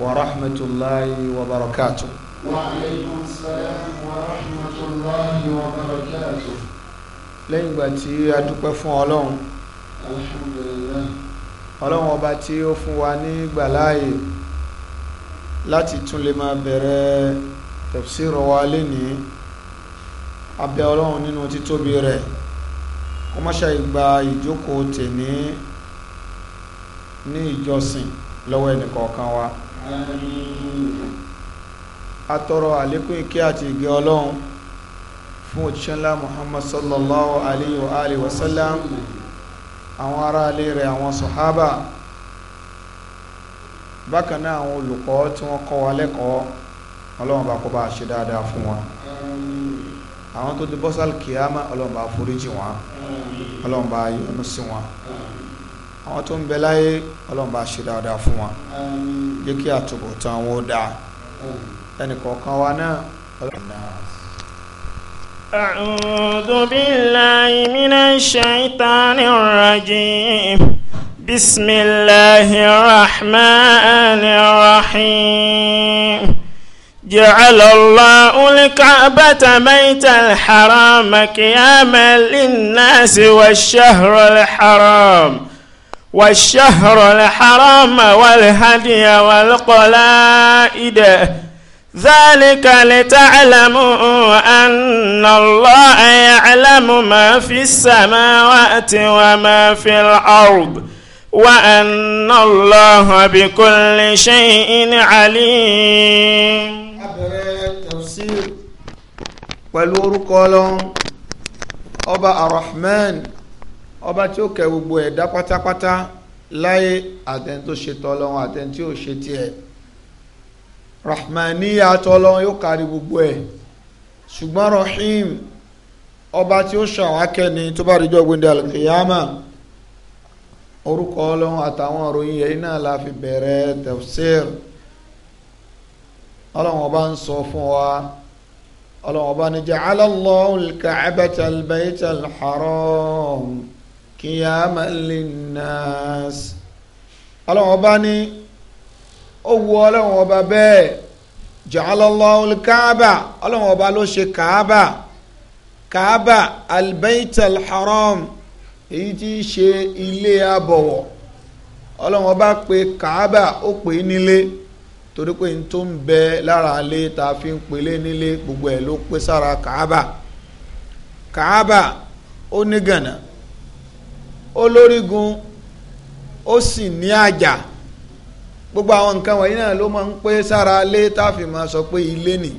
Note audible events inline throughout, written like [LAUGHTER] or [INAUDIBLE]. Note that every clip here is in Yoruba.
ورحمة الله وبركاته وعليكم السلام ورحمة الله وبركاته lẹ́yìn ìgbà tí a dúpẹ́ fún ọlọ́run alhamdulillah ọlọ́run ọba tí ó fún wa ní gbàláàyè láti tún lè máa bẹ̀rẹ̀ tafsir wa lénìí abẹ́ ọlọ́run nínú títóbi rẹ̀ kó má ṣe ìgbà ìjókòó tèmi ní ìjọsìn lọ́wọ́ ẹnìkọ̀ọ̀kan wa atọrọ àlékún ìkẹ́ àti ìgẹ́ ọlọ́run fún òjíṣẹ́ ńlá muhammad sallallahu alayhi wa alihi wa sallam àwọn ará ilé rẹ̀ àwọn sọ̀hábà bákan náà àwọn olùkọ́ tí wọ́n kọ́ wa lẹ́kọ̀ọ́ ọlọ́run bá kó bá ṣe dáadáa fún wa àwọn tó di bọ́sálì kìámà ọlọ́run bá foríjì wọn ọlọ́run bá yọ́nú sí wọn àwọn tó ń bẹ láyé ọlọ́run ṣe dáadáa fún wa jẹ́ kí àtúbọ̀tán wọn ó dáa ẹnìkọ̀ọ̀kan wa náà ọlọ́run náà. أعوذ بالله من الشيطان الرجيم بسم الله الرحمن الرحيم جعل الله الكعبة بيت الحرام قياما للناس والشهر الحرام والشهر الحرام والهدي والقلائد ذلك لتعلموا أن الله يعلم ما في السماوات وما في الأرض وأن الله بكل شيء عليم تفسير والورق ọba arahman ọba tí ó kẹ́ gbogbo ẹ̀dá pátápátá láyé àtẹni tó ṣe tọlọ́run àtẹni tí ò ṣe tiẹ̀ rahmaniya tọlọ́run yóò kárí gbogbo ẹ̀ ṣùgbọ́n rahim ọba tí ó ṣàn wákẹ́ni tó bá ríjọ́ gbẹ̀ndẹ̀ alkiyama orúkọ ọlọ́run àtàwọn òròyìn yẹn náà la fi bẹ̀rẹ̀ tafsir ọlọ́run ọba ń sọ fún wa ọlọ́run ọba ní ja'ala Allahu al-ka'bata al-bayta qiyaman linnas ọlọ́run ọba ní ó wu ọlọ́run ọba bẹ́ẹ̀ ja'alallahu al-kaaba ọlọ́run ọba ló ṣe kaaba kaaba al-bayt al-haram èyí tí í ṣe ilé abọ̀wọ̀ ọlọ́run ọba pè kaaba ó pè é nílé torí pé n tó ń bẹ lára ilé tá fi ń pelé nílé gbogbo ẹ̀ ló pé sára kaaba kaaba ó ní gànà. olórígun ó sì ní àjà gbogbo àwọn nǹkan wọ̀nyí náà ló máa ń pé sára lé táàfin máa sọ pé ilé nì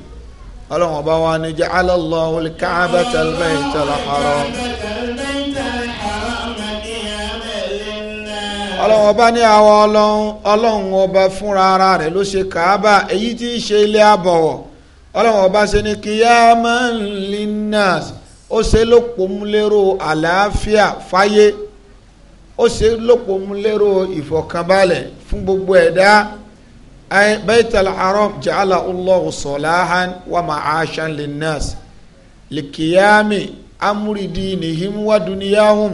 ọlọ́run ọba wa ni ọlọ́run ọba ní àwọn ọlọ́run ọlọ́run ọba fúnra ara rẹ̀ ló ṣe kàábà èyí tí í ṣe ilé àbọ̀wọ̀ ọlọ́run ọba ṣe ó ṣe ó ṣe lọ́pọ̀ mú lérò ìfọ̀kànbalẹ̀ fún gbogbo ẹ̀dá baitul haram ja'ala Allahu salahan wa ma'ashan linnas likiyami amuridinihim wa duniyahum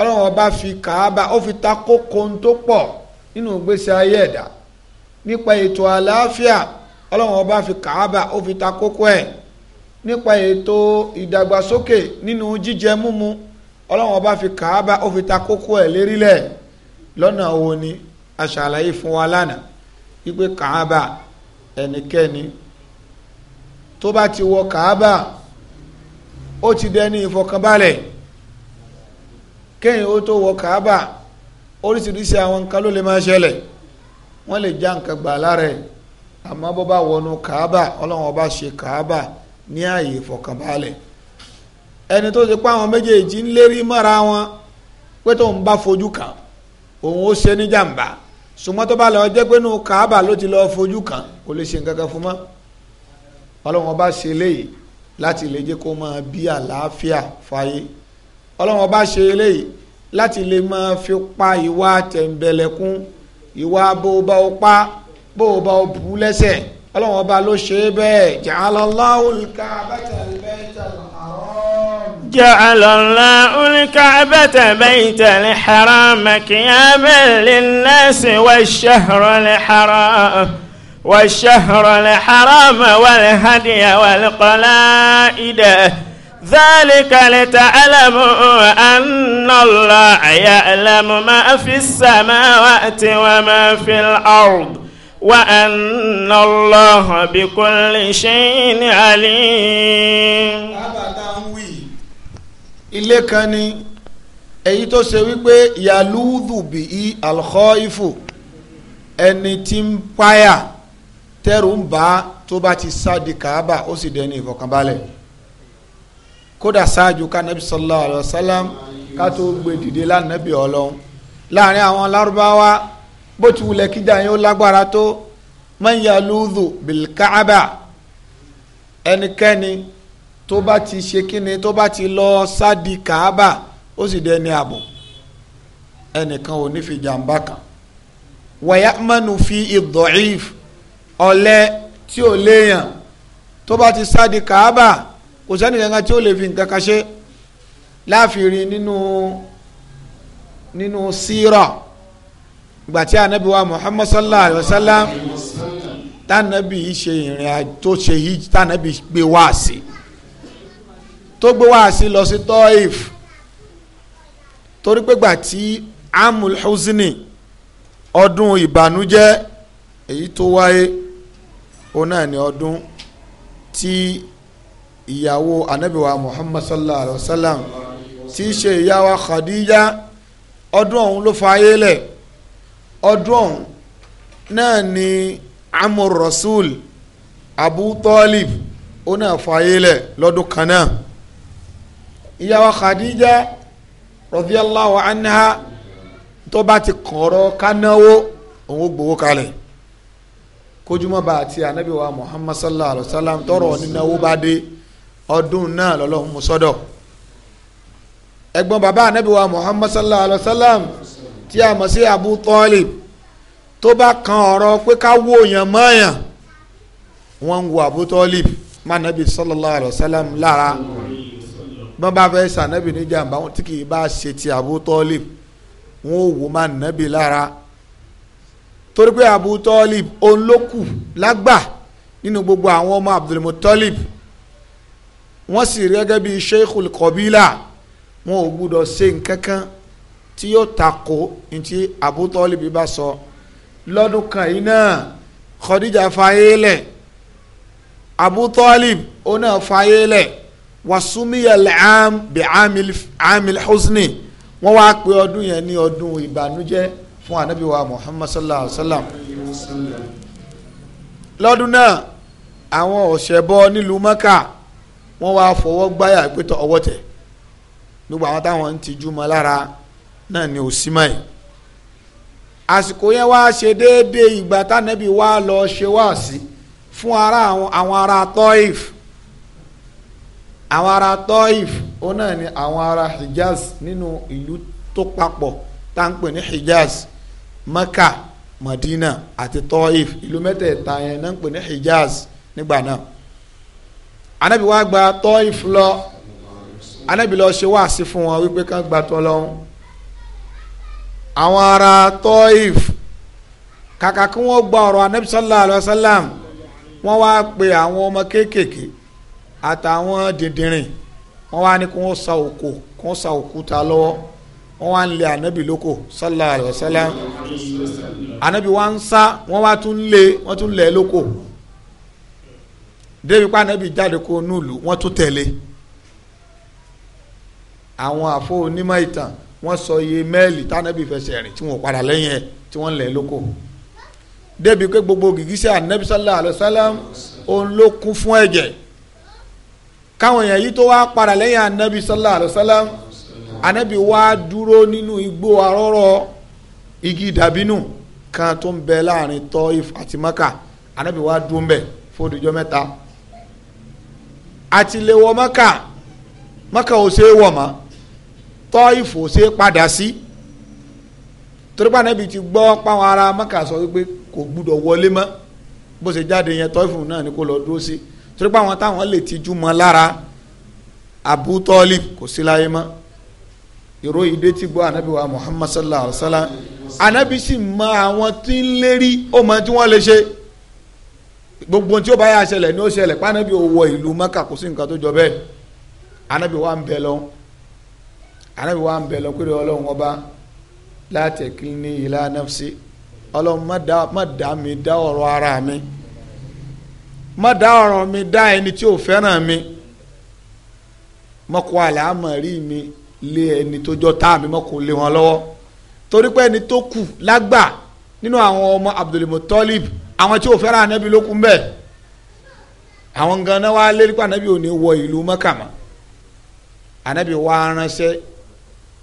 ọlọ́run ọba fi kàába ó fi ta kókó tó pọ̀ nínú ìgbésí ayé ẹ̀dá nípa ètò àlàáfíà ọlọ́run ọba fi kàába ó fi ta kókó ẹ̀ nípa ètò ìdàgbàsókè nínú jíjẹ múmu ọlọ́run ọba fi kàába ó fi ta kókó ẹ̀ lérílẹ̀ lọ́nà wo ni aṣàlàyé fún wa lánàá wípé kàába ẹnikẹ́ni tó bá ti wọ kàába ó ti dẹni ìfọkànbalẹ̀ kéèyàn ó tó wọ kàába oríṣiríṣi àwọn nǹkan ló lè máa ṣẹlẹ̀ wọ́n lè já nǹkan gbà lára ẹ̀ àmọ́ bó bá wọnú kàába ọlọ́run ọba ṣe kàába ní ààyè ìfọkànbalẹ̀ ẹni tó ti pa àwọn méjèèjì ń lérí mọ́ra wọn pé tóun bá fojú kàn òun ó ṣe níjàmbá ṣùgbọ́n tó bá lọ jẹ́ pé nù káàbà ló ti lọ fojú kàn kò lè ṣe nǹkan kan fún mọ́ ọlọ́wọ́n bá ṣe eléyìí láti lè jẹ́ kó máa bí àlàáfíà fáyé ọlọ́wọ́n bá ṣe eléyìí láti lè máa fi pa ìwà tẹ̀m̀bẹ̀lẹ̀kún ìwà bó bá o pa bó o bá o bú lẹ́sẹ̀ ọlọ́wọ́n bá ló ṣe é bẹ́ẹ̀ ja'alallahu al-ka'bata al-bayta. جعل الله الكعبة بيت الحرام كياما للناس والشهر الحرام والشهر الحرام والهدي والقلائد ذلك لتعلموا أن الله يعلم ما في السماوات وما في الأرض وأن الله بكل شيء عليم ilé kan ni èyí tó ṣe wípé yalúdù bíi alkhọ́ìfù ẹni tí ń páyà tẹ́rù ń bá tó bá ti sáàdì kàábà ó sì dẹni ìfọ̀kànbalẹ̀ kódà ṣáájú kanabi sallallahu alayhi wa sallam ká tó gbé dìde lánàbì ọlọ́run láàrin àwọn lárúbáwá bó ti wulẹ̀ kíjà yín ó lágbára tó man yalúdù bìlkàábà ẹnikẹ́ni tó bá ti ṣe kíni tó bá ti lọ sádi kàába ó sì dẹni ààbò ẹnìkan ò ní fi jàǹbá kan wàyà mánu fi ìdọ̀ìf ọ̀lẹ tí ò léèyàn tó bá ti sádi kàába kò sẹ́ni kankan tí ó lè fi nǹkan kan ṣe láàfin nínú nínú síra gbàtí anabi wa muhammad sallallahu alayhi wa sallam tànàbí ṣe ìrìn àjò tó ṣe yìí tànàbí gbé wá sí i tó gbé wáàsí lọ sí Taif torí pé gbà tí amul huzni ọdún ìbànújẹ́ èyí tó wáyé òun náà ni ọdún tí ìyàwó anabiwa Muhammad sallallahu alayhi wa sallam tí í ṣe ìyàwó Khadija ọdún ọ̀hún ló fa lẹ̀ ọdún ọ̀hún náà ni amur rasul Abu Talib ó náà fa lẹ̀ lọ́dún kan náà ìyàwó Khadija radiyallahu anha tó bá ti kọ̀ọ̀rọ̀ kánáwó òun ó gbowó kalẹ̀ kójúmọ́ bá àti anabi wa Muhammad sallallahu alayhi wa sallam tọrọ nínáwó bá dé ọdún náà lọ́lọ́run mú sọ́dọ̀ ẹ̀gbọ́n bàbá anabi wa Muhammad sallallahu alayhi wa sallam tí a mọ̀ sí Abu Talib tó bá kan ọ̀rọ̀ pé ká wó yàn mọ́yàn wọ́n ń wo Abu Talib má anabi sallallahu alayhi wa sallam lára. Mm -hmm wọ́n bá fẹ́ sànẹ́bì ní jàǹbá wọn tí kì í bá ṣe ti Abu Talib wọn ò wò má nẹ́bì lára torí pé Abu Talib òun ló kù lágbà nínú gbogbo àwọn ọmọ Abdul Muttalib wọ́n sì rí gẹ́gẹ́ bíi Sheikhul Qabila wọn ò gbúdọ̀ ṣe nǹkan tí yóò takò ntí Abu Talib bá sọ lọ́dún kan yìí náà Khadija fayé lẹ̀ Abu Talib ó náà fayé lẹ̀ wasumiya al-aam bi amil amil huzni wọ́n wá pé ọdún yẹn ní ọdún ìbànújẹ́ fún anabi wa muhammad sallallahu alaihi wa sallam lọ́dún náà àwọn ọ̀ṣẹ̀bọ nílùú mẹ́kà wọ́n wá fọwọ́ gbáyà pétọ́ ọwọ́ tẹ̀ gbogbo àwọn táwọn ń tijú mọ́ lára náà ni òsínmọ́ yìí àsìkò yẹn wá ṣe déédéé ìgbà tánàbí wá lọ ṣe wá sí fún àwọn ará tọ́ìfù àwọn ará Taif òun náà ni àwọn ará Hijaz nínú ìlú tó papọ̀ tá ń pè ní Hijaz Mecca Madina àti Taif ìlú mẹ́tẹ̀ẹ̀ta yẹn náà ń pè ní Hijaz nígbà náà anabi wa gba Taif lọ anabi lọ ṣe wáàsí fún wọn wípé kán gba tọ́lọ́hún àwọn ará Taif kàkà kí wọ́n gba ọ̀rọ̀ anabi sallallahu alayhi wa sallam wọ́n wá pe àwọn ọmọ kéékèèké àtàwọn dìndìnrìn wọn wá ní kí wọn sa òkò kí wọn sa òkúta lọ́wọ́ wọn wá ń lé ànábì lóko sallallahu alayhi wa sallam ànábì wá ń sá wọn wá tún lé wọn tún lé lóko débi pa ànábì jáde kó núùlù wọn tún tẹ̀lé àwọn àfọ onímọ̀ ìtàn wọ́n sọ iye mẹ́ẹ̀lì tánàbì fẹsẹ̀ rìn tí wọ́n padà lẹ́yìn ẹ̀ tí wọ́n lẹ̀ lóko débi pé gbogbo gìgísẹ̀ ànábì sallallahu alayhi wa òun ló kún fún ẹ̀jẹ̀ káwọn èèyàn yìí tó wá padà lẹ́yìn anabi sallallahu alayhi wa sallam anabi wá dúró nínú igbó arọ́rọ́ igi dàbínú kan tó ń bẹ láàrin Taif àti Maka anabi wá dúró ń bẹ fódìjọ́ mẹ́ta àti lè wọ Maka Maka ò ṣe é wọ̀ mọ́ Taif ò ṣe é padà sí torípa anabi ti gbọ́ páwọn ará Maka sọ wípé kò gbúdọ̀ wọlé mọ́ bó ṣe jáde yẹn Taif náà ni kò lọ dúró sí. Si torí pé àwọn táwọn lè tijú mọ́ lára Abu Talib kò sí láyé mọ́ ìró ìdé tí gbọ́ anabi wa Muhammad sallallahu alaihi wa sallam anabi sì mọ àwọn tí ń lérí ó mọ tí wọ́n lè ṣe gbogbo tí ó bá yà ṣẹlẹ̀ ni ó ṣẹlẹ̀ pánabi ò wọ ìlú Mẹ́kà kò sí nǹkan tó jọ bẹ́ẹ̀ anabi wa ń bẹ lọ anabi wa ń bẹ lọ pé ọlọ́run ọba látẹ̀kí ní ìlà nafsi ọlọ́run má dá mi dá ọ̀rọ̀ ara mi má dá ọ̀ràn mi dá ẹni tí ò fẹ́ràn mi má kó àlámọ̀rí mi lé ẹni tó jọ tá mi má kó lé wọn lọ́wọ́ torí pé ẹni tó kù lágbà nínú àwọn ọmọ Abdul Muttalib àwọn tí ò fẹ́ràn anabi ló kún bẹ́ẹ̀ àwọn ganan wa lérí pé anabi ò ní wọ ìlú mọ́kàmá anabi wa ránṣẹ́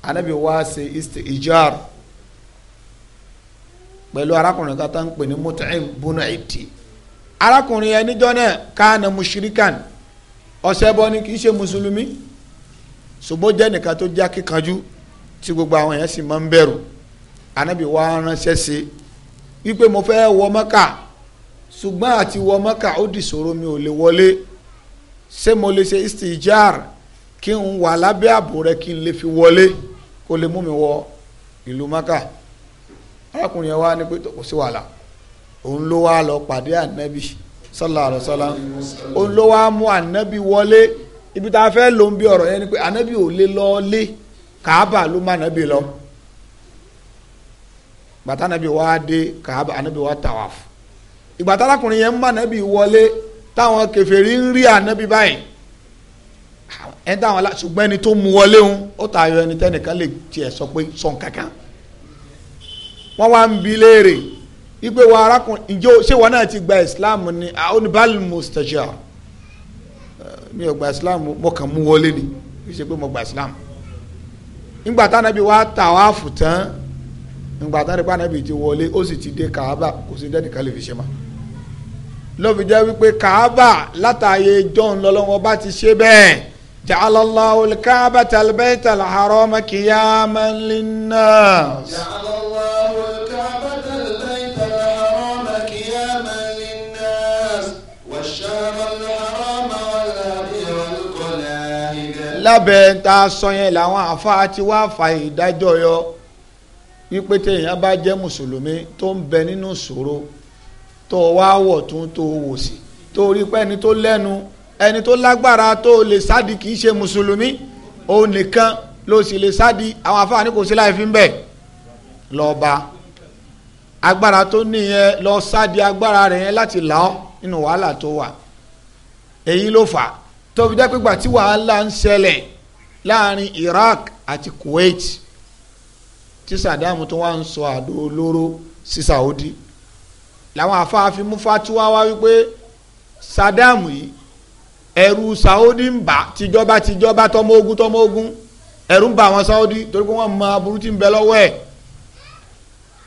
anabi wa ṣe istijar pẹ̀lú arákùnrin kan tó ń pè ní Mut'im bunu Ibti arákùnrin yẹn níjọ́ náà káàna mushrikan ni kì í ṣe mùsùlùmí ṣùgbọ́n jẹ́ nìkan tó jẹ́ akíkanjú tí gbogbo àwọn yẹn sì máa ń bẹ̀rù anábì wa ránṣẹ́ sí i wípé mo fẹ́ wọ mọ́kà ṣùgbọ́n àti wọ mọ́kà ó di ṣòro mi ò lè wọlé ṣé mo lè ṣe istijar kí n wà lábẹ́ ààbò rẹ kí n lè fi wọlé kó lè mú mi wọ ìlú mọ́kà arákùnrin yẹn wá ní pé kò sí wàhálà òun ló wá lọ pàdé ànábì sallallahu alaihi wasallam òun ló wá mú ànábì wọlé ibi tá a fẹ́ lò ń bí ọ̀rọ̀ yẹn ni pé ànábì ò lè lọ lé kàábà ló má ànábì lọ gbàtà ànábì wá dé kàábà ànábì wá tawaf ìgbàtà alákùnrin yẹn mú ànábì wọlé táwọn kèfèrí ń rí ànábì báyìí ẹ dáhùn alá ṣùgbọ́n ẹni tó mu wọlé ń ó tayọ ẹni tẹ́nìkan lè tiẹ̀ sọ pé sọ̀n kankan wọ́n wá ń bi léèrè ipe wa arákùnrin ǹjẹ́ ṣé wọn náà ti gba islam ni oníbàálù mustaja mi ò gba islam mo kàn mú wọlé ni kì í ṣe pé mo gba islam ńgbà tánábì wa tà wá fùtán ńgbà tánábì tánábì ti wọlé ó sì ti dé kàába kò sí dẹ́ni ká lè fi ṣe mọ́ ló fi jẹ́ wípé kàába látàyè john lọ́lọ́wọ́ bá ti ṣe bẹ́ẹ̀ ja'alallahu al-kaabata al-bayta al ja'alallahu. lábẹ́ tá a sọ yẹn làwọn àáfàá ti wá fa ìdájọ́ yọ wípé téèyàn bá jẹ́ mùsùlùmí tó ń bẹ nínú ìṣòro tó wá wọ̀ tún tó wò sí torí pé ẹni tó lẹ́nu ẹni tó lágbára tó lè sádi kì í ṣe mùsùlùmí òun nìkan ló sì lè sádi àwọn àáfàá ní kò sí láì fi ń bẹ̀ lọ́ba agbára tó nìyẹn lọ sádi agbára rẹ̀ yẹn láti là ọ́ nínú wàhálà tó wà èyí ló fà á tó fi jẹ́ pé gbà tí wàhálà ń ṣẹlẹ̀ láàrin Iraq àti Kuwait tí Saddam tó wá ń sọ àdó olóró sí Saudi làwọn afáàfin mú fatiwa wá wípé Saddam yìí ẹ̀rù Saudi ń bà tìjọba tìjọba tọmọ ogun tọmọ ogun ẹ̀rù ń bà àwọn Saudi torí pé wọ́n mọ aburú tí ń bẹ lọ́wọ́ ẹ̀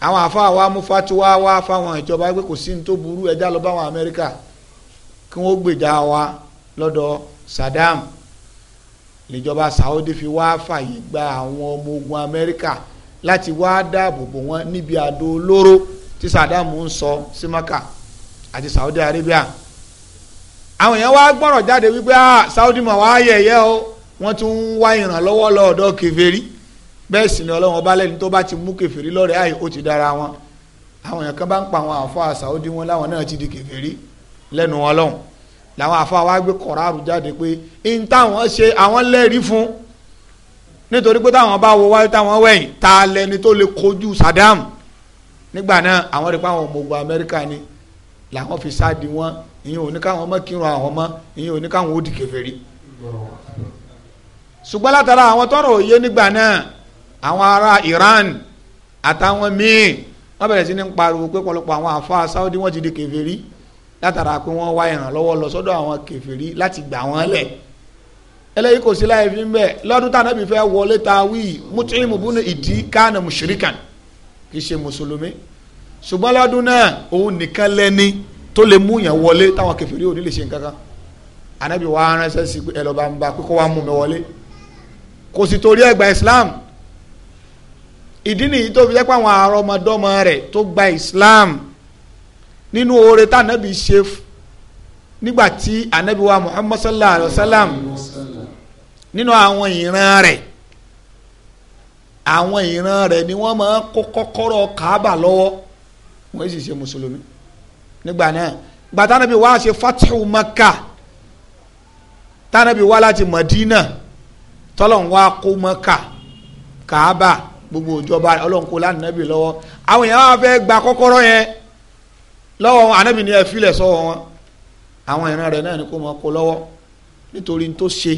àwọn àfáà wa mú fatiwa wá fáwọn ìjọba pé kò sí ní tó burú ẹjá lọ báwọn Amẹ́ríkà kí wọ́n gbèjà wa lọ́dọ̀ Saddam níjọba Saudi fi wá fàyè gba àwọn ọmọ ogun Amẹ́ríkà láti wá dáàbò bò wọ́n níbi àdó olóró tí Saddam ń sọ sí Maka àti Saudi Arabia àwọn èèyàn wá gbọ́rọ̀ jáde wípé ah Saudi ma wá yẹ̀yẹ́ o wọ́n tún ń wá ìrànlọ́wọ́ lọ́ọ̀dọ̀ kèfèrí bẹ́ẹ̀ sì ni ọlọ́run ọba lẹ́ni tó bá ti mú kèfèrí lọ́rẹ̀ àyè ó ti dára wọn àwọn èèyàn kan bá ń pa àwọn àfọ Saudi wọn láwọn náà ti di kèfèrí lẹ́nu ọlọ́run làwọn àfáà wa gbé kọ̀ráàrù jáde pé n táwọn ṣe àwọn lẹ́rìí fún nítorí pé táwọn bá wo wáyé táwọn wẹ̀yìn ta lẹni tó lè kojú Saddam nígbà náà àwọn rí i ọmọ ogun Amẹ́ríkà ni làwọn fi sáàdì wọn ìyẹn ò ní káwọn ọmọ kírun àwọn ọmọ ìyẹn ò ní káwọn ṣùgbọ́n látara àwọn tọrọ òye nígbà náà àwọn ará Iran àtàwọn míì wọ́n bẹ̀rẹ̀ sí ní pariwo pé pọ̀lọpọ̀ àwọn àfa Saudi wọ́n ti di kèfèrí látara pé wọ́n wá ìrànlọ́wọ́ lọ sọ́dọ̀ àwọn kèfèrí láti gbà wọ́n lẹ̀ eléyìí kò sí láì fi ń bẹ̀ lọ́dún tá ànábì fẹ́ wọlé ta wíì mut'imu bunu ìdí kánà mushrikan kì í ṣe mùsùlùmí ṣùgbọ́n lọ́dún náà òun nìkan lẹ́ni tó lè mú yàn wọlé táwọn kèfèrí ò ní lè ṣe nǹkan kan ànábì wa ránṣẹ́ sí ẹ lọ́ba ń ba pé kó wá mú mi wọlé kò sì torí ẹgbà islam ìdí nìyí tó fi jẹ́ pé àwọn àrọ́mọdọ́mọ rẹ̀ tó gba islam nínú oore tá ànábì ṣe nígbà tí ànábì wa muhammad sallallahu alayhi wa sallam nínú àwọn ìran rẹ̀ àwọn ìran rẹ̀ ni wọ́n máa kó kọ́kọ́rọ́ kaaba lọ́wọ́ wọ́n sì ṣe mùsùlùmí nígbà náà gbàtà ànábì wa ṣe fatihu makkah tánàbí wá láti Mọ̀dínà tọ́lọ́n wá kó Mọ́kà Kàábà gbogbo ìjọba ọlọ́nkó lánàbí lọ́wọ́ àwọn èèyàn wá fẹ́ gba kọ́kọ́rọ́ yẹn lọ́wọ́ wọn anábì ní ẹ filẹ̀ sọ́wọ́ wọn àwọn ìran rẹ̀ náà ni kó máa kó lọ́wọ́ nítorí tó ṣe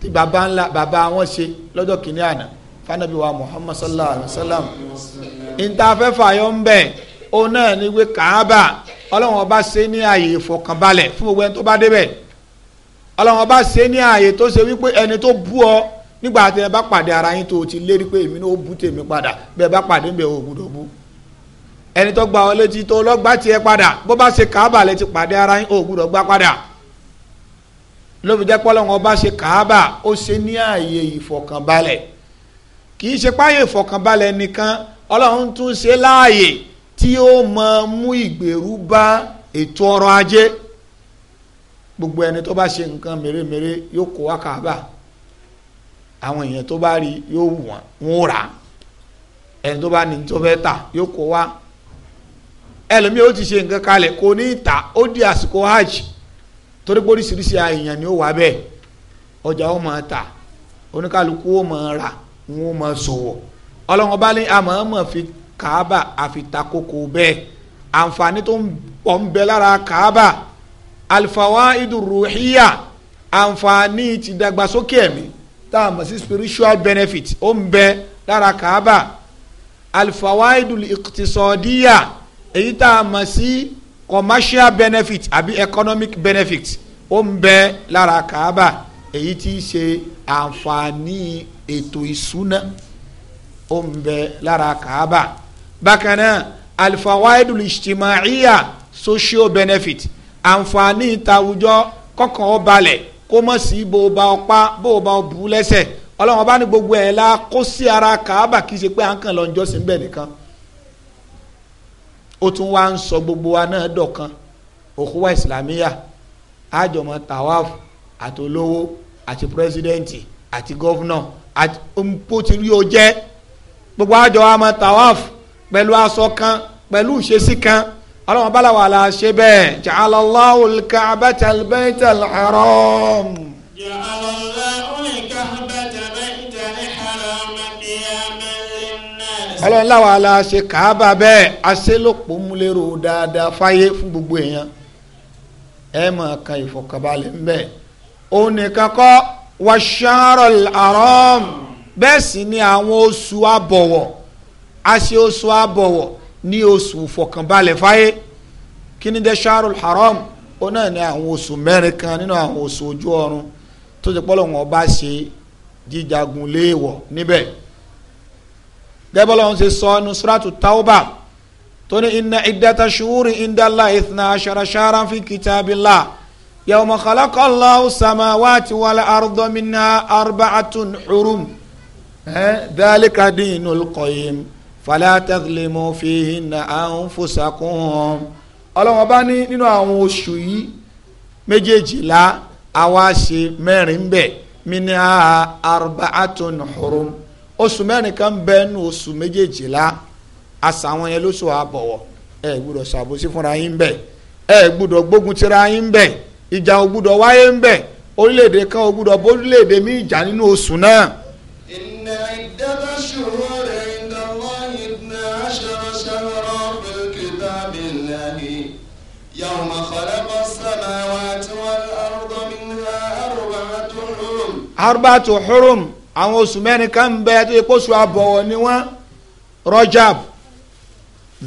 tí baba ńlá baba wọn ṣe lọ́jọ́ kìíní àná fanabi wa muhammad sallallahu alaihi wa sallam ìntàfẹ́fà yọ ń bẹ̀ ó náà ní wí kàábà ọlọ́run ọba ṣe ní ààyè ìfọkànbalẹ̀ fún gbogbo ẹni tó bá débẹ̀ ọlọ́run ọba ṣe ní ààyè tó ṣe wípé ẹni tó bú ọ nígbà tí ẹ bá pàdé ara yín tó o ti lérí pé èmi náà ó bú tèmi padà bẹ́ẹ̀ bá pàdé ń bẹ̀ ò gbúdọ̀ bú ẹni tó gba ọ létí tó lọ́gbà tiẹ̀ padà bó bá ṣe kàábà létí pàdé ara yín ò gbúdọ̀ gbá padà lóbi jẹ́ pọ́lọ́wọ́n ọba ṣe kàábà ó ṣe ní ààyè ìfọ̀kànbalẹ̀ kì í ṣe páyè ìfọ̀kànbalẹ̀ nìkan ọlọ́run tún ṣe láàyè tí ó máa mú ìgbèrú bá ètò ọrọ̀ ajé gbogbo ẹni tó bá ṣe nǹkan mèremère yóò kó wá kàábà àwọn èèyàn tó bá rí yóò wù wọ́n rà ẹni tó bá ní tó fẹ́ tà yóò kó wá ẹlòmíì ó ti ṣe nǹkan kalẹ̀ kò ní ta ó di àsìkò hajj torí pé oríṣiríṣi àyàn ni ó wà bẹ́ẹ̀ ọjà ó máa ta oníkàlùkù ó máa rà wọn ó máa ṣòwò ọlọ́run ọba ní àmọ́ọ́mọ́ fi kàába àfitakoko bẹ́ẹ̀ àǹfààní tó ń pọ̀ ń bẹ lára kàába alfawaidu ruhiya àǹfààní ti dàgbàsókè ẹ̀mí tá a mọ̀ sí spiritual benefit ó ń bẹ lára kàába alfawaidu iqtisodiya èyí tá a mọ̀ sí commercial benefit àbí economic benefit ó ń bẹ lára kaaba èyí tí í ṣe àǹfààní ètò ìsúná ó ń bẹ lára kaaba bákan náà alifawaidul ijtimaiya social benefit àǹfààní ìtàwùjọ kọkàn ó balẹ̀ kó mọ̀ sí bó ba ọpá bó ba ọbú lẹ́sẹ̀ ọlọ́run ọba ní gbogbo ẹ̀ la kó sí ara kaaba kì í ṣe pé à ń kàn lọ bẹ́ẹ̀ nìkan ó tún wá ń sọ gbogbo wa náà dọ̀kan òkúwa ìsìlámíyà àjọmọ tawaf àtolówó àti pírẹsidẹ́ǹtì àti gọ́fúnà àti bó ti rí o jẹ́ gbogbo àjọ àmọ tawaf pẹ̀lú aṣọ kan pẹ̀lú ìṣesí kan ọlọ́run bá làwọn àlàṣe bẹ́ẹ̀ ja'alallahu al-ka'bata ọlọ́run láwa la ṣe kàábà bẹ́ẹ̀ aṣélòpọ̀ múlẹ́rò dáadáa fáyé fún gbogbo èèyàn ẹ máa kan ìfọ̀kànbalẹ̀ ń bẹ̀ òun nìkan kọ́ wàṣàrọ̀l àrọ́m bẹ́ẹ̀ sì ni àwọn oṣù àbọ̀wọ̀ a ṣe oṣù àbọ̀wọ̀ ní oṣù ìfọ̀kànbalẹ̀ fáyé kí ni dẹ́ ṣàrọ̀l àrọ́m ó náà ní àwọn oṣù mẹ́rin kan nínú àwọn oṣù ojú ọ̀run tó ti pọ́ lọ́wọ́n ọba ṣe jíjagun léèwọ̀ níbẹ̀ gẹ́bọ́lá wọn ṣe sọ ọ́nù suratu tauba tóní inna iddata shuhuri inda Allahi ithna ashara shahran fi kitabillah yawma khalaqa Allahu samawati wal arda minha arba'atun hurum dhalika dinul qayyim fala tadhlimu fihinna anfusakum ọlọ́wọ́n bá ní nínú àwọn oṣù yìí méjèèjìlá àwa ṣe mẹ́rin bẹ́ẹ̀ minha arba'atun hurum. oṣù mẹ́rin kan bẹ nu oṣù méjèèjìlá àṣà àwọn yẹn lóṣù àbọ̀wọ̀ ẹ gbúdọ̀ ṣàbòsí fúnra yín bẹ̀ ẹ gbúdọ̀ gbógun tira yín bẹ̀ ìjà mi gbúdọ̀ wáyé ń naa. orílẹ̀-èdè kan ò gbúdọ̀ bórílẹ̀-èdè ìjà nínú oṣù náà. inda Allahi ithna ashara shahran fil kitabi Allahi àwọn oṣù mẹ́rin kan ń bẹ tó yẹ kó oṣù àbọ̀wọ̀ ni wọ́n rọ́jàb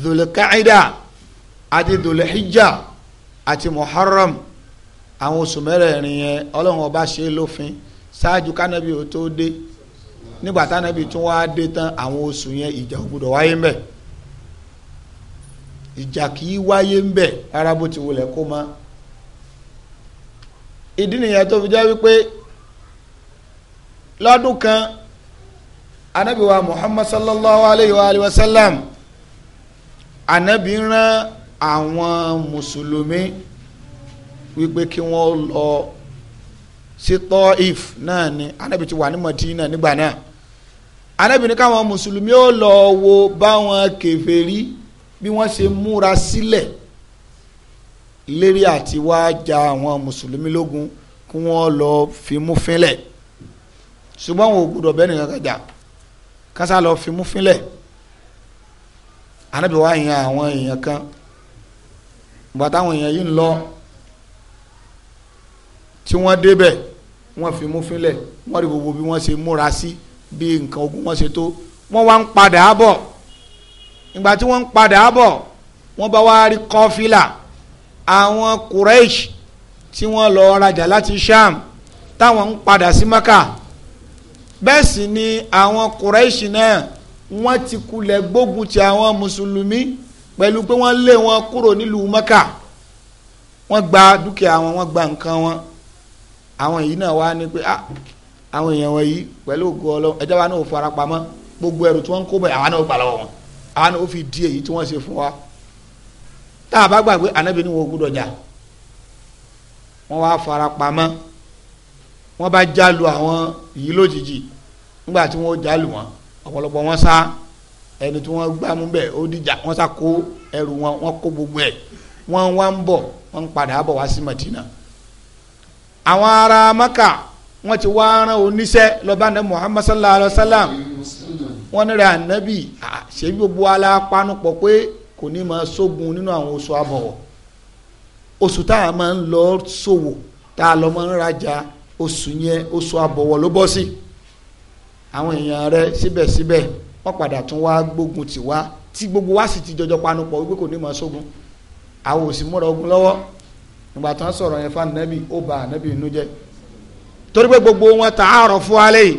dùlùkàìdà àti dùlùhíjà àti muharram àwọn oṣù mẹ́rẹ̀ẹ̀rin yẹn ọlọ́run ọba ṣe lófin ṣáájú kánábì ó tó dé nígbà tánábì tún wá dé tán àwọn oṣù yẹn ìjà ò wáyé ńbẹ̀ ìjà kì í wáyé ńbẹ̀ rárá bó ti wulẹ̀ kó mọ́ ìdí nìyẹn tó fi jẹ́ wípé lọ́dún kan anabiwa muhammad sallallahu alayhi wa alayhi wa sallam anabi rán àwọn mùsùlùmí wípé kí wọ́n lọ sí Taif náà ni anabi ti wà ní Madina nígbà náà anabi ní káwọn mùsùlùmí ó lọ wo báwọn kèfèrí bí wọ́n ṣe múra sílẹ̀ lérí àti wá ja àwọn mùsùlùmí lógun kí wọ́n lọ fimú fínlẹ̀ ṣùgbọ́n wọn ò gbọdọ̀ bẹ́ẹ̀ nìkan kẹjà kásá lọ fi mú fínlẹ̀ anábì wá yan àwọn èèyàn kan ìgbà táwọn èèyàn yìí ń lọ tí wọ́n débẹ̀ wọ́n fi mú fínlẹ̀ wọ́n rí gbogbo bí wọ́n ṣe múra sí bí nǹkan ogun wọ́n ṣe tó wọ́n wá ń padà bọ̀ ìgbà tí wọ́n ń padà bọ̀ wọ́n bá wá rí kọfílà àwọn Quraysh tí wọ́n lọ rajà láti Sham táwọn ń padà sí Maka bẹ́ẹ̀ sì ni àwọn kùrẹ́ṣì náà wọ́n ti kulẹ̀ gbógun ti àwọn mùsùlùmí pẹ̀lú pé wọ́n lé wọn kúrò nílùú mẹ́kà wọ́n gba dúkìá wọn wọ́n gba nǹkan wọn àwọn èyí náà wá ní pé ah, àwọn èèyàn wọ̀nyí pẹ̀lú ògo ọlọ́run ẹ̀jẹ̀ wa náà ò fara pamọ́ gbogbo ẹrù tí wọ́n ń kó bọ̀ àwa náà ó gbà lọ́wọ́ wọn àwa náà ó fi di èyí tí wọ́n ṣe fún wa tá a bá gbàgbé ànábì ní wọn ò gbúdọ̀ jà wọ́n wá fara wọ́n bá já lu àwọn yìí lójijì nígbà tí wọ́n jálù wọn ọ̀pọ̀lọpọ̀ wọn sá ẹni tí wọ́n gbá mú bẹ́ẹ̀ ó dìjà wọ́n sá kó ẹrù wọn wọ́n kó gbogbo ẹ̀ wọ́n wá ń bọ̀ wọ́n ń padà bọ̀ wá sí Madina àwọn ará Maka wọ́n ti wá rán oníṣẹ́ lọ́ba ní Muhammad sallallahu alayhi wa sallam wọ́n ní rẹ̀ ànábì ṣé gbogbo alápanupọ̀ pé kò ní máa sógun nínú àwọn oṣù àbọ̀wọ̀ oṣù tá a máa ń lọ ṣòwò tá a lọ máa ń rajà oṣù yẹn oṣù àbọ̀wọ̀ ló bọ́ sí. Si àwọn èèyàn rẹ síbẹ̀síbẹ̀ wọ́n padà tún wá gbógun tì wá tí gbogbo wa sì ti jọjọ panupọ̀ wípé kò ní mọ̀ sógun àwọn òsì múra ogun lọ́wọ́ nígbà tán sọ̀rọ̀ yẹn fún anabi ó ba anabi inú jẹ́ torí pé gbogbo wọn tààrọ̀ fún alẹ́ yìí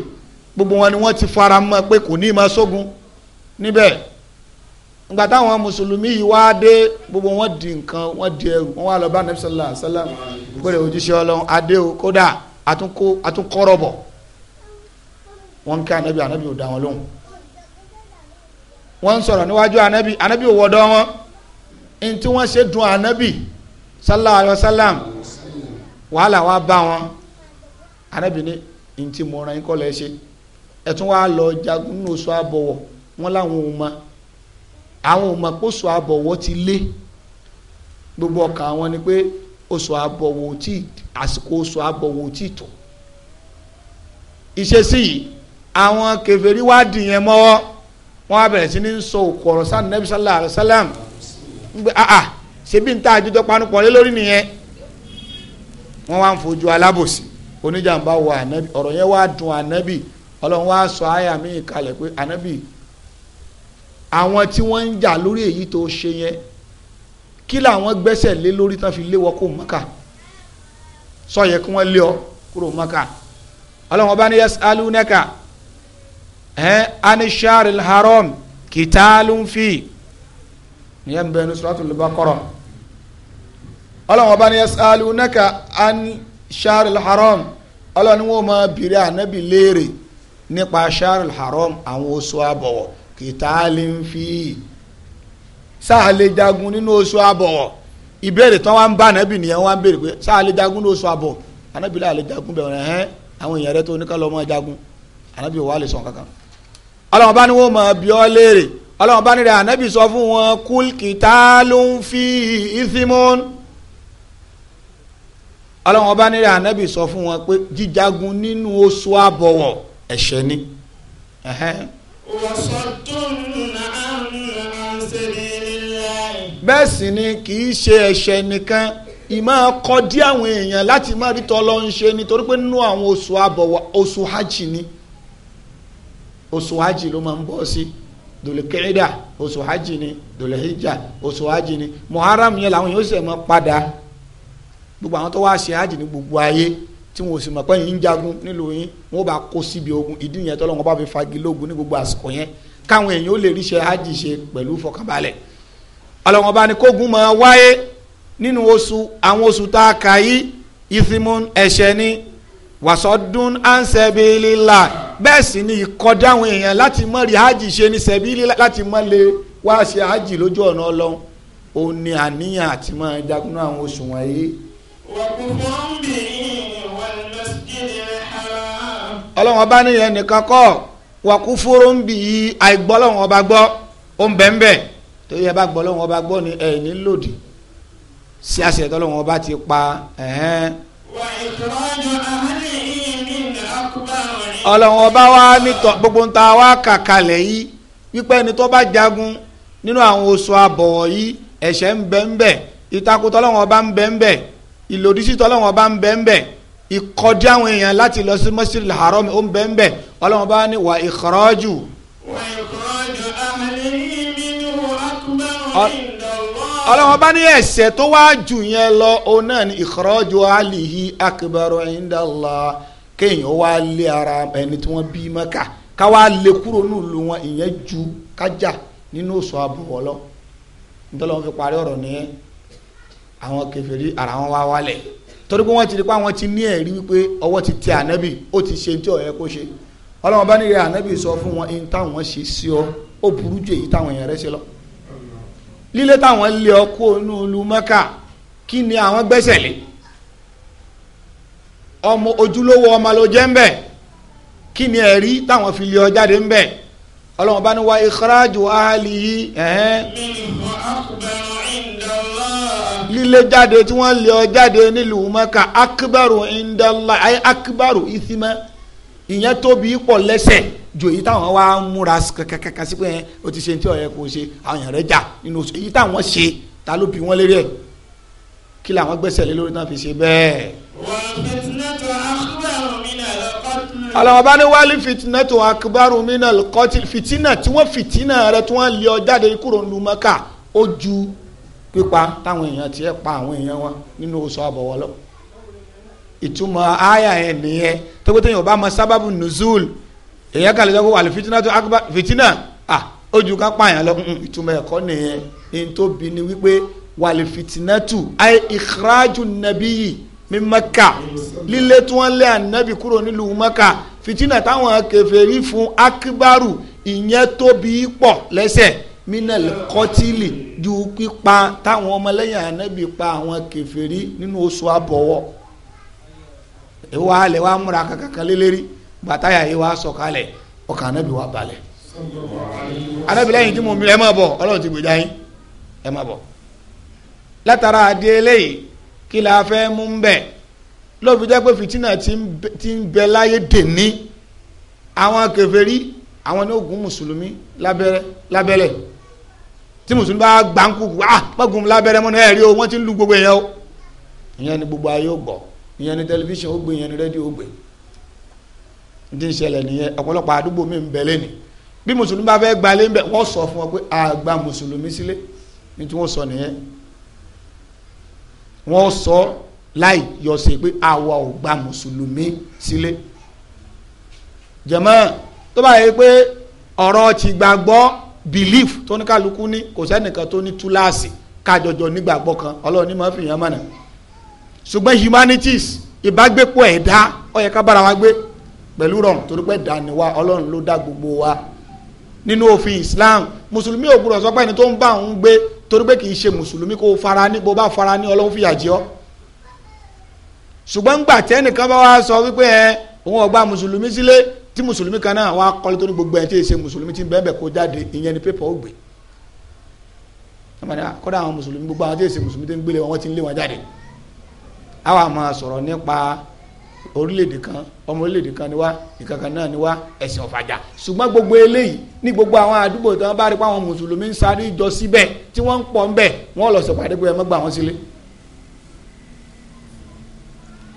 gbogbo wọn ni wọ́n ti fara mọ́ pé kò ní mọ̀ sógun níbẹ̀ ìgbà táwọn mùsùlùmí yìí wá dé gbogbo wọn di nǹkan wọn di ẹrù wọn wá lọ bá anabi sallallahu alayhi wa sallam pé òjíṣẹ́ ọlọ́run adé o kódà àtúnkọ́rọ̀bọ̀ wọ́n ń anabi anabi ò dá wọn lóhùn wọ́n ń níwájú anabi anabi ò wọ́dọ̀ wọn ntí wọ́n ṣe dùn anabi sallallahu alayhi wa sallam wàhálà wa bá wọn anabi ní ntí mo ràn yín kọ́ lẹ́ ṣe ẹ tún wá lọ jagun nínú oṣù àbọ̀wọ̀ wọn làwọn ò mọ àwọn ò mọ pé oṣù àbọ̀wọ̀ ti lé gbogbo ọkàn àwọn ni pé oṣù àbọ̀wọ̀ tí àsìkò oṣù àbọ̀wọ̀ tí tó ìṣesí yìí àwọn kèfèrí wá dìyẹn mọ́wọ́ wọ́n á bẹ̀rẹ̀ sí ní sọ òkú ọ̀rọ̀ sáà nẹ́bí sallallahu alayhi wa sallam gbé àà ṣebí ń ta àjọjọ panupọ̀ lé lórí nìyẹn wọ́n wá ń fojú alábòsí oníjàmbá wọ ànábì ọ̀rọ̀ yẹn wá dùn ànábì ọlọ́run wá sọ àyà míì kalẹ̀ pé ànábì àwọn tí wọ́n ń jà lórí èyí tó ṣe yẹn kí làwọn gbẹ́sẹ̀ lé lórí tán fi lé wọ kó mọ́kà sọ yẹ kí wọ́n lé ọ kúrò mọ́kà ọlọ́run ọba ní yẹs alúnẹ́kà ẹ anishar alharam kìtàlùn fi nìyẹn bẹ ní suratul Baqara ọlọ́wọ́n bá ní yasalunaka anishar alharam ọlọ́wọ́n ni wọ́n máa bèrè ànábì léèrè nípa ashar alharam àwọn oṣù àbọ̀wọ̀ kìtàlùn fi sáà lè jagun nínú oṣù àbọ̀wọ̀ ìbéèrè tán wá ń bá nìyẹn wá béèrè pé sáà jagun ní oṣù àbọ̀ ànábì láà lè jagun bẹ̀rẹ̀ hẹ́n àwọn èèyàn rẹ tó oníkàlọ́ ọmọ jagun ànábì wà lè sọ kankan ọlọ́run bá ní wọ́n mọ̀ bí ọ́ léèrè ọlọ́run bá ní ànábì sọ fún wọn kúlkìtà ló ń fi ìsímọ́n ọlọ́run bá ní ànábì sọ fún wọn pé jíjagun nínú oṣù àbọ̀wọ̀ ẹ̀ṣẹ̀ ni. bẹ́ẹ̀ sì ni kì í ṣe ẹ̀ṣẹ̀ nìkan ìmọ̀ kọ́ dí àwọn èèyàn láti má rí tọ́lọ́ ń ṣe nítorí pé nínú àwọn oṣù àbọ̀wọ̀ oṣù hajj ni oṣù hajj ló máa ń bọ́ sí dùlùkẹ́ẹ̀dà oṣù hajj ni dùlùhíjà oṣù hajj ni muharram yẹn làwọn yóò ṣe máa padà gbogbo àwọn tó wá ṣe hajj ní gbogbo ayé tí wọn ò sì mọ̀ pé yín ń jagun nílùú yín wọn bá kó síbi ogun ìdí yẹn tọ́lọ́ wọn bá fi fagilógun ní gbogbo àsìkò yẹn káwọn èèyàn ó lè rí ṣe hajj ṣe pẹ̀lú fọkànbalẹ̀ ọlọ́wọ́n bá ní kógun máa wáyé nínú oṣù àwọn oṣù tá a kà yí ìfimu ẹ̀ṣẹ̀ ni wàsọdún ansẹbílélà bẹ́ẹ̀ sì ni ìkọjá àwọn èèyàn láti mọ rí hajj ṣe ní sẹbílélà láti mọ lè wá ṣe hajj lójú ọ̀nà ọlọ́run ó ní àníyàn àti máa jagun àwọn oṣù wọ̀nyí. ọlọ́run ọba nìyẹn nìkan kọ́ wàkú fóró ń bì í àìgbọ́ ọlọ́run ọba gbọ́ ó ń bẹ̀ ń bẹ̀ tó yẹ bá gbọ́ ọlọ́run ọba gbọ́ ni ẹ̀ ní lòdì sí àṣẹ tọ́lọ́run ọba ti pa ẹ̀hẹ́n. wà á ìtọ́jú ọlọ́run ọba wa nítọ́ gbogbo ń ta wá kàkalẹ̀ yìí wípé ẹni tó bá jagun nínú àwọn oṣù àbọ̀wọ̀ yìí ẹ̀ṣẹ̀ ń bẹ ń bẹ ìtakùtọ̀ ọlọ́run ọba ń bẹ ń bẹ ìlòdìsítọ̀ ọlọ́run ọba ń bẹ ń bẹ ìkọjá àwọn èèyàn láti lọ sí mọ́sílì haram ó ń bẹ ń bẹ ọlọ́run bá ní wà ìkọ́rọ́jù. ọlọ́run bá ní ẹ̀ṣẹ̀ tó wá jù yẹn lọ òun náà ní ìkọ́rọ́jù alihi akbaru indallah kéèyàn wá lé ara ẹni tí wọ́n bí mọ́kà ká wá lé kúrò nílùú wọn ìyẹn ju kájà nínú òsùn àbùwọ̀ lọ nítorí wọn fi parí ọ̀rọ̀ ní àwọn kèfèrí ara wọn wá wálẹ̀ torí pé wọ́n ti rí pé àwọn ti ní ẹ̀rí wípé ọwọ́ ti tẹ ànábì ó ti ṣe tí ó yẹ kó ṣe ọlọ́wọ́n bá nílẹ̀ ànábì sọ fún wọn ẹni táwọn ṣe sí ọ ó burú ju èyí táwọn èèyàn rẹ ṣe lọ lílé táwọn lé ọ kó inú kí ni àwọn gbẹ́sẹ̀ lé ọmọ ojúlówó ọmọ ló jẹ́ ń bẹ̀ kí ni ẹ̀rí táwọn fi lé ọ jáde ń bẹ̀ ọlọ́run bá ní wá ìkọ́rájù ahlihi lílé jáde tí wọ́n lé ọ jáde nílùú mọ́kà akbaru indala ayé akbaru ìsímọ́ ìyẹn tóbi pọ̀ lẹ́sẹ̀ ju èyí táwọn wá ń múra kàkàkà sí pé o ti ṣe ní tí ọ̀yẹ́ kò ṣe àwọn èèyàn rẹ̀ jà nínú èyí táwọn ṣe ta ló bí wọ́n lérí ẹ̀ kí làwọn gbẹ́sẹ̀ lé lórí náà fi ṣe bẹ́ẹ̀ àwọn ọba ní wálé fìtínà tó akbaru mina lọkọtì fìtínà tí wọ́n fìtínà rẹ̀ tí wọ́n lé ọ jáde kúrò ní Mẹ́kà ó ju pípa táwọn èèyàn tiẹ̀ pa àwọn èèyàn wọn nínú oṣù àbọ̀wọ́ lọ ìtumọ̀ àyà yẹn nìyẹn tókòtò yẹn ọba ma sábàbù nùzúl èèyàn kàlẹ́ sọ́kò wàlé fìtínà tó akbar fìtínà à ó ju ká pààyàn lọ ìtumọ̀ ẹ̀kọ́ nìyẹn ní tóbi ni wípé wàlé fìtínà tù àyè ìkírájú nàbíyì mi mẹ́kà lílé tí wọ́n lé ànábì kúrò nílùú mẹ́kà fìtínà táwọn kèfèrí fún akíbárù ìyẹn tóbi pọ̀ lẹ́sẹ̀ minal kọtìlì ju pípa táwọn ọmọlẹ́yìn ànábì pa àwọn kèfèrí nínú oṣù àbọ̀wọ̀ ìwà alẹ̀ wa múra kankan lélẹ́rí bàtáyà yìí wa sọ̀kalẹ̀ ọkàn ànábì wa balẹ̀ ànábì lẹ́yìn tí mo mi ẹ má bọ̀ ọlọ́run ti gbèjà yín ẹ má bọ̀ látara adé eléyìí kí la fẹ́ mú ń bẹ̀ lóbi jẹ́ pé fìtínà ti ń bẹ láyé dèní àwọn kèfèrí àwọn ní ogun mùsùlùmí lábẹ́rẹ́ tí mùsùlùmí bá gbàǹkùkù ah gbàgùn lábẹ́rẹ́ mọ́nà ẹ̀rí o wọ́n ti ń lu gbogbo èèyàn o ìyẹn ni gbogbo ayé ó gbọ́ ìyẹn ni tẹlifíṣàn ó gbé ìyẹn ni rédíò ó gbé ní ìṣẹ̀lẹ̀ nìyẹn ọ̀pọ̀lọpọ̀ àdúgbò mi ń bẹ lẹ́nìí bí mùsùlùmí bá fẹ́ gbalé ń bẹ wọ́n sọ fún wọn pé àgbà mùsùlùmí sílé ní tí wọ́n sọ nìyẹn wọ́n sọ láì yọ̀sẹ̀ pé àwa ò gba mùsùlùmí sílé jẹ̀mọ́ tó bá yẹ pé ọ̀rọ̀ ti gbàgbọ́ belief tó ní kálukú ní kò sẹ́nìkan tó ní túláàsì kájọjọ nígbàgbọ́ kan ọlọ́run ní máa fi yàn mọ̀nà ṣùgbọ́n humanities ìbágbépọ̀ ẹ̀dá ó yẹ ká bára wa gbé pẹ̀lú rọrùn torí pé dání wa ọlọ́run ló dá gbogbo wa nínú òfin Islam mùsùlùmí ò gbúdọ̀ sọ pé ẹni tó ń bá òun gbé torí pé kì í ṣe mùsùlùmí kó fara ní bó bá fara ní ọlọ́run fìyà jẹ ọ́ ṣùgbọ́n gbà tẹ́nìkan bá wá sọ wípé ẹ òun ọgbà mùsùlùmí sílé tí mùsùlùmí kan náà wá kọ́lé tó ní gbogbo ẹ̀ tí èsè mùsùlùmí ti bẹ́ẹ̀ bẹ́ẹ̀ kó jáde ìyẹn ni pépà ó gbé kọ́dà àwọn mùsùlùmí gbogbo àwọn tí èsè mùsùlùmí ti ń gbélé wọn ti ń lé wọn jáde àwa máa sọ̀rọ̀ nípa orílẹ̀-èdè kan ọmọ orílẹ̀-èdè kan ni wá ìkankan náà ni wá ẹ̀sìn ọ̀fàjà ṣùgbọ́n gbogbo eléyìí ní gbogbo àwọn àdúgbò tí wọ́n bá rí pé àwọn mùsùlùmí ń sáré jọ síbẹ̀ tí wọ́n ń pọ̀ ń bẹ̀ wọ́n lọ sọ̀pàdé pé ẹ má gbà wọ́n sílé.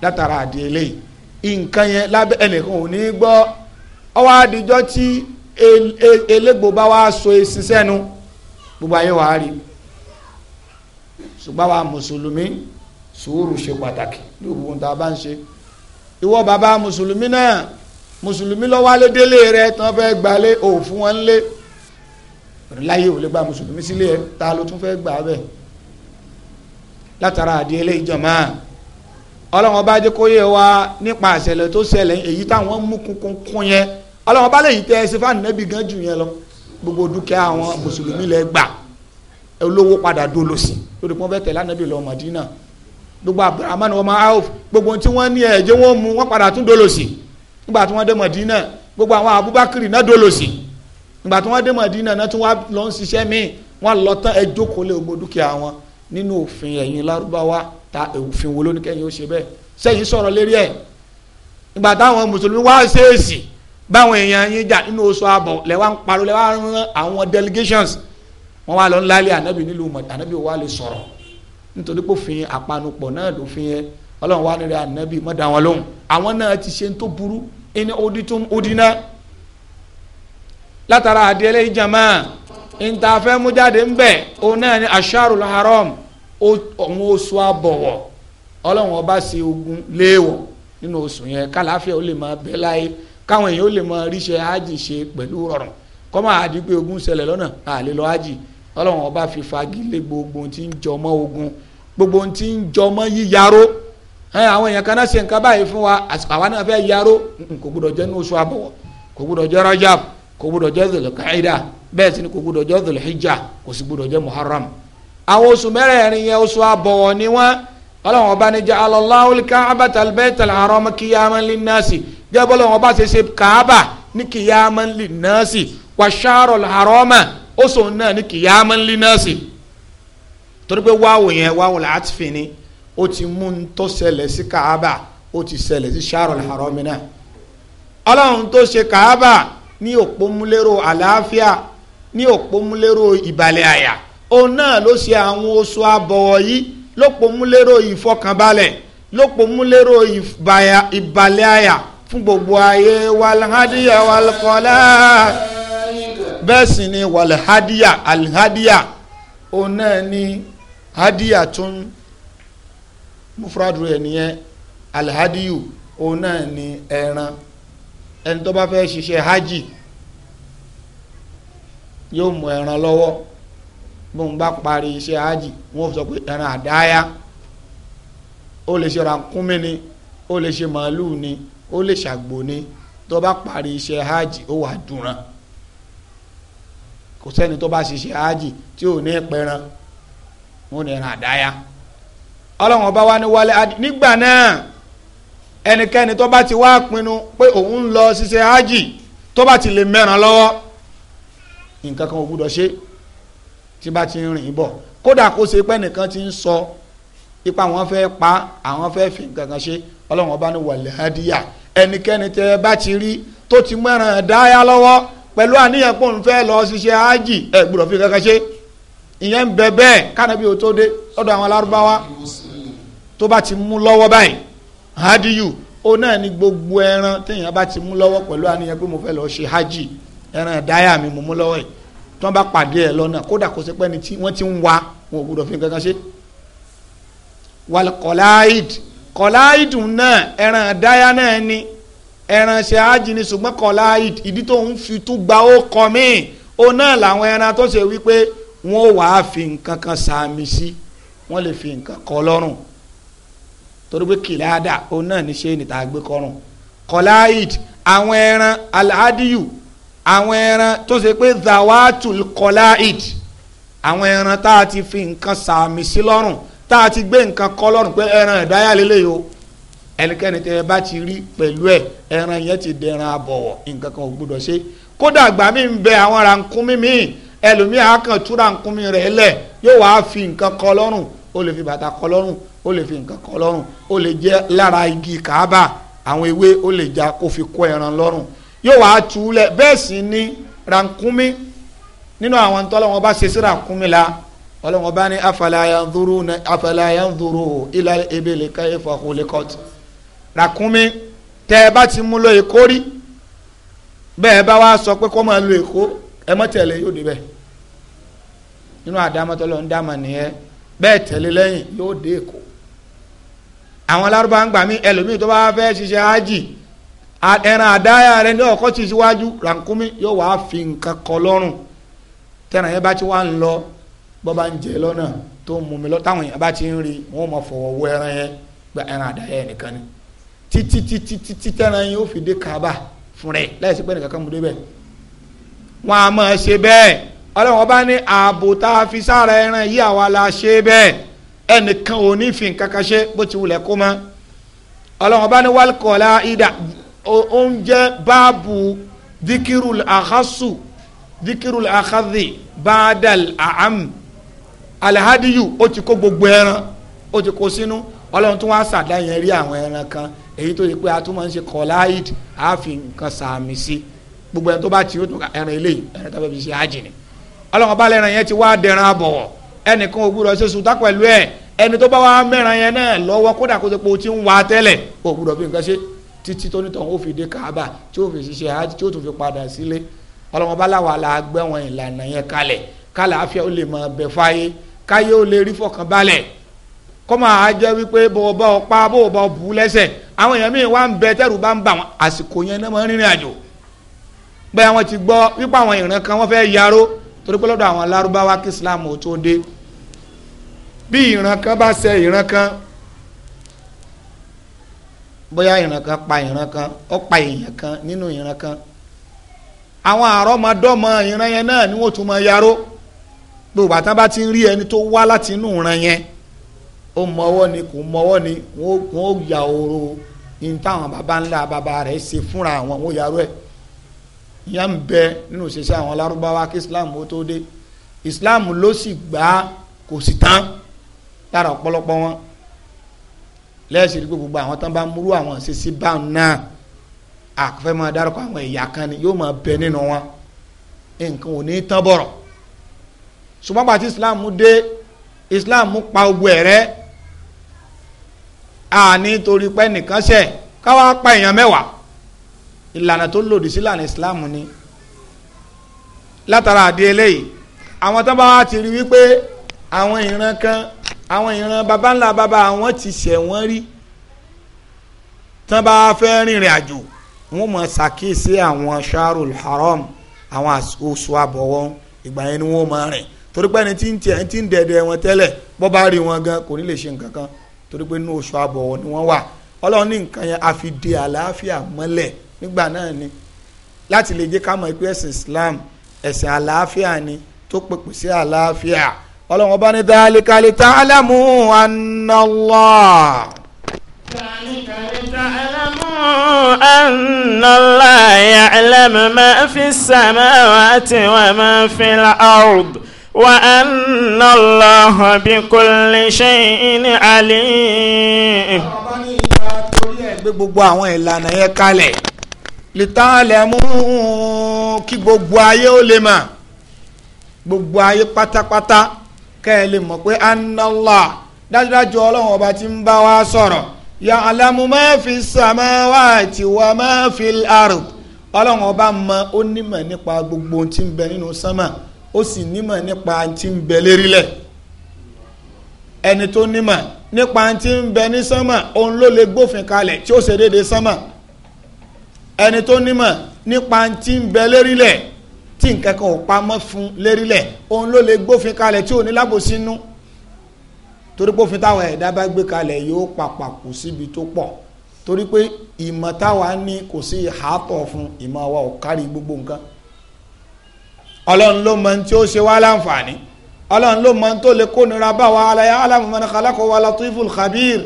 látara àdé eléyìí nǹkan yẹn lábẹ́ ẹnìkan ò ní gbọ́ ọwọ́ àdìjọ́ tí elégbò bá wá so esin sẹ́nu gbogbo ayé wàá rí ṣùgbọ́n àwa mùsùlùmí sùúrù ṣe pàtàkì lóògùn tá a bá ń ṣe ìwọ baba mùsùlùmí náà mùsùlùmí lọ wálé délé rẹ tí wọn fẹẹ gbalé òfun wọn lé láyé ò lè gba mùsùlùmí sílé ẹ ta ló tún fẹẹ gbà bẹ́ẹ̀ látara àdìẹ lẹ́yìn jọmọ Ọlọ́run bá jẹ kó yé wa nípa àṣẹlẹ̀ tó ṣẹlẹ̀ èyí táwọn mú kúnkún yẹn Ọlọ́run bá lẹ́yìn tẹ ẹ sífà nẹbi gan jù yẹn lọ gbogbo dúkìá àwọn mùsùlùmí lẹ gbà olówó padà dolo sí lórí pọn bẹ tẹ lánàbí lọ Mádínà gbogbo abdulrahman ọmọ aof gbogbo tí wọ́n ní ẹ̀jẹ̀ wọn mú wọ́n padà tún dolosi nígbà tí wọ́n dé mọ̀dínà gbogbo àwọn abubakar náà Dolosi nígbà tí wọ́n dé mọ̀dínà náà tún wá lọ ń ṣiṣẹ́ míì wọ́n lọ tán ẹ jókòó lé gbogbo dúkìá wọn nínú òfin ẹ̀yin lárúbáwá ta òfin wo lóníkẹ́yìn ó ṣe bẹ́ẹ̀ sẹ́yìn sọ̀rọ̀ lérí ẹ̀ nígbà táwọn mùsùlùmí wá ṣèèṣì báwọn èèyàn yín jà nínú oṣù àbọ̀ lẹ́wà ń pariwo lẹ́wà ń rán àwọn delegations wọ́n wá lọ ńlá lé ànábì nílùú ànábì wà lè sọ̀rọ̀ nítorí pé òfin àpanupọ̀ náà ló fi yẹn ọlọ́run wà nílẹ̀ ànábì má dá wọn lóhùn àwọn náà ti ṣe ń tó burú ẹni odi tó ń odi náà látara àdìẹlẹ ìjàmá ìntàfẹ́ mú jáde ń bẹ̀ òun náà ni asharul haram òun oṣù àbọ̀wọ̀ ọlọ́run ọba ṣe ogun léèwọ̀ nínú oṣù yẹn kálàáfíà ó lè máa bẹ láyé káwọn èèyàn ó lè máa ríṣẹ́ hájì ṣe pẹ̀lú rọrùn kọ́mọ àdìgbé ogun ṣẹlẹ̀ lọ́nà àlè ọlọ́run ọba fi fagilé gbogbo tí ń jọmọ́ ogun gbogbo ohun tí ń jọmọ́ yíyaró àwọn èèyàn kan náà ṣe nǹkan báyìí fún wa àsìkò àwa náà fẹ́ yaró kò gbúdọ̀ jẹ́ ní oṣù àbọ̀wọ̀ kò gbúdọ̀ jẹ́ rajab kò gbúdọ̀ jẹ́ zolokaaida bẹ́ẹ̀ sì ni kò gbúdọ̀ jẹ́ zolohijja kò sì gbúdọ̀ jẹ́ muharram. àwọn oṣù mẹ́rẹ̀ẹ̀rin yẹn oṣù àbọ̀wọ̀ ni wọ́n ọlọ́run ọba ní ja'ala Allahu káábà ní torí pé wáwò yẹn wáwò látìfì ni ó ti mú un tó ṣẹlẹ̀ sí Kaaba ó ti ṣẹlẹ̀ sí Sharul Haram náà ọlọ́run tó ṣe Kaaba ní òpómúlérò àlàáfíà ní òpómúlérò ìbàlẹ̀ àyà òun náà ló ṣe àwọn oṣù abọ̀wọ̀ yìí lópómúlérò ìfọkànbalẹ̀ lópómúlérò ìbàlẹ̀ àyà fún gbogbo ayé wàlhádìyà wàlkọ́lá bẹ́ẹ̀ sì ni wàlhádìyà alhádìyà òun náà ní hadiyatun mufradu ẹ̀ nìyẹn alhadiyu òun náà ni ẹran ẹni tó bá fẹ́ ṣiṣẹ́ hajj yóò mú ẹran lọ́wọ́ bóun bá parí iṣẹ́ hajj wọ́n sọ pé ẹran àdáyà ó lè ṣe ràkúnmí ni ó lè ṣe màálù ni ó lè ṣàgbò ni tó bá parí iṣẹ́ hajj ó wà dùnrán kò sẹ́ni tó bá ṣiṣẹ́ hajj tí ò ní pẹran wọn ò ní ẹran àdáyà ọlọ́run ọba wa ní wálé adi nígbà náà ẹnikẹ́ni tó bá ti wá pinnu pé òun ń lọ ṣiṣẹ́ hajj tó bá ti lè mẹ́ràn lọ́wọ́ nǹkan kan ò gbúdọ̀ ṣe tí bá ti rìn bọ̀ kódà kó ṣe pé ẹnìkan ti ń sọ ipa àwọn fẹ́ pa àwọn fẹ́ fi nǹkan kan ṣe ọlọ́run ọba ní wálé adíyà ẹnikẹ́ni tẹ́ bá ti rí tó ti mẹ́ràn dáyà lọ́wọ́ pẹ̀lú àníyàn pé òun fẹ́ lọ ṣiṣẹ́ hajj ẹ̀ gbúdọ̀ fi kankan ṣe ìyẹn ń bẹ bẹ́ẹ̀ kánábì ò tó dé lọ́dọ̀ àwọn alárúbáwá tó bá ti mú lọ́wọ́ báyìí hadiyu ó náà ní gbogbo ẹran téèyàn bá ti mú lọ́wọ́ pẹ̀lú àníyàn pé mo fẹ́ lọ ṣe hajj ẹran ìdáyà mi mo mú lọ́wọ́ yìí tí wọ́n bá pàdé ẹ̀ lọ́nà kódà kó sẹ́pẹ́ ni wọ́n ti ń wa wọn ò gbúdọ̀ fi kankan ṣe. wàlẹ̀ kọ̀láìd kọ̀láìd náà ẹran ìdáyà náà ni ẹran ṣe hajj ni ṣùgbọ́n kọ̀láìd ìdí tó ń fi tún gba ó kọ́ míì ó náà làwọn ẹran tó ṣe wípé wọ́n wàá fi nǹkan kan sàmì sí wọ́n lè fi nǹkan kọ́ lọ́rùn torí pé kìláàdà òun náà ní ṣe níta gbé kọrùn kọláìd àwọn ẹran alhadiyu àwọn ẹran tó ṣe pé zawatul kọláìd àwọn ẹran tá a ti fi nǹkan sàmì sí lọ́rùn tá a ti gbé nǹkan kọ́ lọ́rùn pé ẹran ẹ̀dáyà lélẹ́yìí o ẹnikẹ́ni tẹ́ ẹ bá ti rí pẹ̀lú ẹ ẹran yẹn ti dẹran abọ̀wọ̀ nǹkan kan ò gbọdọ̀ ṣe kódà gbàmí ń bẹ àwọn rànkúnmí míì ẹlòmíì akàn túra nkúmi rẹ̀ lẹ̀ yóò wá fi nǹkan kọ́ lọ́rùn ó lè fi bàtà kọ́ lọ́rùn ó lè fi nǹkan kọ́ lọ́rùn ó lè jẹ́ lára igi kàába àwọn ewé ó lè já kó fi kọ́ ẹran lọ́rùn yóò wá túlẹ̀ bẹ́ẹ̀ sì ni rankumi nínú àwọn tọ́lọ́wọ́n bá ṣe sí rankumi la ọlọ́wọ́n bá ní afala yanzuruna afala yanzuru ila al efa kayfa khuliqat rankumi tẹ́ ẹ bá ti mú lọ èkó rí bẹ́ẹ̀ bá wá sọ pé kó máa lọ èkó ẹ mọ́ tẹ̀lé yóò débẹ̀ nínú àdámọ́tọ́ lọ ń dámọ̀ nìyẹn bẹ́ẹ̀ tẹ̀lé lẹ́yìn yóò dé èkó àwọn alárúbá ń gbà mí ẹlòmíì tó bá fẹ́ ṣiṣẹ́ ájì ẹran àdáyà rẹ ní ọkọ ti síwájú rànkúmí yóò wá fi nǹkan kọ lọ́rùn tẹ̀ràn yẹn bá ti wá ń lọ bọ́ bá ń jẹ lọ́nà tó ń mumi lọ táwọn èèyàn bá ti ń rí wọn ò mọ̀ fọwọ́ wọ ẹran yẹn gba ẹran àdáyà yẹn nìkan ni títí títí títí tẹ̀ràn yẹn ó fi dé kaaba fún rẹ láì sí pé nìkan kan mú débẹ̀ wọn a máa ṣe bẹ́ẹ̀ ọlọ́run ọba ní ààbò tá a fi sára ẹran yìí àwa la ṣe bẹ́ẹ̀ ẹnìkan ò ní fi nǹkan kan ṣe bó ti wulẹ̀ kó mọ́ ọlọ́run ọba ní wàlúkọ̀ọ́lá ìdá oúnjẹ báàbù dikirul akhasu dikirul akhadhi baadal aham alihadiyu ó ti kó gbogbo ẹran ó ti kó sínú ọlọ́run tún wá sàdáyẹn rí àwọn ẹran kan èyí tó yẹ pé a tún máa ń ṣe kọ̀ọ̀lá ìd nǹkan sàmì sí i gbogbo ẹni tó bá ti yóò tún ẹran eléyìí ẹran tó bá fi ṣe ájì ni ọlọ́run bá lẹ́ran yẹn ti wá dẹran àbọ̀wọ̀ ẹnìkan ò ṣe sùtá pẹ̀lú ẹ̀ ẹni tó bá wá mẹ́ran yẹn náà lọ́wọ́ kódà kó tó pé o ti ń wa tẹ́lẹ̀ ò nǹkan títí tó nítorí dé tí ṣiṣẹ́ tí ó tún fi padà sílé ọlọ́run bá láwa la ìlànà bá ọ pa bẹ́ẹ̀ wọ́n ti gbọ́ wípé àwọn ìran kan wọ́n fẹ́ yaró torí pé lọ́dọ̀ àwọn alárúbáwá kí islam ò tó dé bí ìran kan bá ṣe ìran kan bóyá ìran kan pa ìran kan ó pa èèyàn kan nínú ìran kan àwọn àrọ́mọdọ́mọ ìran yẹn náà ni wọ́n tún máa yaró gbogbo àtàn bá ti ń rí ẹni tó wá láti inú ìran yẹn ó mọwọ́ ni kò mọwọ́ ni wọ́n ó yà oró ní táwọn baba ńlá baba rẹ̀ ṣe fúnra àwọn wọ́n yaró ẹ̀ ìyá ń bẹ nínú òṣìṣẹ́ àwọn lárúbáwá kí islam ó tó dé islam ló sì gbà á kò sì tán lára ọ̀pọ̀lọpọ̀ wọn lẹ́sìn rí pé gbogbo àwọn tán bá múrú àwọn ṣíṣí báwọn náà àfẹ́ máa dárúkọ àwọn ẹ̀yà kan ni yóò máa bẹ nínú wọn nǹkan ò ní tán bọ̀rọ̀ ṣùgbọ́n pàtí islam dé islam pa ogun ẹ̀rẹ́ àní torí pé nìkan ṣẹ̀ káwá pa èèyàn mẹ́wàá ìlànà tó lòdì sí ìlànà ìsìláàmù ni látara àdé eléyìí àwọn tó bá wá ti rí wípé àwọn ìran kan àwọn ìran baba ńlá baba àwọn ti ṣẹ̀ wọ́n rí tán bá fẹ́ rìnrìn àjò wọ́n mọ̀ ṣàkíyèsí àwọn sharul haram àwọn oṣù àbọ̀wọ́ ìgbà yẹn ni wọ́n máa rìn torí pé ẹni tí ń tiẹ̀ ń tí ń dẹ̀dẹ̀ wọn tẹ́lẹ̀ bọ́ bá rí wọn gan kò ní lè ṣe nǹkan kan torí pé inú oṣù àbọ̀wọ́ ni wọ́n wà ọlọ́run ní nǹkan yẹn a de àlàáfíà mọ́lẹ̀ nígbà náà ni láti lè jẹ́ ká mọ̀ pé ẹ̀sìn Islam ẹ̀sìn àlàáfíà ni tó pèpè sí àlàáfíà ọlọ́run ọba ní dhalika li ta'lamu anna Allah. dhalika li ta'lamu anna Allah ya'lamu ma fi as-samawati wa ma fi al-ard lìtàlẹ́mú kí gbogbo ayé ó lè mà gbogbo ayé pátápátá kẹ́ ẹ lè mọ̀ pé anala dájúdájú ọlọ́run ọba tí ń bá wa sọrọ ya alamu ma fi wa ma fi al-ard ọlọ́run ọba mọ ó nípa gbogbo ohun ń bẹ nínú sánmà ó sì nípa ohun ń bẹ bẹ ní sánmà òun ló tí ó ṣe déédéé ẹni tó nímọ̀ nípa ti ń bẹ lérílẹ̀ tí nǹkan kan ò pamọ́ fún lérílẹ̀ òun ló lè gbófin kalẹ̀ tí ò ní lábòsí nú torí pé òfin táwọn ẹ̀dá bá gbé kalẹ̀ yóò papà kù síbi tó pọ̀ torí pé ìmọ̀ táwa ní kò sí ìhàtọ̀ fún ìmọ̀ wa ò kárí gbogbo nǹkan ọlọ́run ló mọ tí ó ṣe wá láǹfààní ọlọ́run ló mọ tó lè kónira bá wa alaya alamọ̀mọ́ni kálákọ̀ wa latiful khabir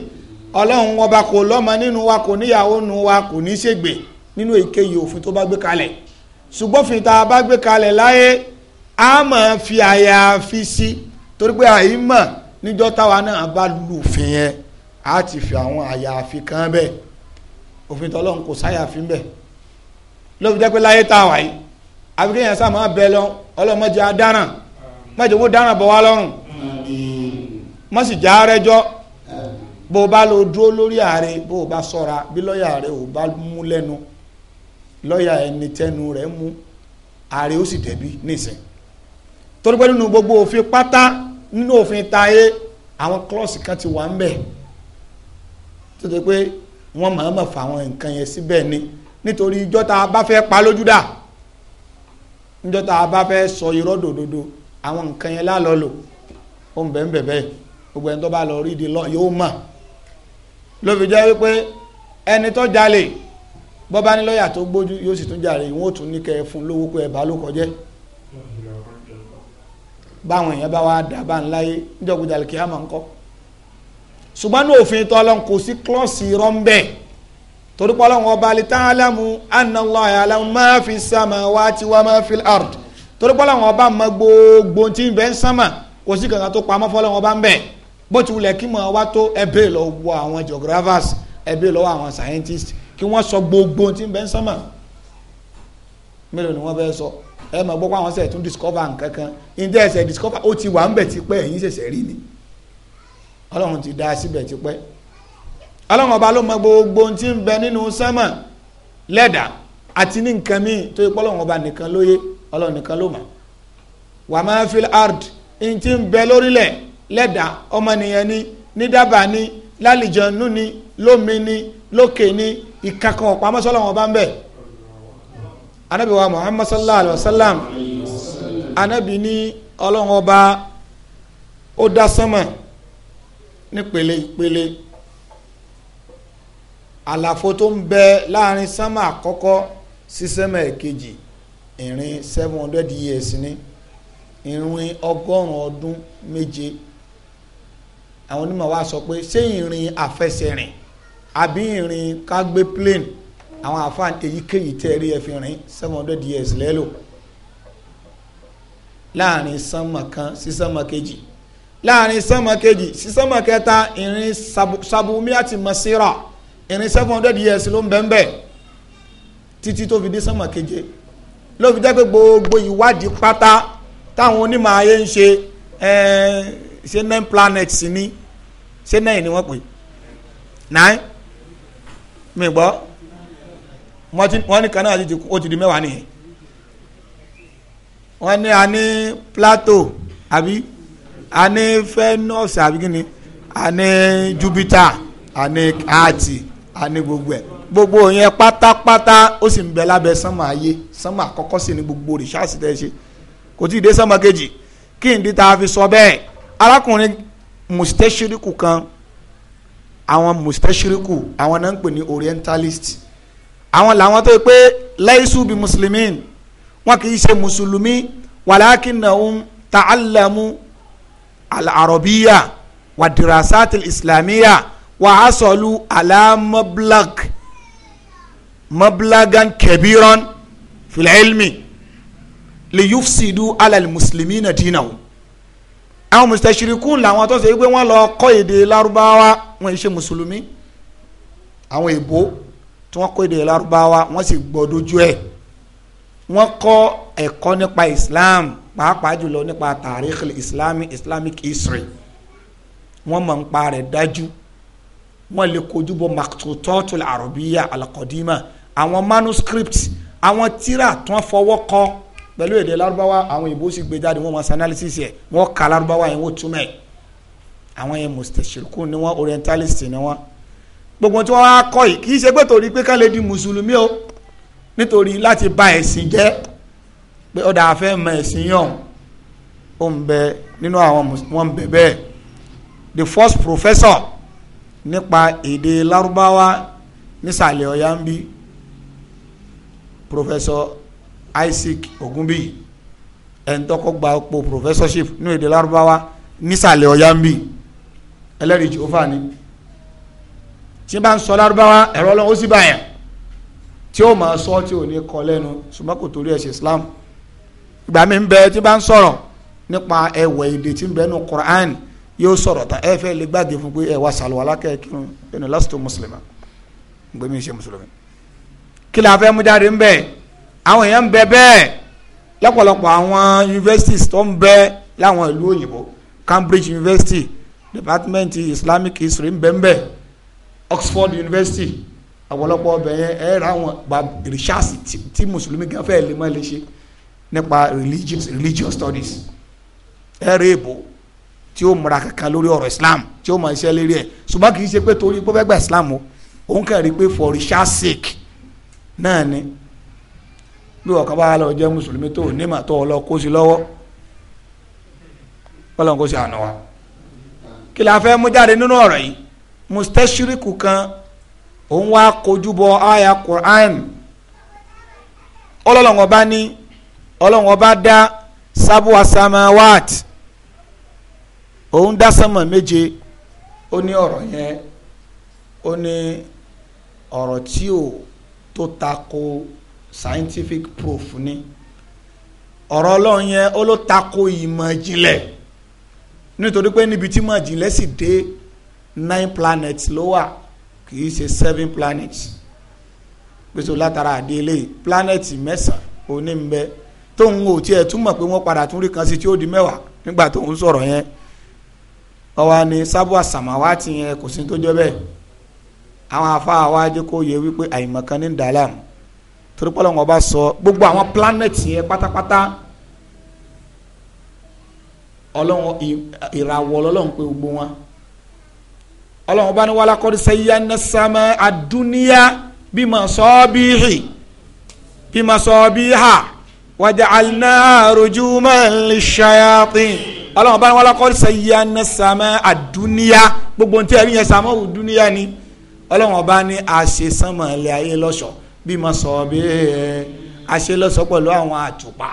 ọlọ́run ọba kò lọ́mọ nínú wa kò níyàwó nínú wa kò ní ṣègbè nínú èkéyìí òfin tó bá gbé kalẹ̀ ṣùgbọ́n fi tá a bá gbé kalẹ̀ láyé a máa fi àyàfi sí torí pé àyè mọ̀ níjọ́ táwa náà bá lùfin yẹn a ti fi àwọn àyàfi kan bẹ́ẹ̀ òfin tọ́lọ́run kò sáyàfi ń bẹ̀ ló fi jẹ́ pé láyé tá a wà yìí àbí kéèyàn sá máa bẹ lọ ọlọ́mọdé adáràn mẹ́jọ kó dáràn bọ̀ wá lọ́rùn má sì já rẹ́jọ́ bó o bá lo dúró lórí ààrẹ bó o bá sọ̀ra bí lọ́ọ̀yà rẹ ò bá mú lẹ́nu lọ́ọ̀yà ẹni tẹnu rẹ̀ mú ààrẹ ó sì dẹ̀bi nísìn torí pé nínú gbogbo òfin pátá nínú òfin táyé àwọn klọ́ọ̀sì kan ti wà ń bẹ̀ tó ti pé wọ́n máa ma fa àwọn nǹkan yẹn síbẹ̀ ni nítorí ìjọ́ tá a bá fẹ́ pa lójú dà níjọ́ tá bá fẹ́ sọ irọ́ dòdòdò àwọn nǹkan yẹn lálọ́ lò ó ń bẹ̀ ń bẹ̀ bẹ́ẹ̀ gbogbo ẹni tó bá lọ rí di lọ yóò mọ̀ ló jẹ́ wípé ẹni tó jalè bọ́ bá ní lọ́ọ̀yà tó gbójú yóò sì tún jàre ìwọ̀n ò tún ní kẹ́ ẹ fún lówó pé ẹ bá ló kọjẹ́ báwọn èèyàn bá wá dá bá ń láyé níjọ́gbọ́dà lè kí á máa ń kọ́ ṣùgbọ́n ní òfin tọ́lọ́n kò sí klọ́ọ̀sì irọ́ ń bẹ̀ torí ọba lè tán alámu anàlọ́ alámu máa fi sàmà wá tí wá máa fi ard torí pọ́lọ́n ọba mọ gbogbo tí ń bẹ ń sàmà kò sí kankan tó pamọ́ fọ́lọ́n ọba ń bẹ̀ bó ti wulẹ̀ kí mọ̀ wá tó ẹbẹ̀ lọ wọ àwọn geographers ẹbẹ̀ lọ wọ àwọn scientists kí wọ́n sọ gbogbo tí ń bẹ ń sánmà mélòó ni wọ́n fẹ́ sọ ẹ mọ̀ gbọ́ pé àwọn ṣẹ̀ tún discover nǹkan kan ìdí discover ó ti wà ń bẹ̀ tipẹ́ ẹ̀yìn ṣẹ̀ṣẹ̀ rí ni ọlọ́run ti dá a síbẹ̀ tipẹ́ ọlọ́run ọba ló mọ gbogbo tí ń bẹ nínú sánmà lẹ́dà àti ní nǹkan míì tó yẹ pé ọlọ́run ọba nìkan lóye ọlọ́run nìkan ló mọ̀ wà máa fi ard n ti bẹ lórílẹ̀ lẹ́dà ọmọnìyàn ni ní dábàá ni lálìjọ́nú ni lómi ni lókè ni ìkàkọ̀ pamọ́sọ́lá wọn bá ń bẹ̀ anabi wa muhammad sallallahu alayhi wa sallam anabi ní ọlọ́run ọba ó dá sánmà ní pèlè ìpèlè àlàfo tó ń bẹ láàrin sánmà àkọ́kọ́ sí sánmà èkejì ìrìn seven hundred years ni ìrìn ọgọ́rùn-ún ọdún méje àwọn onímọ̀ wa sọ pé ṣé ìrìn àfẹsẹ̀rìn àbí ìrìn ká gbé plane àwọn àfáàn èyíkéyìí tẹ́ rí ẹ fi rìn seven hundred years lẹ́lò láàrin sánmọ̀ kan sí sánmọ̀ kejì láàrin sánmọ̀ kejì sí sánmọ̀ kẹta ìrìn sabumi àti masira ìrìn seven hundred years ló ń bẹ́ẹ̀ bẹ́ẹ̀ títí tó fi dé sánmọ̀ keje ló fi jẹ́ pé gbogbo ìwádìí pátá táwọn onímọ̀ ayé ń ṣe eh, ṣe nine planets ni ṣe nine ni wọ́n pè nine mi gbọ́ wọ́n ní kan náà ó ti di mẹ́wàá nìyẹn wọ́n ní a ní plateau abi a ní Venus àbí kí ni a ní Jupiter a ní aati a ní gbogbo ẹ̀ gbogbo yẹn pátápátá ó sì ń bẹ lábẹ́ sánmà ayé sánmà àkọ́kọ́ sì ní gbogbo rìsáàsì tẹ́ ṣe kò tí ì dé sánmà kejì kí n di ta fi sọ bẹ́ẹ̀ arákùnrin mùsítẹ́sírìkù kan àwọn mustashiriku àwọn náà ń pè ní orientalist àwọn làwọn tó yẹ pé laisu bi muslimin wọn kì í ṣe mùsùlùmí walakinnahum ta'allamu al-arabiya wa dirasat al-islamiyya wa hasalu ala mablag mablagan kabiran fil ilmi li àwọn mùsùlùmí làwọn tó ṣe wípé wọ́n lọ kọ́ èdè lárúbáwá wọ́n ṣe mùsùlùmí àwọn èbó tí wọ́n kọ́ èdè lárúbáwá wọ́n sì gbọ́ dojú ẹ̀ wọ́n kọ́ ẹ̀kọ́ nípa islam pàápàá jùlọ nípa tàríkì islamic islamic history wọ́n mọ̀ nípa rẹ̀ dájú wọ́n lè kojú bọ maktutotul arabiya alakọdima àwọn manuscript àwọn tírà tí wọ́n fọwọ́ kọ́ pẹ̀lú èdè lárúbáwá àwọn ìbò sì gbé jáde wọ́n mọ analysis yẹ wọ́n ka lárúbáwá yẹn wọ́n túmọ̀ ẹ̀ àwọn yẹn mustashirikun ni wọ́n orientalist ni wọ́n gbogbo tí wọ́n á kọ́ yìí kì í ṣe pé torí pé ká lè di mùsùlùmí o nítorí láti ba ẹ̀sìn jẹ́ pé ọ̀dà àfẹ́ mọ ẹ̀sìn yàn ó ń bẹ nínú àwọn wọn bẹ bẹ́ẹ̀ the first professor nípa èdè lárúbáwá nísàlẹ̀ ọ̀yá ń bí professor Isaac Ogunbiyi ẹ̀ńtọ́kọ́ gba ipò professorship ní èdè lárúbáwá nísàlẹ̀ ọ̀yá ń bì ẹlẹ́rìí jehova ni tí bá ń sọ lárúbáwá ẹ̀rọ ọlọ́run ó sì báyà tí ó máa sọ tí ò ní kọ lẹ́nu ṣùgbọ́n kò torí ẹ̀sìn Islam ìgbà mi ń bẹ tí bá ń sọ̀rọ̀ nípa ẹ̀wẹ̀ èdè tí ń bẹ nù Quran yóò sọ̀rọ̀ tán ẹ fẹ́ lè gbàgbé fún pé ẹ wá sàlùwàlá kẹ́kírun ẹnu lásìtò mùsùlùmí gbẹ̀mí ṣe mùsùlùmí kí la fẹ́ mú jáde ń bẹ́ẹ̀ àwọn èèyàn ń bẹ bẹ́ẹ̀ lọ́pọ̀lọpọ̀ àwọn universities tó ń bẹ láwọn ìlú òyìnbó Cambridge University Department Islamic History ń bẹ ń bẹ Oxford University ọ̀pọ̀lọpọ̀ ọbẹ̀ yẹn ẹ̀ rà wọn gba rìṣáàsì tí mùsùlùmí gan fẹ́ẹ́ lè má lè ṣe nípa religious religious studies ẹ̀ rẹ̀ èbó tí ó múra kankan lórí ọ̀rọ̀ Islam tí ó máa ṣe lérí ẹ̀ ṣùgbọ́n kì í ṣe pé torí pé fẹ́ gba Islam o òun kàn rí i pé for rìṣáàsì náà ni bí wọ́n kábàá lọ jẹ́ mùsùlùmí tó onímọ̀ tó ọ lọ kó sí lọ́wọ́ ọlọ́run kó sí àná wa kí la fẹ́ mú jáde nínú ọ̀rọ̀ yìí mustashiriku kan òun wá kojú bọ aya Qur'an ọlọ́run ọba ní ọlọ́run ọba dá sábúwa samawat òun dá sánmà méje ó ní ọ̀rọ̀ yẹn ó ní ọ̀rọ̀ tí ò tó ta ko scientific proof ni ọ̀rọ̀ ọlọ́run yẹn ó ló tako ìmọ̀ ìjìnlẹ̀ nítorí pé níbi tí ìmọ̀ ìjìnlẹ̀ sì dé nine planets ló wà kì í ṣe seven planets gbèsò látara àdé eléyìí planet mẹ́sàn-án òní ń bẹ tóun ò tiẹ̀ túmọ̀ pé wọ́n padà tún rí kan sí tí ó di mẹ́wàá nígbà tóun sọ̀rọ̀ yẹn ọwọ́ ni sábà sàmáwá ti yẹn kò sí tó jọ bẹ́ẹ̀ àwọn afáwájú kò yẹ wípé àìmọ̀kan ní dàlámù torí pé Ọlọ́run ọba sọ gbogbo àwọn planẹ̀tì yẹn pátápátá Ọlọ́run ìràwọ̀ Ọlọ́run pé gbogbo wọn Ọlọ́run bá ní wàhálà kọ́ sayyana sama adúníyá bí mà sọ bí hì bí mà sọ bí hà wàjà àlìná rujuman lishayatin Ọlọ́run bá ní wàhálà kọ́ sayyana sama adúníyá gbogbo ntẹ́ ẹ̀rí yẹn sàmọ́ òdúníyá ni Ọlọ́run ọba ní àṣẹ ilé ayé lọ́ṣọ̀ọ́ bí mo sọ bí ẹ aṣelọ́sọ pẹ̀lú àwọn àtùpà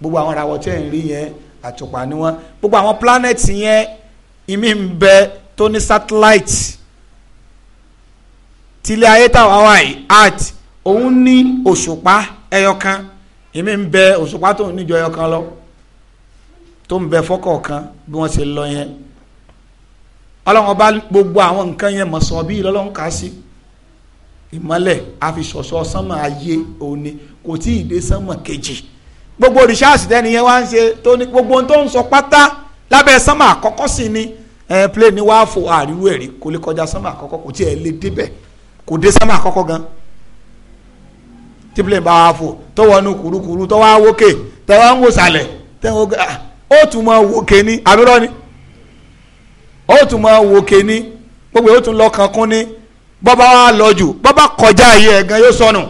gbogbo àwọn ìràwọ̀ tẹ̀ ń rí yẹn àtùpà ni wọ́n gbogbo àwọn planet yẹn ìmí ń bẹ tó ní satellite tilẹ̀ ayé táwa wà yìí art òun ní òṣùpá ẹyọkan ìmí ń bẹ òṣùpá tó ń níjọ ẹyọkan lọ tó ń bẹ fọ́kọ̀ọ̀kan bí wọ́n ṣe lọ yẹn ọlọ́run ọba gbogbo àwọn nǹkan yẹn mọ̀ sọ bí ìlọ́lọ́run kà á sí ìmọ́lẹ̀ àfisọ̀sọ sánmà ayé òní kò tí ì dé sánmà kejì gbogbo rìsáàsì tẹ́ni yẹn wá ń ṣe tó ní gbogbo tó ń sọ pátá lábẹ́ sánmà àkọ́kọ́ sí ni ẹ̀ plé ní wàá fò àríwú ẹ̀rí kò lè kọjá sánmà àkọ́kọ́ kò tí ẹ̀ lè débẹ̀ kò dé sánmà àkọ́kọ́ gan tí plé bá wàá fò tó wọnú kùrukùru tó wá wókè tó wá ń wò sàlẹ̀ tẹ́wọ́ ah, ó tún mọ wòkè ní àbúrò ni ó tún mọ wòkè ní gbogbo bọ́ba wa lọ jù bọ́ba kọjá ayé ẹ̀ gan yóò sọnù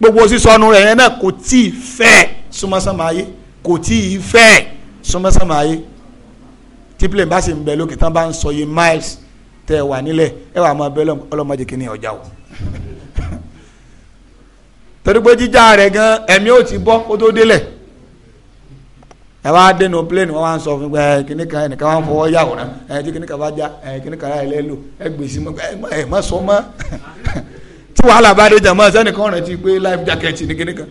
gbogbo sísọnù rẹ̀ yẹn náà kò tí ì fẹ́ súnmọ́sánmọ́ ayé kò tí ì fẹ́ súnmọ́sánmọ́ ayé tí plane bá sì ń bẹ lókè tán bá ń sọ yìí miles tẹ ẹ wà nílẹ̀ ẹ wà máa bẹ ọlọ́mọdé kìíní ọjà o [LAUGHS] torí pé jíjà rẹ̀ gan ẹ̀mí ò ti bọ́ kó tó délẹ̀ ẹ wá dénú plane wọn wá ń sọ fún ẹ kíní kan ẹnìkan wọn fọwọ́ yàwòrán ẹ tí kíní kan bá já ẹ kíní kan ẹ lẹ́ lò ẹ gbèsè mọ ẹ má sọ mọ́ [LAUGHS] tí wàhálà bá dé jàmọ́ sẹ́nìkan rẹ̀ ti gbé life jacket ní kíní kan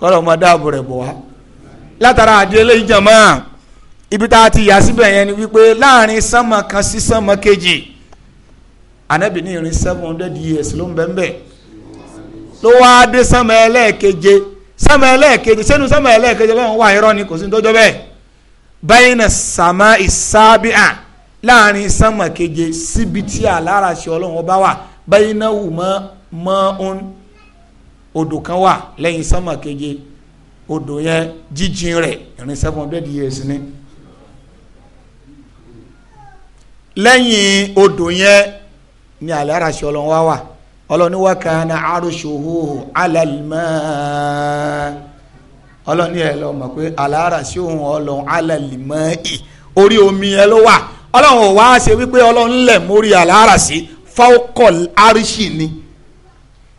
kọ́lọ̀ ọmọ dáàbò rẹ̀ bọ̀ wá látara àdéhùn ìjàmọ́ ibi tá a ti yà síbẹ̀ yẹn ni wípé láàrin sánmọ kan sí sánmọ kejì ànábì irin seven hundred years ló ń bẹ́ẹ̀ bẹ́ẹ̀ ló wá dé sánmọ ẹlẹ́ẹ̀keje sámà ẹlẹ́ẹ̀kejì sẹ́nu sámà ẹlẹ́ẹ̀kejì lọ́wọ́ wà irọ́ ni kò sí dọ́jọ́ bẹ́ẹ̀ bayna sama ìsábíà láàrin sámà keje síbi tí àlára ṣe ọlọ́run ọba wà bayna wù mọ́ mọ́ ń odò kan wà lẹ́yìn sámà keje odò yẹn jíjìn rẹ̀ ìrìn seven hundred years ni lẹ́yìn odò yẹn ni àlára ṣe ọlọ́run wà ọlọ́ni wa kana arushuhu alalma ọlọ́ni ẹ lọ mọ̀ pé alára sí òun ọlọ́run alalma ì orí omi ẹ ló wà ọlọ́run ò wá ṣe wípé ọlọ́run lẹ̀ mórí alára sí fawkol arishi ni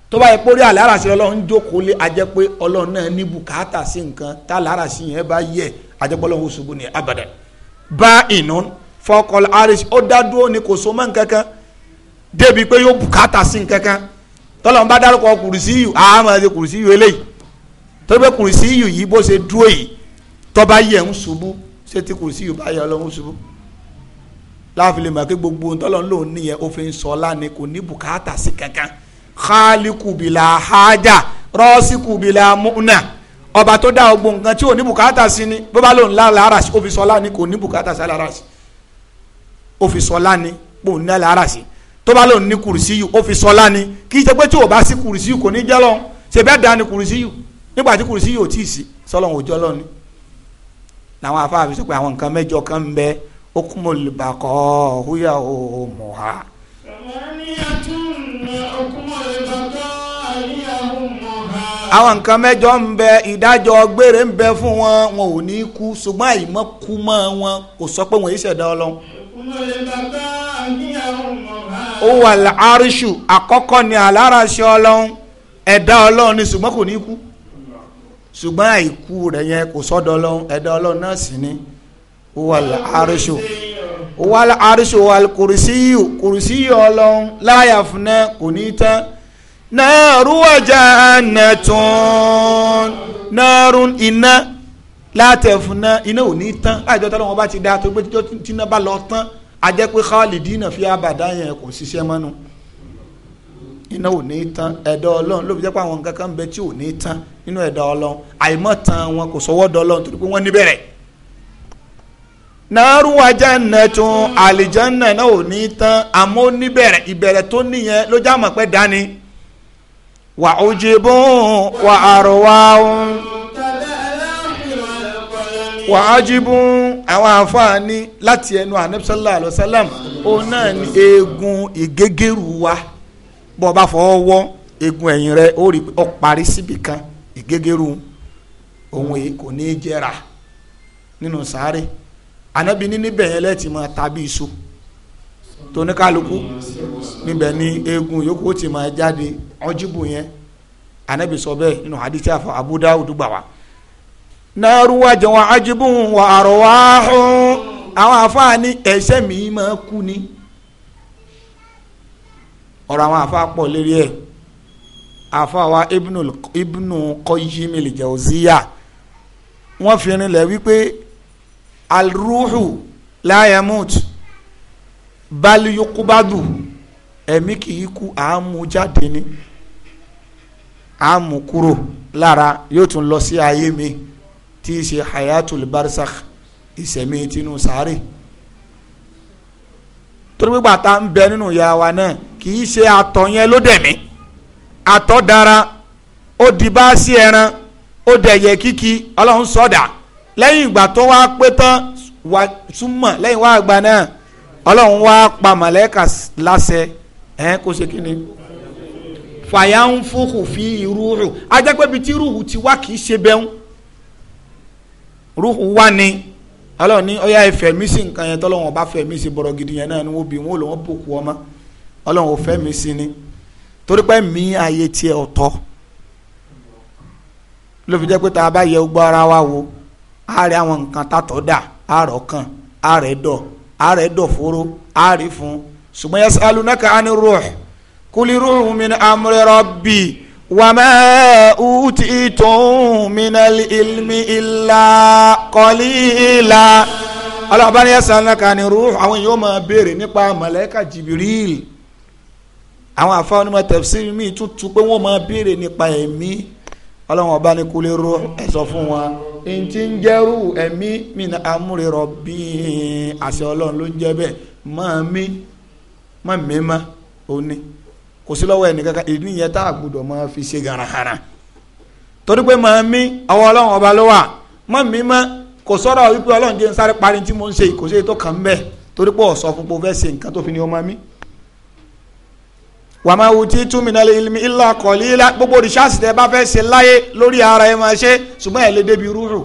tó bá yẹ pé orí alára sí ọlọ́run jókòó lé ajẹ́ pé ọlọ́run náà ní bùkátà sí nǹkan tá alára sí yẹn bá yẹ ajẹ́ pé ọlọ́run ṣubú ní abàdàn bá ìnú fawkol arishi ó dá dúró ni kò so mọ́ nǹkan kan débi pé yóò bùkátà sí nkankan tọ́lọ́n bá dárúkọ kùrìsíyù àmọ́ ẹ̀ kùrìsíyù eléyìí tó bẹ́ kùrìsíyù yìí bó ṣe dúró yìí tọ́ba yẹ̀ ń ṣubú ṣé tí kùrìsíyù bá yẹ ọlọ́run ṣubú láàfin lè mọ̀ pé gbogbo tọ́lọ́n lòun nìyẹn òfin sọ́lá ni kò ní bùkátà sí kankan xaalikubila haja rọ́ọ̀sìkubila múnà ọba tó dá ogbó nǹkan tí ò ní bùkátà sí ni bó bá lòun lára àràsì òfin sọ́lá ni kò ní bùkátà sí àràsì òfin sọ́lá ni kò ní lára àràsì tó bá lòun ní kùrìsíyù ó fi sọlá ni kì í ṣe pé tí ò bá sí kùrìsíyù kò ní jẹ́ lọ́hún ṣe bẹ́ẹ̀ dá ni kùrìsíyù nígbà tí kùrìsíyù ò tí ì sí sọlọ́hún òjọ́ lọ́hún ni. làwọn afáà fi sọ pé àwọn nǹkan mẹ́jọ kan ń bẹ ó kún mọ́ olùbàkọ́ húyà ó mọ̀ ha. àwọn nǹkan mẹ́jọ ń bẹ ìdájọ́ gbére ń bẹ fún wọn wọn ò ní kú ṣùgbọ́n àìmọ́ kú mọ́ wọn kò sọ pé wọn yìí huwa al-arshu àkọ́kọ́ ni aláràṣẹ ọlọ́run ẹ̀dá ọlọ́run ni ṣùgbọ́n kò ní kú ṣùgbọ́n àìkú rẹ̀ yẹn kò sọ́dọ̀ ọlọ́run ẹ̀dá ọlọ́run náà sì ni huwa al-arshu huwa al-arshu huwa al-kursiyyu kursiyyu ọlọ́run la yafna kò ní tán náàrú jannatun náàrú iná látẹ̀fúnná iná ò ní tán láìjọ́ tọ́lọ́wọ́n bá ti dá tó gbé tí iná bá lọ tán ajẹ́ pé khalidina fi abàdá yẹn kò ṣiṣẹ́ mọ́nu iná ò ní tán ẹ̀dá ọlọ́run ló fi jẹ́ pé àwọn nǹkan kan bẹ tí ò ní tán nínú ẹ̀dá ọlọ́run àìmọ̀ tán wọn kò sọwọ́ dọ́ ọlọ́run torí pé wọ́n níbẹ̀rẹ̀ nàárù àjànà tún àlìjánà náà ò ní tán àmọ́ níbẹ̀rẹ̀ ìbẹ̀rẹ̀ tó níyẹn ló já mọ̀ pé dání wà ojú bó wà àrùwá wà ájú bó àwọn àǹfààní láti ẹnu anabisalla alọ́sálàm òun náà ni eegun ìgégéru wa bọ́ ọ bá fọwọ́ wọ́ eegun ẹ̀yìn rẹ ó rí ọ parí síbi kan ìgégéru òun èyí kò ní í jẹrà nínú sáré anabi ní níbẹ̀ yẹn lẹ́ẹ̀tì máa tàbí iṣu tóníkàlùkù níbẹ̀ ni eegun yòókù ó ti máa jáde ọjíbù yẹn anabi sọ bẹ́ẹ̀ nínú hadith afa Abu Dawud gbà wá náírù wájọ wọn ajibun wà àrọwáhùn àwọn àfáà ní ẹ̀ṣẹ̀ mi máa kú ni ọ̀rọ̀ àwọn àfáà pọ̀ lérí ẹ̀ àfáà wa ibnu Qayyim al-Jawziyya wọ́n fi rinlẹ̀ wípé alruhu la yamut bal yuqbadu ẹ̀mí kì í kú àámu jáde ni àámu kúrò lára yóò tún lọ sí ayé mi tí í ṣe hayatul barzakh ìṣẹ̀mí tinú sáré torí gbígbà tá ń bẹ nínú ìyá wa náà kì í ṣe àtọ̀ yẹn ló dẹ̀ mí àtọ̀ dára ó di bá sí ẹran ó dẹ̀yẹ kíkí ọlọ́run sọ̀dà lẹ́yìn ìgbà tó wá pé tán wà súnmọ̀ lẹ́yìn wá àgbà náà ọlọ́run wá pa màlẹ́kà láṣẹ ẹ̀ kó ṣe kí ni fàyà ń fòkù fi irú rù ajẹ́pẹ́bi tí rúhù ti wá kì í ṣe bẹ́ẹ̀ ruhu wa ni ọlọ́run ní ọyá ìfẹ̀mí sí nǹkan yẹn tọ́lọ́run ọba fẹ̀mí sí bọ̀rọ̀ gidi yẹn náà ni wọ́n bí wọn ò lọ́wọ́ bòkú ọmọ ọlọ́run ò fẹ́mi sí ni torí pé mí ayé tiẹ̀ ọ̀tọ̀ ló fi jẹ́ pé tá a bá yẹ gbogbo ara wa wo àárẹ̀ àwọn nǹkan tàtọ̀ dà àárọ̀ kan àárẹ̀ dọ̀ àárẹ̀ dọ̀ fóró àárẹ̀ fún ṣùgbọ́n yẹ sálùnákà á ní ruh kúlí ruhu min rabbi. وما أوتيتم من العلم إلا قليلا alábàáni yasalaka ni ruux àwọn yóò máa béèrè nípa màláíkà jibril àwọn àfáwọn onímọ̀ tafsir mi tún tu pé wọ́n máa béèrè nípa ẹ̀mí ọlọ́wọ́n ọba ní kulè ruux ẹ̀ fún wa ntí ń jẹ́rù ẹ̀mí mi ní amúre rọ̀bì àṣẹ ọlọ́run ló ń jẹ́ bẹ́ẹ̀ mọ́ mi mọ́ mi mọ́ òní kò sí lọ́wọ́ ẹnìkankan ìdí nìyẹn tá a gbọ́dọ̀ máa fi ṣe garahara torí pé màá mi àwọn ọlọ́run ọba ló wà mọ́ mi mọ́ kò sọ̀rọ̀ wípé ọlọ́run jẹ́ ń sáré parí tí mo ń ṣe kò sí ètò kan bẹ́ẹ̀ torí pé ọ̀sọ́ fún fẹ́ ṣe nǹkan tó fi ni ọmọ mi. wà á máa wù tí túmínà lè ilmi illa qalila gbogbo rìṣáàsì tẹ bá fẹ́ ṣe láyé lórí ara ẹ máa ṣe ṣùgbọ́n ẹ lè débi rúrù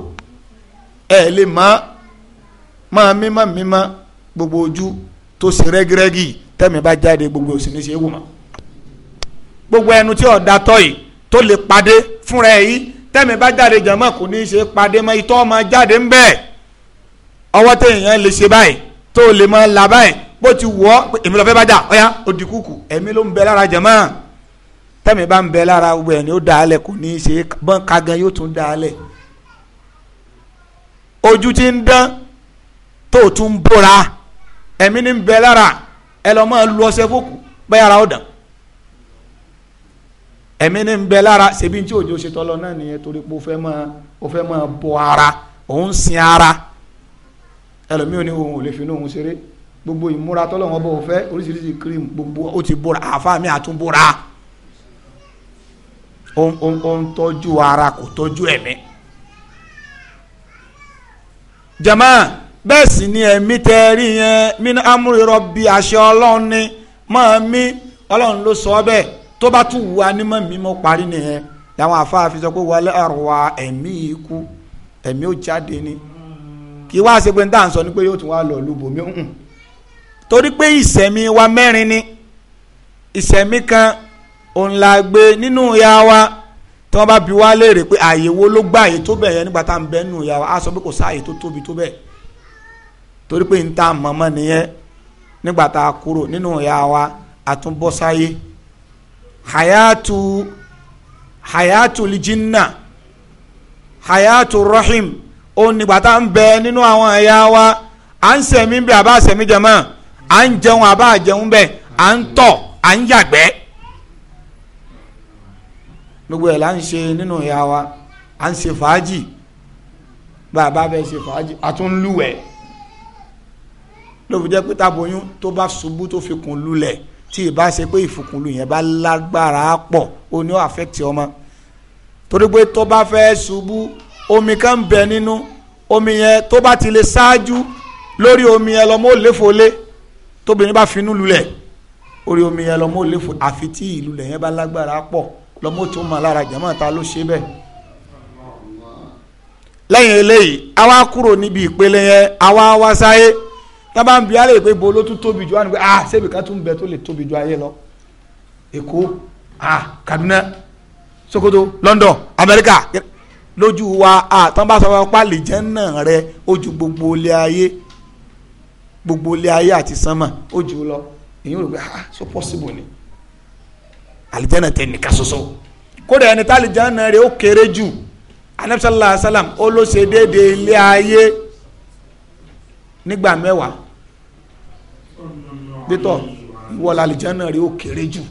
ẹ lè má máa mímọ́ mímọ́ gbogbo ojú tó ṣe rẹ́gírẹ́gì tẹ́mi bá jáde gbogbo òsì ní ṣe é wù mọ́ gbogbo ẹnu tí ọ̀dà tọ́ yìí tó lè padé fúnra ẹ̀ yìí tẹ́mi bá jáde jàmọ́ kò ní í ṣe padé mọ́ itọ́ ọmọ jáde ń bẹ́ẹ̀ ọwọ́ téèyàn lè ṣe báyìí tó lè máa là báyìí bó ti wọ́ èmi lọ́ọ́ fẹ́ bá jà ọ̀yá òdì kúkú ẹ̀mí ló ń bẹ lára jàmọ́ tẹ́mi bá ń bẹ lára gbogbo ẹ̀ ni ó dàálẹ̀ kò ní í ṣe bọ́n kagan yóò tún dàálẹ̀ ojú ti ń dán tó tún bóra ẹ̀mí ní ń bẹ lára ẹ lọ́ máa lu ọṣẹ fókù bẹ́ẹ̀ ara ó ẹ̀mí ní ń bẹ lára ṣebí tí òjò ṣe tọ́lọ náà nìyẹn torí pé ó fẹ́ máa ó fẹ́ máa bọ ara òun sin ara ẹlòmíì ní òun ò lè fi inú òun ṣeré gbogbo ìmúra tọ́lọ̀ wọn bọ̀ fẹ́ oríṣiríṣi cream gbogbo ó ti bóra àfa mi àtún bóra ó ń tọ́jú ara kò tọ́jú ẹ̀mí. jama bẹ́ẹ̀ sì ni ẹ̀mí tẹ́ rí yẹn mí ní bí aṣọ ọlọ́run máa mí ọlọ́run ló sọ bẹ́ẹ̀. tó bá tún wà pari n'ihe parí nìyẹn làwọn afáàfin sọ pé wàlẹ́ àrùwà ẹ̀mí ikú ẹ̀mí ò jáde ni kí wá ṣe pé ń dáhùn sọ ni pé yóò tún wá lọ torí pé wa mẹ́rin ni kan òun la gbé nínú ìyá wa tí wọ́n bá bi wá léèrè pé àyè wo ló gbà tó bẹ̀ yẹn nígbà tá wa á sọ hayatu hayatu lijinna hayatu rahim ó ní gbàtà ń bẹ nínú àwọn ẹ̀yà wa à ń sẹ̀mí bẹ́ẹ̀ àbá sẹ̀mí jẹ̀mọ́ à ń jẹun àbá jẹun bẹ́ẹ̀ à ń tọ̀ à ń yàgbẹ́ gbogbo ẹ̀ là ń ṣe nínú ẹ̀yà wa à ń ṣe fàájì bàbá bẹ́ẹ̀ ṣe fàájì a tún jẹ́ pé tàbóyún tó bá ṣubú tó fi kùn lulẹ̀ tí ì bá ṣe pé ìfikùnlù yẹn bá lágbára pọ̀ ó ní ó àfẹ́tì ọmọ torí pé tó bá fẹ́ ṣubú omi kan ń bẹ nínú omi yẹn tó bá ti lè ṣáájú lórí omi yẹn lọ́mọ ò léfòlé tóbìnrin bá finú lulẹ̀ orí omi yẹn lọ́mọ ò àfi tí ìlú lẹ̀ yẹn bá lágbára pọ̀ lọ́mọ tó mọ̀ lára jẹ̀mọ́ ta ló ṣe bẹ́ẹ̀ lẹ́yìn eléyìí àwa kúrò níbi ìpele yẹn àwa wá sáyé tábà ń bi alẹ́ pé bo ló tún tóbi jù wá pé ah ṣebí ká tún bẹ tó lè tóbi jù ayé lọ Èkó ah Kaduna Sokoto London Amẹ́ríkà lójú wa ah tán bá sọ fún apá àlìjẹ́nà rẹ ojú gbogbo ilé ayé gbogbo ilé ayé àti sánmà ojú lọ èyí rò pé ah so possible ni àlìjẹ́nà tẹ nìkan ṣoṣo kódà ẹni tá àlìjẹ́nà rẹ ó kéré jù anabisalaam ó ló ilé ayé nígbà mẹ́wàá pétọ́ ìwọ làlìjánà rí ó kéré jù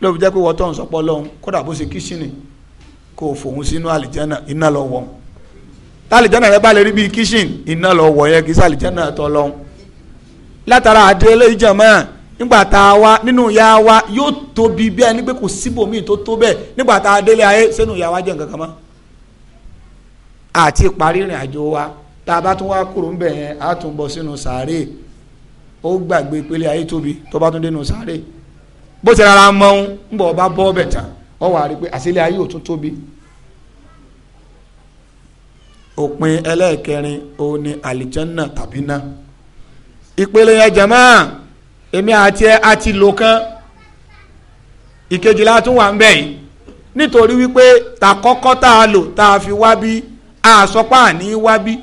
lóbi jẹ́ pé wọ́n tó ń sọpọ́ lọ́hún kódà bó ṣe kíṣìnì kó o fòun sínú àlìjánà iná lọ wọ̀ lálìjánà rẹ bá lè rí bíi kíṣìnì iná lọ wọ̀ yẹ kí sàlìjánà tọ́ lọ́hún látara àdéhùn ìjọba nígbà tá a wá nínú ìyá wa yóò tóbi bí ni pé kò síbòmíì tó tó bẹ́ẹ̀ nígbà tá a délé ayé sínú ya wa jẹ́ nǹkan kan mọ́ àti parí ìrìn àjò wa tá a bá tún wá kúrò ń bẹ̀ yẹn tún bọ̀ sínú sàárè ó gbàgbé pélé ayé tóbi tó bá tún dénú sàárè bó ti rárá mọ́ ń bá bọ́ ọbẹ̀ ọ wà rí pé àṣìlẹ̀ ayé ò tún tóbi. òpin ni àlìjánná tàbí ná ìpele yẹn jẹ̀mọ́ èmi àti ẹ lò kán wà ń bẹ̀ yìí nítorí wípé tá a fi wá bí a sọ pé wá bí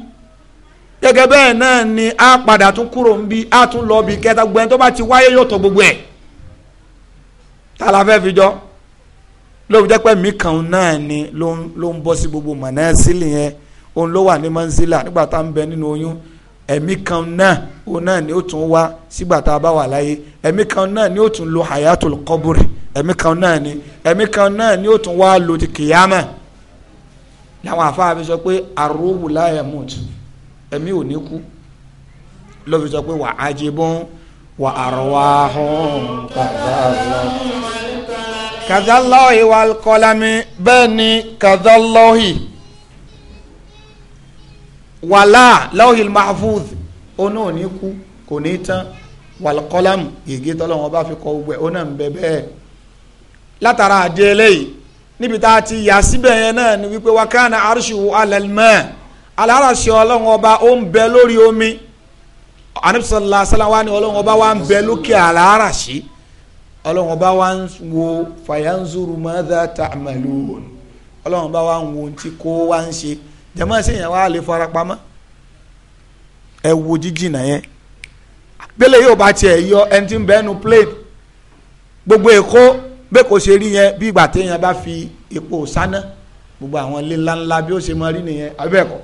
gẹ́gẹ́ bẹ́ẹ̀ náà ni a padà tún kúrò ń bi a tún lọ bi kẹta gbogbo ẹni tó bá ti wáyé yóò tó gbogbo ẹ̀ tá la fẹ́ fi jọ lóòótọ́ jẹ́ pé mí kan náà ni ló ń bọ́ sí gbogbo mọ̀nẹ́sílì yẹn òun ló wà ní mọ́nsílà nígbà tá ń bẹ nínú oyún ẹ̀mí kan náà òun náà ni ó tún wá sígbà tá a bá wà láyé ẹ̀mí kan náà ni ó tún lo hayatul kọ́bùrì ẹ̀mí kan náà ni ẹ̀mí kan náà ni ó tún wá lo ti kìyàmà làwọn àfáà sọ pé àrùwù mùtù ẹ̀mí ò ní kú lọ́fi sọ pé wà á jẹ bọ́n wà á rọ̀ wá hàn kàdálọ́hì wà kọ́lámi bẹ́ẹ̀ ni kàdálọ́hì wàlá lọ́hì mahfuz oní ò ní kú kò ní tán wà kọ́lámù gègé tọ́lọ́wọ́n bá fi kọ gbogbo ẹ̀ ń bẹ bẹ́ẹ̀ látara àdé eléyìí níbi tá a ti yà síbẹ̀ yẹn náà ni wípé wákàna arṣu alẹ́ mẹ́ẹ̀ aláràṣẹ ọlọ́run ọba ó ń bẹ lórí omi anabisalaam sallam wa ni ọlọ́run ọba wa ń bẹ lókè aláràṣẹ ọlọ́run ọba wa ń wo fayanzuru mada ta'malun ọlọ́run ọba wa ń wo ti kó wa ń ṣe jẹ́mọ́ sẹ́yìn wa lè fara pamọ́ ẹ wo jíjìnà yẹn gbélé yóò bá tiẹ̀ yọ ẹni tí ń gbogbo èkó bẹ́ẹ̀ kò ṣe rí yẹn bí ìgbà téèyàn bá fi epo sáná gbogbo àwọn ilé ńláńlá bí ó ṣe máa rí nìyẹn abẹ́ẹ̀kọ́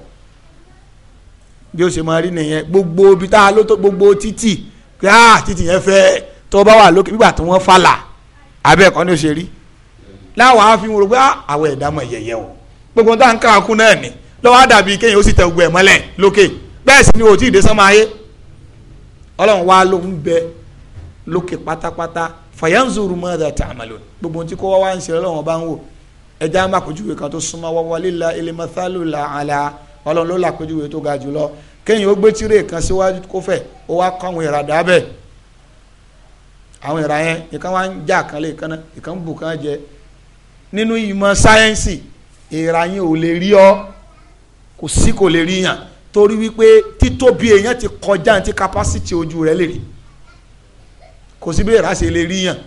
bí ó ṣe máa rí nìyẹn gbogbo ibi tá a ló tó gbogbo títì pé ah títì yẹn fẹ́ tó bá wà lókè nígbà tí wọ́n fàlà abẹ́ ẹ̀kọ́ ni ó ṣe rí láwọn á fi wọn rò pé àwọn ẹ̀dá mọ̀ yẹ̀yẹ́ o gbogbo tá à ń ká akú náà ni lọ́wọ́ á dàbí kéèyàn ó sì tẹ gbogbo ẹ̀ mọ́lẹ̀ lókè bẹ́ẹ̀ sì ni òtí ìdésánmọ́ ayé ọlọ́run wá ló ń bẹ lókè pátápátá fàyánzuru mọ́tà tààmàlò gbogbo ohun tí kò wá wá ń ṣe ọlọ́run bá ń wò ẹja máa kojú ìkan tó súnmọ́ wọ́wọ́ líla ilé mọ́tálù làálàá ọlọ́run ló làpéjúwe tó ga jùlọ kéèyàn ó gbé tíré kan síwájú kó fẹ̀ ó wá kọ́ àwọn ìrà dábẹ́ àwọn ìrà yẹn ìkan wá ń já kan lè kan náà ìkan ń bù kan jẹ nínú ìmọ̀ sáyẹ́ǹsì ìrà yẹn ò lè rí ọ kò sí kò lè rí yàn torí wípé títóbi èèyàn ti kọjá ti capacity ojú rẹ lè rí kò sí bí ìrà ṣe lè rí yàn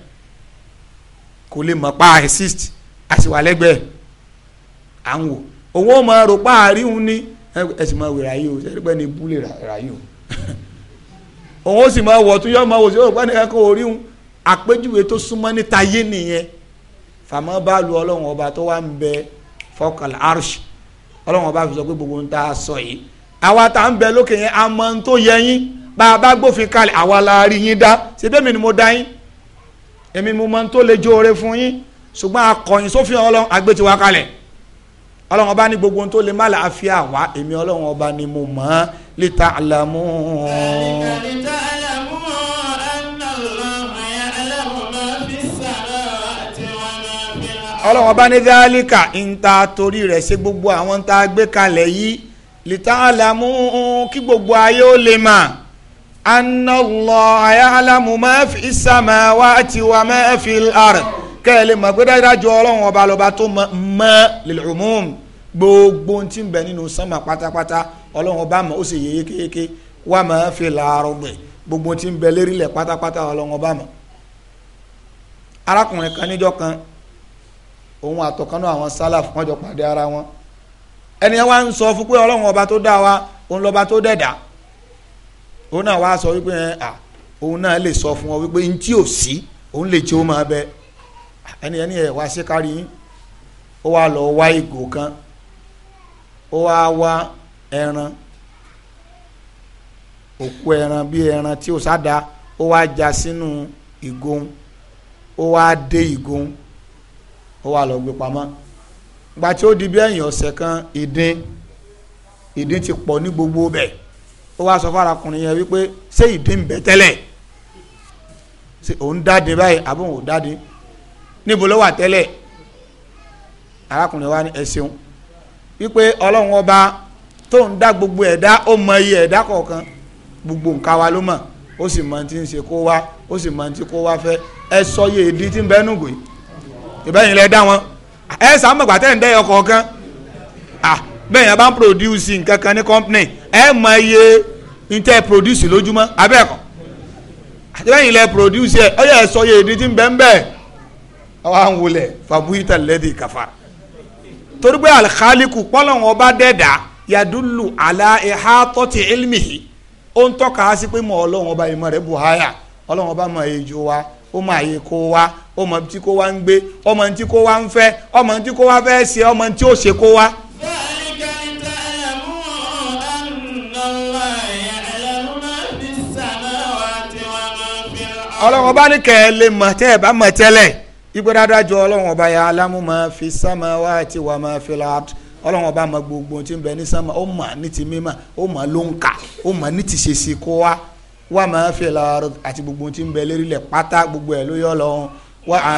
kò lè mọ̀ pa assist àṣìwálẹ́gbẹ̀ẹ́ à ń wò owó máa rò pa àríhun ní ẹ sì máa wè ráyè o ṣẹ́rí pẹ́ ni búlẹ̀ ráyè o [LAUGHS] òun ó sì máa wọ̀ tún yọ máa wò sí òrùpá nìkan kó oríhun àpéjúwe tó súnmọ́ ní tayé nìyẹn fàmọ́ bá lu ọlọ́run ọba tó wà ń bẹ fọkàn arṣ ọlọ́run ọba fi sọ pé gbogbo ń ta sọ yìí àwa tá ń bẹ lókè yẹn a mọ tó yẹ yín bá a bá gbófin kalẹ̀ àwa la rí yín dá ṣebí èmi ni mo dá yín èmi mo mọ ohun tó lè jóore fún yín ṣùgbọ́n akọ̀yìn sófin ọlọ́run àgbẹ̀tiwa kalẹ̀ ọlọ́run ọba ní gbogbo ohun tó lè má làáfíà wá èmi ọlọ́run ọba ni mo mọ̀ ọ́ lítà àlàmú. ọlọ́run ọba ní dáálíkà ń ta torí rẹ̀ ṣe gbogbo àwọn tá a gbé kalẹ̀ yìí lítà àlàmú kí gbogbo ayé ó lè mà anna Allah ya'lamu ma fi samawati wa ma fi al kẹ́ ma lè mọ̀ pé dájúdájú ọlọ́run ọba lọ́ba tó mọ́ lèlùmọ́ọ̀mù gbogbo ohun tí ń bẹ ọlọ́run ọba mọ̀ ó sì yẹ wa wà má fi làárọ̀ gbogbo tí ń bẹ lérílẹ̀ pátápátá ọlọ́run ọba mọ̀. arákùnrin kan kan òun àwọn jọ ara wọn ẹni ń sọ fún ọba tó dá wa òun lọ́ba tó dẹ̀dá òun náà sọ wípé ọ wípé ẹni ẹni ẹ̀ wá sí kárí yín ó wá lọ wá ìgò kan ó wá wá ẹran òkú ẹran bí ẹran tí ó sáda ó wá já sínú ìgòun ó wá dé ìgòun ó wá lọ gbé pamọ́ gba tí ó di bí ẹ̀yìn ọ̀sẹ̀ kan ìdin ìdin ti pọ̀ ní gbogbo bẹ̀ ó wá sọ fárakùnrin yẹn wípé ṣé ìdin ń tẹ́lẹ̀ ṣé òun dáde báyìí àbí dáde níbo ló wà tẹ́lẹ̀ arákùnrin wa ní ẹ wípé ọlọ́run ọba tó ń dá gbogbo ẹ̀dá ó mọ iye ẹ̀dá kọ̀ọ̀kan gbogbo nǹkan wa ló mọ̀ ó sì mọ ti ń ṣe kó wá ó sì mọ ti kó wá fẹ́ ẹ sọ iye ìdí tí ń bẹ́ẹ̀ nùgò ìbẹ́yìn lẹ dá wọn ẹ sàmùgbà tẹ́ ń dẹ́yọ iye ní tẹ́ produce lójúmọ́ abẹ́ẹ̀kọ́ lẹ produce ẹ yẹ ẹ sọ àwọn à ń wulẹ̀ fàbúyìtà lẹ́dí kàfà torí pé alikaliku pọ́lọ́wọ́n ọba dẹ́dà yadulu ala ìhà tọ́tì ilmihi ó ń tọ́ka sí pé mọ ọlọ́wọ́n ọba ìmọ̀ rẹ̀ buhaya ọlọ́wọ́n ma mọ èjò wa ọ mọ àyè kó wa ọ ma tí kó wa ń gbé ọmọ tí wa ń fẹ́ ọmọ tí wa fẹ́ ṣe ọmọ tí o se ko wa. ọlọ́wọ́n ọba ní kẹ́ ẹ lè ìgbé dáadájọ́ ọlọ́run ọba yà alámú máa fi sámà wá àti wà máa fi la ọlọ́run ọba máa gbogbo tí ń bẹ ní sámà ó mà ní ti mímà ó mà ló ń kà ó mà ní ti ṣèṣì kó wa wà máa fi la àti gbogbo tí ń bẹ lérílẹ̀ pátá gbogbo ẹ̀ ló yọ lọ́hún wà á.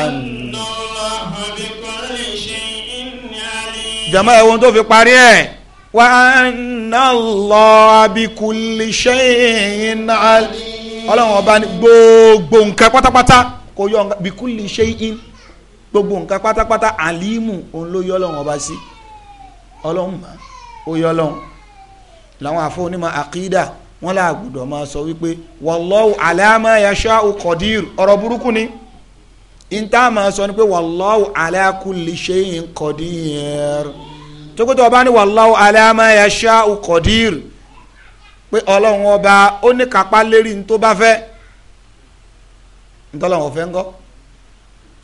jama ẹ̀wọ̀n tó fi parí ẹ̀ wà á ná lọ abikulli ṣẹ́yìn ọlọ́run ọba gbogbo nǹkan pátápátá kò yọ bíkúlì ṣe in gbogbo nǹkan pátápátá àlímù òun ló yọ ọlọ́run ọba sí ọlọ́run mọ̀ ó yọ ọlọ́run làwọn àfọ onímọ̀ àkídà wọn là gbọ́dọ̀ máa sọ wípé wallahu alama yasha'u qadir ọ̀rọ̀ burúkú ni ìta máa sọ ni pé wallahu ala kulli shay'in qadir tókòtò ọba ní wallahu alama yasha'u qadir pé ọlọ́run ọba ó ní kápá lérí ní bá fẹ́ ní tọ́lọ́run ńkọ́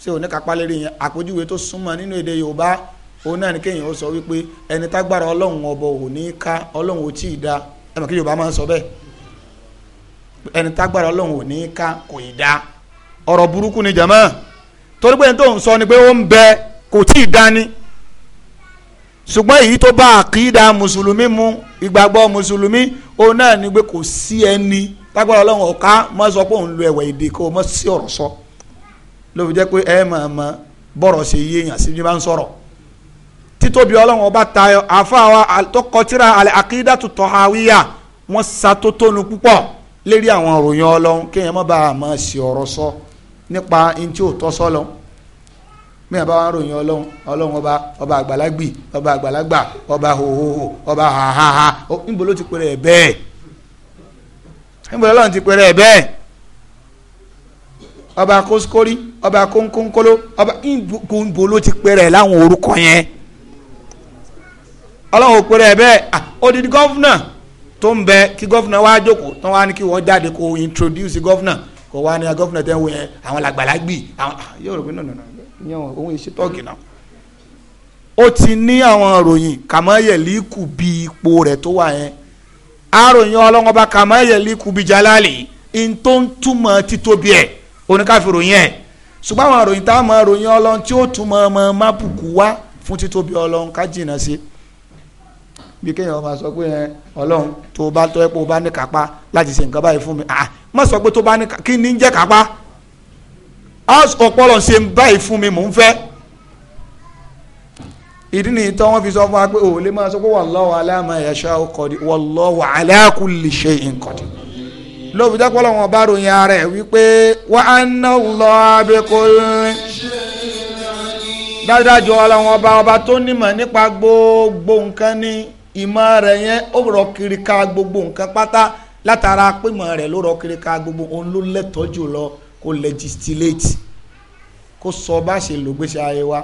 ṣé o ní kápá lérí yẹn àpèjúwe tó súnmọ́ nínú èdè yorùbá òun náà ni kéèyàn ó sọ wípé ẹni tágbára ọlọ́run ọbọ ò ní ká ọlọ́run ò tí ì da ẹ mọ̀ kí yorùbá máa ń sọ bẹ́ẹ̀ ẹni tágbára ọlọ́run ò ní ká kò ì da ọ̀rọ̀ burúkú ni jàmọ́ torí pé ẹni tó ń sọ ni pé ó ń bẹ kò tí ì dání ṣùgbọ́n èyí tó bá àkídà mùsùlùmí mu ìgbàgbọ́ mùsùlùmí òun náà ni pé kò sí ẹni tágbára ọlọ́run ọ̀ká mọ́ sọ pé òun lo ẹ̀wẹ̀ èdè kó mọ́ sí ọ̀rọ̀ sọ. So ló fi jẹ́ pé ẹ bọrọ mọ̀ bọ̀rọ̀ ṣe yéèyàn síbi bá ń sọ̀rọ̀ títóbi ọlọrun ọba tayọ afọ awa tọkọchira àkídàtú tọ́háwíyà wọ́n ṣàtótónu púpọ̀ lérí àwọn òròyìn ọlọ́run kéèyàn má bàa ọba ọba àgbàlagbì ọba àgbàlagbà ọba hòhòhò ọba hàhàhà ti pèrè ẹ̀ bẹ́ẹ̀ ọba kóskórí ọba kónkónkóló ọba ìbò ló ti pèrè láwọn orúkọ yẹn ọlọ́run ò pèrè bẹ́ẹ̀ odidi gọ́fúnà tó ń bẹ kí gọ́fúnà wá jókòó tán wá ní kí wọ́n jáde kó introduce gọ́fúnà kó wá ní gọ́fúnà tẹ́ ń wọ yẹn àwọn làgbàlagbì àwọn yóò rò pé nànà yẹn òun èsì tọ́ọ̀gì náà ó ti ní àwọn ìròyìn kàmáyẹ̀líkù bí ipò rẹ̀ tó wà yẹn àròyìn ọlọ́wọ́n bá kàmáyẹ̀líkù bí jalali ntó ń túmọ̀ títóbi ẹ̀ oníkàfẹ́ ròyìn ṣùgbọ́n àwọn àròyìn tá a máa ròyìn ọlọ́run tí ó tún máa máa má wá fún títóbi ọlọ́run ká jìnnà sí bí kéèyàn máa sọ pé ọlọ́run tó bá pé o bá ní kápá fún mi ah, má sọ pé tó bá ní kí jẹ́ kápá ọpọlọ fún mi mò ń fẹ́ ìdí nìyí fi sọ fún wa pé sọ pé ala ala lóbi jẹ́ pọ́lọ́ wọn bá ròyìn ara wípé wa anna Allah bi kulli dájúdájú ọlọ́wọ́n ọba ọba tó nímọ̀ nípa gbogbo nǹkan ní ìmọ̀ rẹ̀ yẹn ó rọ kiri ka gbogbo nǹkan pátá látara pímọ̀ rẹ̀ ló rọ kiri ka gbogbo òun ló lẹ́tọ̀ọ́ jùlọ kó legislate kó sọ bá ṣe lògbèsè ayé wa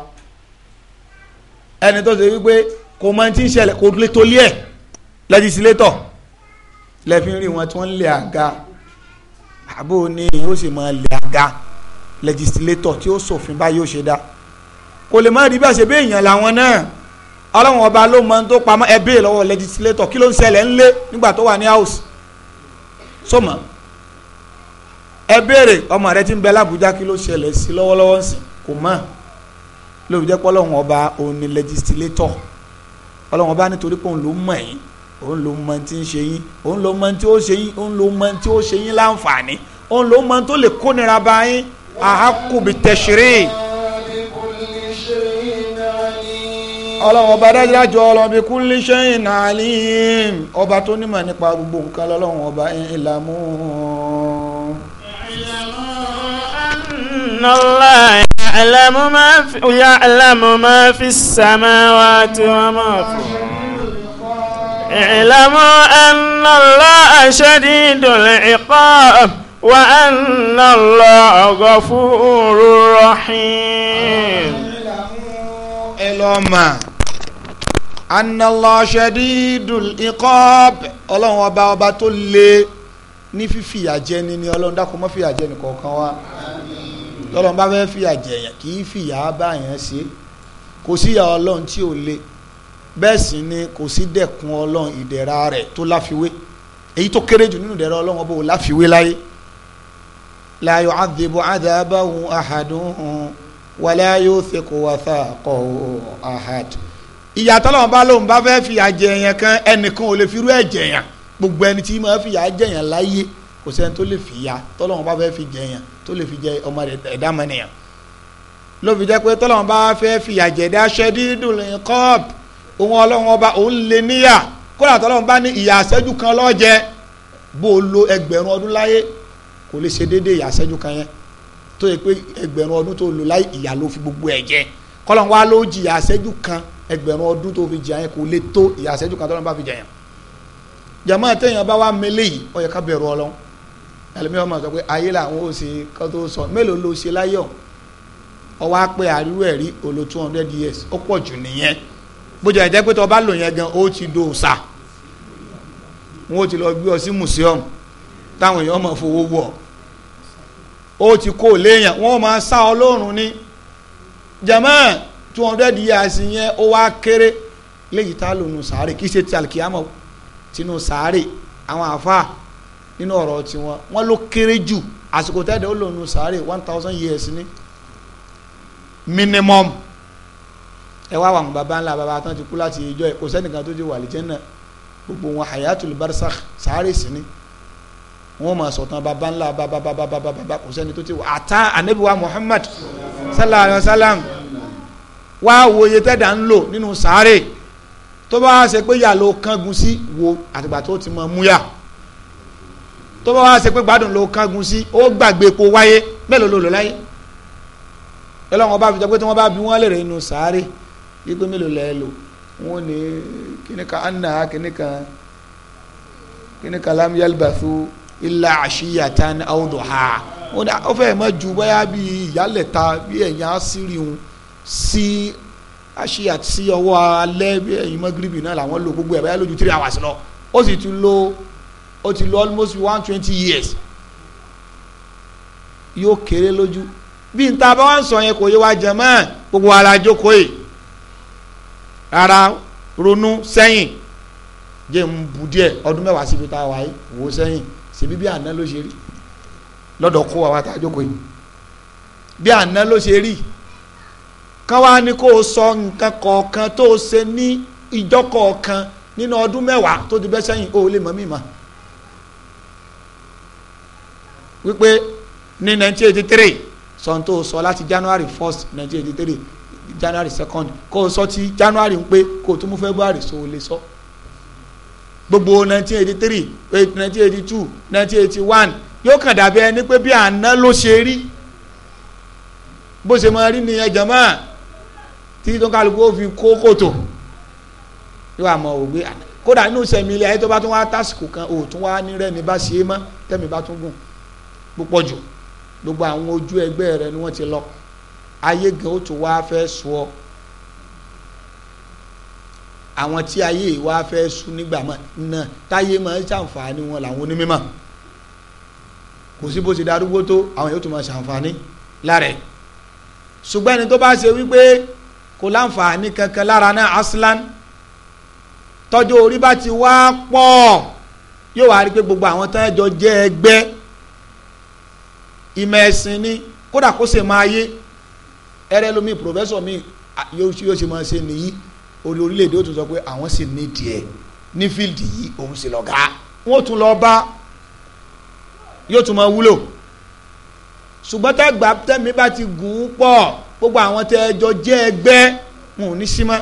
ẹni tó ṣe wípé kò mọ ti ń ṣẹlẹ̀ kò lè tolí ẹ̀ legislator lẹ́fín rí wọn tí wọ́n ń lé àga àbó ní yóò sì máa lé àga lẹ́gísílétọ̀ tí ó ṣòfin bá yóò ṣe dá kò lè má rí bá ṣe bí èèyàn làwọn náà ọlọ́run ọba ló mọ tó pamọ́ ẹbí lọ́wọ́ lẹ́gísílétọ̀ kí ló ń ṣẹlẹ̀ ńlé nígbà tó wà ní house sọmọ ẹ béèrè ọmọ rẹ ti ń bẹ lábújá kí ló ṣẹlẹ̀ sí lọ́wọ́lọ́wọ́ ń sìn kò mọ̀ lóòjẹ́ pé ọlọ́run ọba òun ni lẹ́gísílétọ̀ ọlọ́run ọba nítorí pé òun ló mọ̀ yín òun ló mọ tí ń ṣe yín òun ló mọ tí ó ṣe yín òun ló mọ tí ó ṣe yín láǹfààní òun ló mọ tó lè kónira bá yín àhákùbì tẹ̀sírì. ọlọ́run ọba dájúdájú ọlọ́run bíi kúnlé ṣẹ́yìn náà ní ọba tó nímọ̀ nípa gbogbo nǹkan lọ́lọ́run ọba ìlàmú. ìlàmú ya'lamu ma fi ya'lamu ma fi samawati wa ma fi. اعلموا أن الله شديد العقاب وأن الله غفور رحيم اعلموا anala ṣẹdídùl ikọ́b ọlọ́run ọba ọba tó le ní fífìyà jẹni ni ọlọ́run dákun mọ́ fìyà jẹni kọ̀ọ̀kan wa lọ́lọ́run bá fẹ́ fìyà jẹyàn kì í fìyà bá yẹn ṣe kò síyà ọlọ́run tí ò le bẹ́ẹ̀ sì ni kò sí dẹ̀kun ọlọ́run ìdẹ̀ra rẹ̀ tó láfiwé èyí tó kéré jù nínú ìdẹ̀ra ọlọ́run ọba ò láfiwé láyé la yu'adhibu 'adhabahu ahadun wa la yuthiqu wathaqahu ahad ìyàtọ̀ lọ́wọ́ bá lóun bá fẹ́ fìyà jẹ̀yàn kan ẹnìkan ò lè firú ẹ̀ jẹ̀yàn gbogbo ẹni tí máa fìyà jẹ̀yàn láyé kò sẹ́ni tó lè fìyà tọ́lọ́wọ́n bá fẹ́ fi jẹ̀yàn tó lè fi jẹ ọmọ ẹ̀dá mọ́nìyàn ló jẹ́ pé tọ́lọ́wọ́n bá fẹ́ fìyà jẹ̀dá ṣẹ́dídùn lẹ́yìn kọ́ọ̀pù òun ọlọ́run ọba òun lè níyà kódà tọ́lọ́run bá ní ìyà àṣẹ́jú kan lọ́jẹ́ bó o lo ẹgbẹ̀rún ọdún láyé kò lè ṣe déédéé ìyà àṣẹ́jú kan yẹn tó yẹ pé ẹgbẹ̀rún ọdún tó lò láyé ìyà ló fi gbogbo ẹ̀ jẹ kọ́lọ́run wá ló jì ìyà àṣẹ́jú kan ẹgbẹ̀rún ọdún tó fi jẹ yẹn kò lè tó ìyà àṣẹ́jú kan tọ́lọ́run bá fi jẹ yẹn jàmọ́ àtẹ̀yìn ọba wa mele yìí ó yẹ ká bẹ̀rù ọlọ́run ẹlòmíràn máa sọ pé ayé làwọn ò ṣe kọ́ tó sọ mélòó ló ṣe láyọ̀ ọwọ́ á pé àríwẹ̀ rí olo two hundred years ó pọ̀ jù nìyẹn bójú ẹ̀jẹ̀ pé tó o bá lò yẹn gan o ti do òòsà wọn ò ti lọ gbé ọ sí mùsíọ̀mù táwọn èèyàn máa fowó wọ̀ ó ti kó léèyàn wọ́n máa sá ọlọ́run ní jama two hundred years yẹn ó wá kéré léyìí tá ló nu sàárè kì í ṣe ti alikiyama tinú sàárè àwọn àfáà nínú ọ̀rọ̀ tiwọn wọ́n ló kéré jù àsìkò tẹ́lẹ̀ ó lò nu sàárè one thousand years ni, minimum ẹ wá wà baba ńlá baba tán ti kú láti ìjọ ẹ kò sẹ́nìkan tó ti wà lìjẹ́ náà gbogbo wọn hayatul barzakh sáré sí ni wọn máa sọ̀tàn baba ńlá baba baba baba baba kò sẹ́ni tó ti wà àtà anabiwa muhammad sallallahu alayhi wa sallam wá wòye tẹ́dà ń lò nínú sáré tó bá wá ṣe pé yà ló kángun sí wo àtìgbà tó ti mọ múyà tó bá wá ṣe pé gbádùn ló kángun sí ó gbàgbé epo wáyé mélòó ló lò láyé ẹ bá fi jẹ́ pé tí wọ́n bá bí wọ́n lè rẹ̀ inú sáré yípe mélòó lẹ lò wọn ní kíní kan anna kíní kan kíní kan lam yalbathu illa ashiyatan aw duha wọn ní ọfẹ ẹ má ju bóyá bí ìyálẹ̀ta bí ẹ̀yìn asírí wọn sí ashiyat sí ọwọ́ alẹ́ bí ẹ̀yìn magribi náà làwọn lò gbogbo ẹ̀ báyà lójú three hours lọ ó sì ti lò ó ti lò almost one twenty years yóò kéré lójú bí n ta bá wà ń sọ yẹn kò yé wa jẹ mọ́ gbogbo ara jókòó yìí rárá ronú sẹ́yìn jẹ́ ń bu díẹ̀ ọdún mẹ́wàá síbi tá a wà wò ó sẹ́yìn bí àná ló ṣe rí lọ́dọ̀ kó wa wá a jókòó yìí bí àná ló ṣe rí kán wá ní kó sọ nǹkan kọ̀ọ̀kan tó o ṣe ní ìjọ kọ̀ọ̀kan nínú ọdún o lè mọ̀ wípé ní sọ̀ǹtò sọ láti January eighty january second kó o sọ ti january ń pé kó o tún mú february so o lè sọ gbogbo nineteen eighty three nineteen eighty two nineteen eighty one yóò kàn dàbí ẹni pé bí àná ló ṣe rí bó ṣe máa rí nìyẹn jama tí tó kálukú ó fi kó kòtò yóò wà mọ ògbé àná ah, kódà inú sẹmi ilé ayé tó bá tún wá tásìkò kan ò tún wá ní rẹmi bá ṣe é mọ tẹmí bá tún gùn púpọ̀ jù gbogbo àwọn ojú ẹgbẹ́ rẹ ni wọ́n ti lọ ayé gan ó tún wá fẹ́ sọ àwọn tí ayé wa fẹ́ sú nígbà náà táyé máa ń ṣàǹfààní wọn làwọn onímọ̀ kò sí bó ṣe darúgbó tó àwọn yóò tún máa ṣàǹfààní lára ṣùgbọ́n ẹni tó bá ṣe wípé kò láǹfààní kankan lára náà aslan tọ́jú orí bá ti wá pọ̀ yóò wá rí pé gbogbo àwọn tán jọ jẹ́ ẹgbẹ́ ìmọ̀ ẹ̀sìn ni kódà kó sì máa yé ẹrẹ lomi professor mi yóò ṣe máa ṣe nìyí orí orílẹ̀-èdè ó tún sọ pé àwọn sì ní díẹ̀ ní fíìlì yìí òun sì lọ́gá wọ́n tún lọ bá yóò tún máa wúlò ṣùgbọ́n tẹ́gbà tẹ́mi bá ti gùn ún pọ̀ gbogbo àwọn tẹ́ ẹjọ jẹ́ ẹgbẹ́ wọn ò ní sí mọ́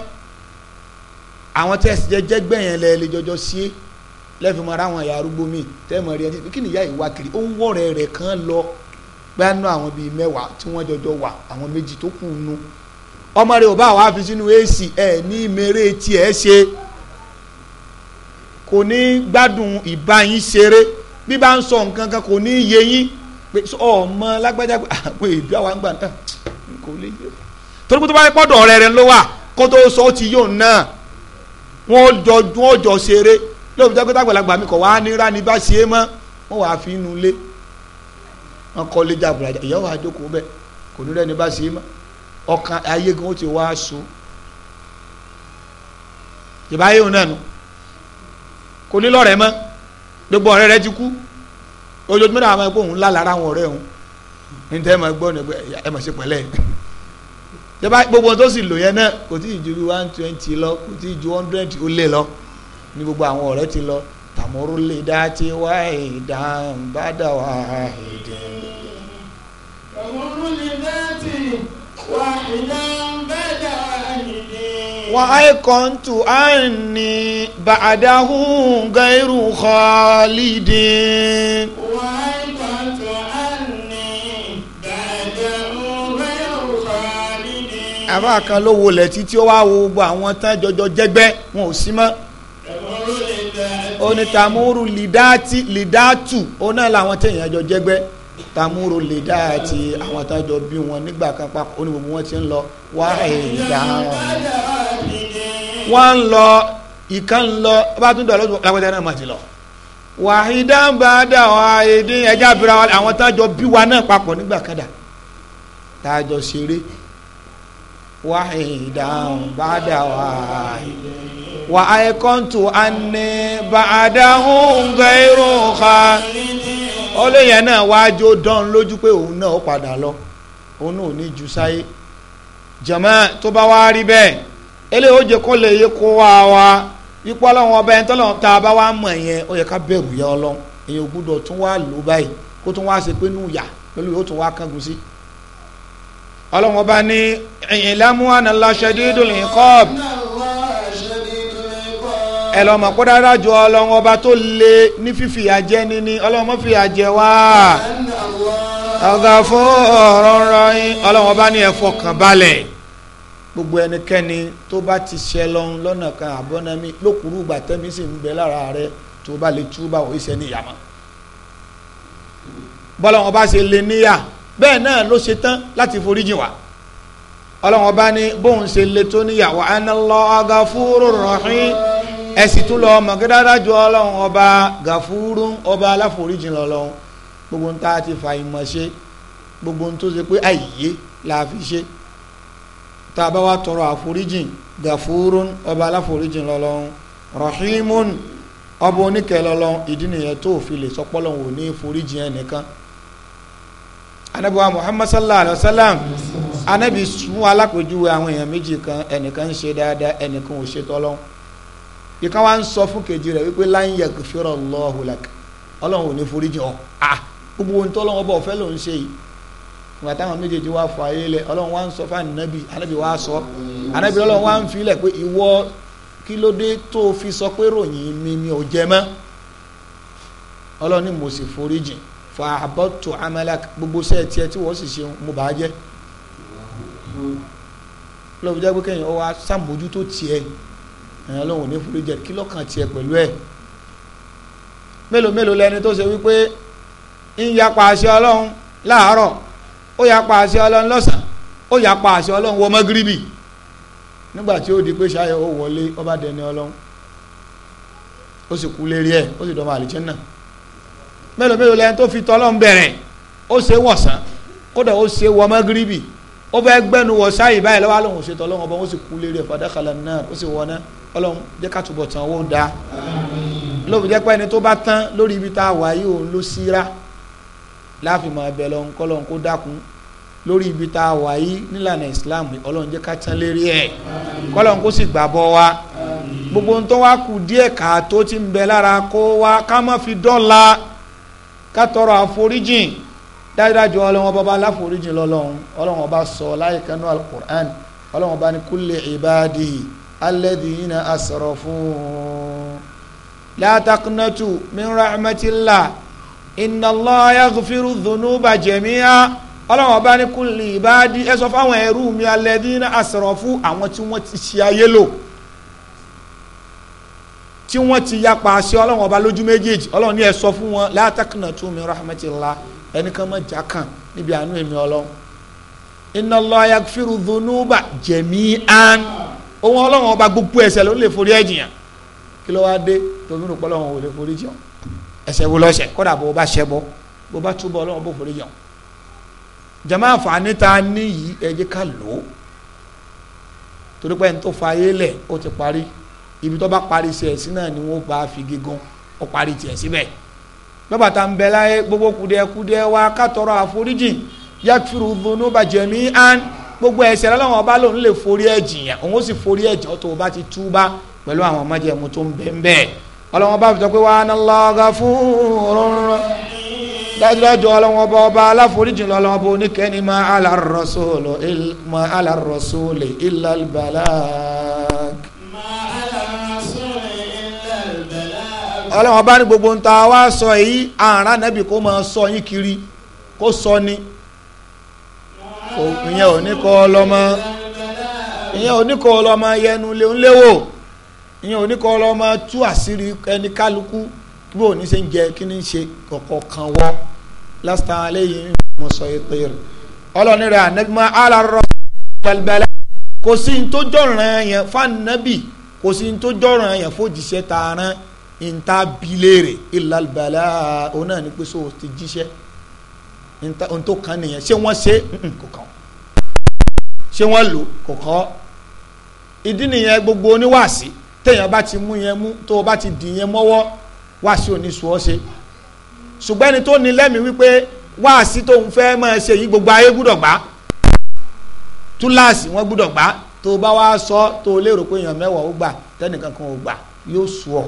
àwọn tẹ́ ẹsì jẹ́ jẹ́gbẹ́ yẹn lẹ́ lè jọjọ sí lẹ́fìmọ́ra àwọn ẹ̀yà arúgbó mi tẹ́ mọ̀ rí ẹ kí ni ìyá ìwà kiri ó ń wọ̀rẹ́ rẹ̀ kan lọ bẹ́ẹ̀ nú àwọn bíi mẹ́wàá tí wọ́n jọjọ wà àwọn méjì tó kù nú ọmọ rẹ ò bá wàá fi sínú èsì ẹ ní ìmèrè tiẹ̀ ṣe kò ní gbádùn ìbá yín ṣeré bí bá ń sọ nǹkan kan kò ní yé yín pé ọmọ lágbájá pé ah, àwọn èdè àwa ń gbà náà kò lè yé torí pé tó bá yẹ pọ́dọ̀ ọ̀rẹ́ rẹ ló wà kó tó sọ ó ti yóò náà wọ́n jọ wọ́n jọ ṣeré lóòótọ́ pé tágbàlagbà mi kọ̀ wá ní rání bá ṣe é mọ́ wọ́n wàá fi inú lé wọn kọ́lé jàbùràjà ìyá wa jókòó bẹ́ẹ̀ kò ní rẹ́ni bá ṣe é mọ́ ọkàn ayé gan ó ti wá so ìbáyé òun náà nu kò ní lọ́rẹ̀ẹ́ mọ́ gbogbo ọ̀rẹ́ rẹ ti kú ojoojúmọ́ náà àwọn ẹgbẹ́ òun ńlá lára àwọn ọ̀rẹ́ òun ní tẹ́ ẹ máa gbọ́ ẹ máa ṣe pẹ̀lẹ́ jọba gbogbo tó sì lò yẹn náà kò tí ì ju one twenty lọ kò tí ì ju one hundred ó lé lọ ní gbogbo àwọn ọ̀rẹ́ ti lọ تمر لذات واحدا بعد واحد تمر لذات واحدا بعد واحد وأيقنت أني بعده غير خالد وأيقنت أني بعده غير خالد àbá kan ló wọlé títí ó wá wo gbogbo àwọn tán jọjọ jẹgbẹ́ wọn ò sí mọ́ oní tamuru lidati lidatu oná làwọn téèyàn jọ jẹgbẹ́ tamuru lidati àwọn tájọ bí wọn nígbà kan papọ̀ oní gbogbo wọn ti ń lọ wá ẹ̀dá wọn ń lọ ìkan ń lọ bá tún dọ̀ lọ́dún lápẹ́tẹ́ náà mà ti lọ wàhídà ń bá dà wá èdè ẹja bìrà wa àwọn tájọ bí wa náà papọ̀ nígbà kan dà tájọ ṣeré wàhídà ń bá dà wá èdè. Wa á kọ́ńtù àní bàdáhùn gẹ́rù ha olóyè náà wàá jó dán lójú pé òun náà ó padà lọ òun náà ò ní ju sáyé jàmá tó bá wá rí bẹ́ẹ̀ eléyìí ó jẹ́ kó lè yé kó wá wa ipò ọlọ́run ọba ẹni tọ́lọ́run tá a bá wá mọ̀ yẹn ó yẹ ká bẹ̀rù yẹ ọlọ́run èyàn gbúdọ̀ tún wá lò báyìí kó tún wá ṣe pé nù yà pẹ̀lú yóò tún wá kángun sí. ọlọ́run ọba ní ìyìnlámú àná lọ́ṣẹ́dídùn ìkọ́ọ̀bù ẹ lọ mọ̀ kó dáadáa ju ọlọ́run ọba tó le ní fífìyà jẹ níní ọlọ́run mọ́ fìyà wá ọ̀gá fún ọ̀rọ̀ rọrin ọlọ́run ọba ní ẹ fọkàn balẹ̀ gbogbo ẹnikẹ́ni tó bá ti ṣẹ lọ́hún lọ́nà kan àbọ́nami lókùrú ìgbà tẹ́mi sì ń bẹ lára rẹ tó bá lè tú bá òye sẹ́ni ìyàmọ́ bọ́lá ṣe lè níyà bẹ́ẹ̀ náà ló ṣe tán láti foríjì wá ọlọ́run ọba ní bóun ṣe lè tó níyà wa anallahu ghafurur ẹ̀sìn tún lọ ọmọ gẹ́dára ju ọlọ́run ọba gàfúrú ọba aláforíjìn lọ́lọ́run gbogbo ń tá a ti fa ìmọ̀ ṣe gbogbo ń tó ṣe pé àyè la fi ṣe tá a bá wa tọrọ àforíjìn gàfúrú ọba aláforíjìn lọ́lọ́run rahimun ọba oníkẹ́ lọ́lọ́run ìdí nìyẹn tó fi lè sọpọ́lọ́ wò ní foríjìn ẹnìkan anabiwa muhammad sallallahu alaihi wa sallam anabi sun alápèjúwe àwọn èèyàn méjì kan ẹnìkan ń ṣe dáadáa ẹnìkan ò ṣe bí kan wá ń sọ fún kejì rẹ̀ wípé lan yaghfirallahu lak ọlọ́run ò ní foríjì ọ́ ah gbogbo ohun tó ọlọ́run ọba ọ̀fẹ́ ló ń ṣe yìí ìgbà táwọn méjèèjì wá fọ ayé lẹ wá ń sọ fún ànábì ànábì wá sọ ànábì wá ń pé ìwọ kí ló dé tó o fi sọ pé ròyìn mi mi ò jẹ mọ́ ni mo sì foríjì fa gbogbo sẹ́ẹ̀ tiẹ̀ tí wọ́n ẹ̀yàn lòun ò ní forí jẹ kí lọ́kàn tiẹ̀ pẹ̀lú ẹ̀ mélòó mélòó lẹni tó ṣe wípé ń yapa àṣẹ ọlọ́run láàárọ̀ ó yapa àṣẹ ọlọ́run lọ́sàn-án ó yapa àṣẹ ọlọ́run wọ mọ́gíríbì nígbà tí ó di pé ṣáyẹ ó wọlé ó bá dẹni ọlọ́run ó sì kú lérí ẹ̀ ó sì dọ́mọ àlìjẹ́ náà mélòó mélòó lẹni tó fi tọ́lọ́run bẹ̀rẹ̀ ó ṣe wọ̀sán kódà ó ṣe wọ mọ́gíríbì ó bẹ gbẹnu wọ sáyì báyìí lọ́wọ́ àlọ́ òun ṣètò ọlọ́run ọba wọn sì kú lérí ẹ̀fọ́ adákàlà náà ó sì wọná ọlọ́run jẹ́ ká túbọ̀ tán owó da lóbi jẹ́ pé ẹni tó bá tán lórí ibi tá a wà yìí òun ló síra láàfin máa bẹ̀ lọ́n kọ́ lọ́n kó dákun lórí ibi tá a wà yìí nílànà Islam ọlọ́run jẹ́ ká tán lérí ẹ̀ kọ́ lọ́n kó sì gbàbọ̀ wa gbogbo ń tó wá kù díẹ̀ ká ti ń bẹ lára kó wa ká má fi dọ́la ká tọrọ àforíjìn dájúdájú ọlọ́wọ́n bá bá láforíjì lọ́lọ́run ọlọ́wọ́n bá sọ láìkanú alukur'an ọlọ́wọ́n bá ní kulli ibadi alladhina asrafu la taqnatu min rahmatillah inna Allaha yaghfiru dhunuba jami'a ọlọ́wọ́n bá ní kulli ibadi ẹ sọ fáwọn ẹrú mi alladhina asrafu àwọn tí wọ́n ti ṣe ayé lò tí wọ́n ti yapa sí ọlọ́wọ́n bá lójú méjèèjì ọlọ́wọ́n ní ẹ fún wọn la taqnatu min ẹnìkan má já kàn níbi àánú èmi ọlọ́run inna Allah yaghfiru dhunuba jami'an ohun ọlọ́run ọba gbogbo ẹ̀ṣẹ̀ ló lè forí ẹ̀jìyàn kí ló wá dé tòmí rò pọ́lọ́run ò lè forí jìyàn ẹ̀ṣẹ̀ wo ló ṣẹ̀ kódà bó o bá ṣẹ̀ bọ́ bó o bá túbọ̀ ọlọ́run bó forí jìyàn jama àǹfààní ta ní yìí ká lò ó torí pé ẹni tó fa ayé lẹ̀ ó ti parí ibi tó bá parí tiẹ̀ sí náà ni wọ́n bá fi gígùn ó parí tiẹ̀ síbẹ̀ bàbàtà ń bẹ láyé gbogbo kùdìẹ̀kùdìẹ̀ wa ká tọrọ àforíjì yàtúrú dunu bàjẹ́ mi án gbogbo ẹ̀ṣẹ̀ lọ́wọ́ ọba lòun lè forí ẹ̀ jìyàn òun ó sì forí ẹ̀ jọ́ tó o bá ti túbá pẹ̀lú àwọn ọmọdéẹ̀mú tó ń bẹ́ẹ̀ bẹ́ẹ̀ ọlọ́wọ́n bá fi sọ pé wà á ná lọ́ọ́gà fún rọ́rọ́ dájúdájú ọlọ́wọ́n ọba ọba aláforíjì lọ́lọ́wọ́n bó oníkẹ́ni má alárọ̀sọ́lẹ̀ ìlàlbàlá. má ọlọ́wọ́n bá ní gbogbo ń ta wá sọ èyí àrà nẹ́bì kó máa sọ yín kiri kó sọ ni ìyẹn ò ní kọ́ ọlọ́mọ ìyẹn ò ní kọ́ ọlọ́mọ yẹnu léwò ìyẹn ò ní kọ́ ọlọ́mọ tú àṣírí ẹni kálukú bí òní ṣe ń jẹ kí ni ṣe kọ̀kọ́ kan wọ́ lásìtà lẹ́yìn mo sọ ètò rẹ̀ ọlọ́ni rẹ̀ ànẹ́gbọ́n alárọ̀ gbẹlgbẹlẹ́ kò sí ní tó jọ̀ràn yẹn fún ànábì kò sí ní tó jọ̀ràn yẹn fún òjíṣẹ́ tààrán nta bilere ilalibala òun náà ni pé so ti jíṣẹ́ nta ohun tó kàn nìyẹn ṣé wọ́n ṣe kò kàn ṣé wọ́n lò kò kàn ìdí nìyẹn gbogbo oníwàásí téèyàn bá ti mú yẹn mú tó o bá ti dì yẹn mọ́wọ́ wàásí òní sùn ọ́ ṣe ṣùgbọ́n ẹni tó ní lẹ́mìí wípé wàásí tóun fẹ́ máa ṣe yìí gbogbo ayé gbúdọ̀ gbà túláàsì wọn gbúdọ̀ gbà tó o bá wá sọ tó o lérò pé èèyàn mẹ́wàá ó gbà tẹ́nìkan kan ò gbà yóò sùn ọ́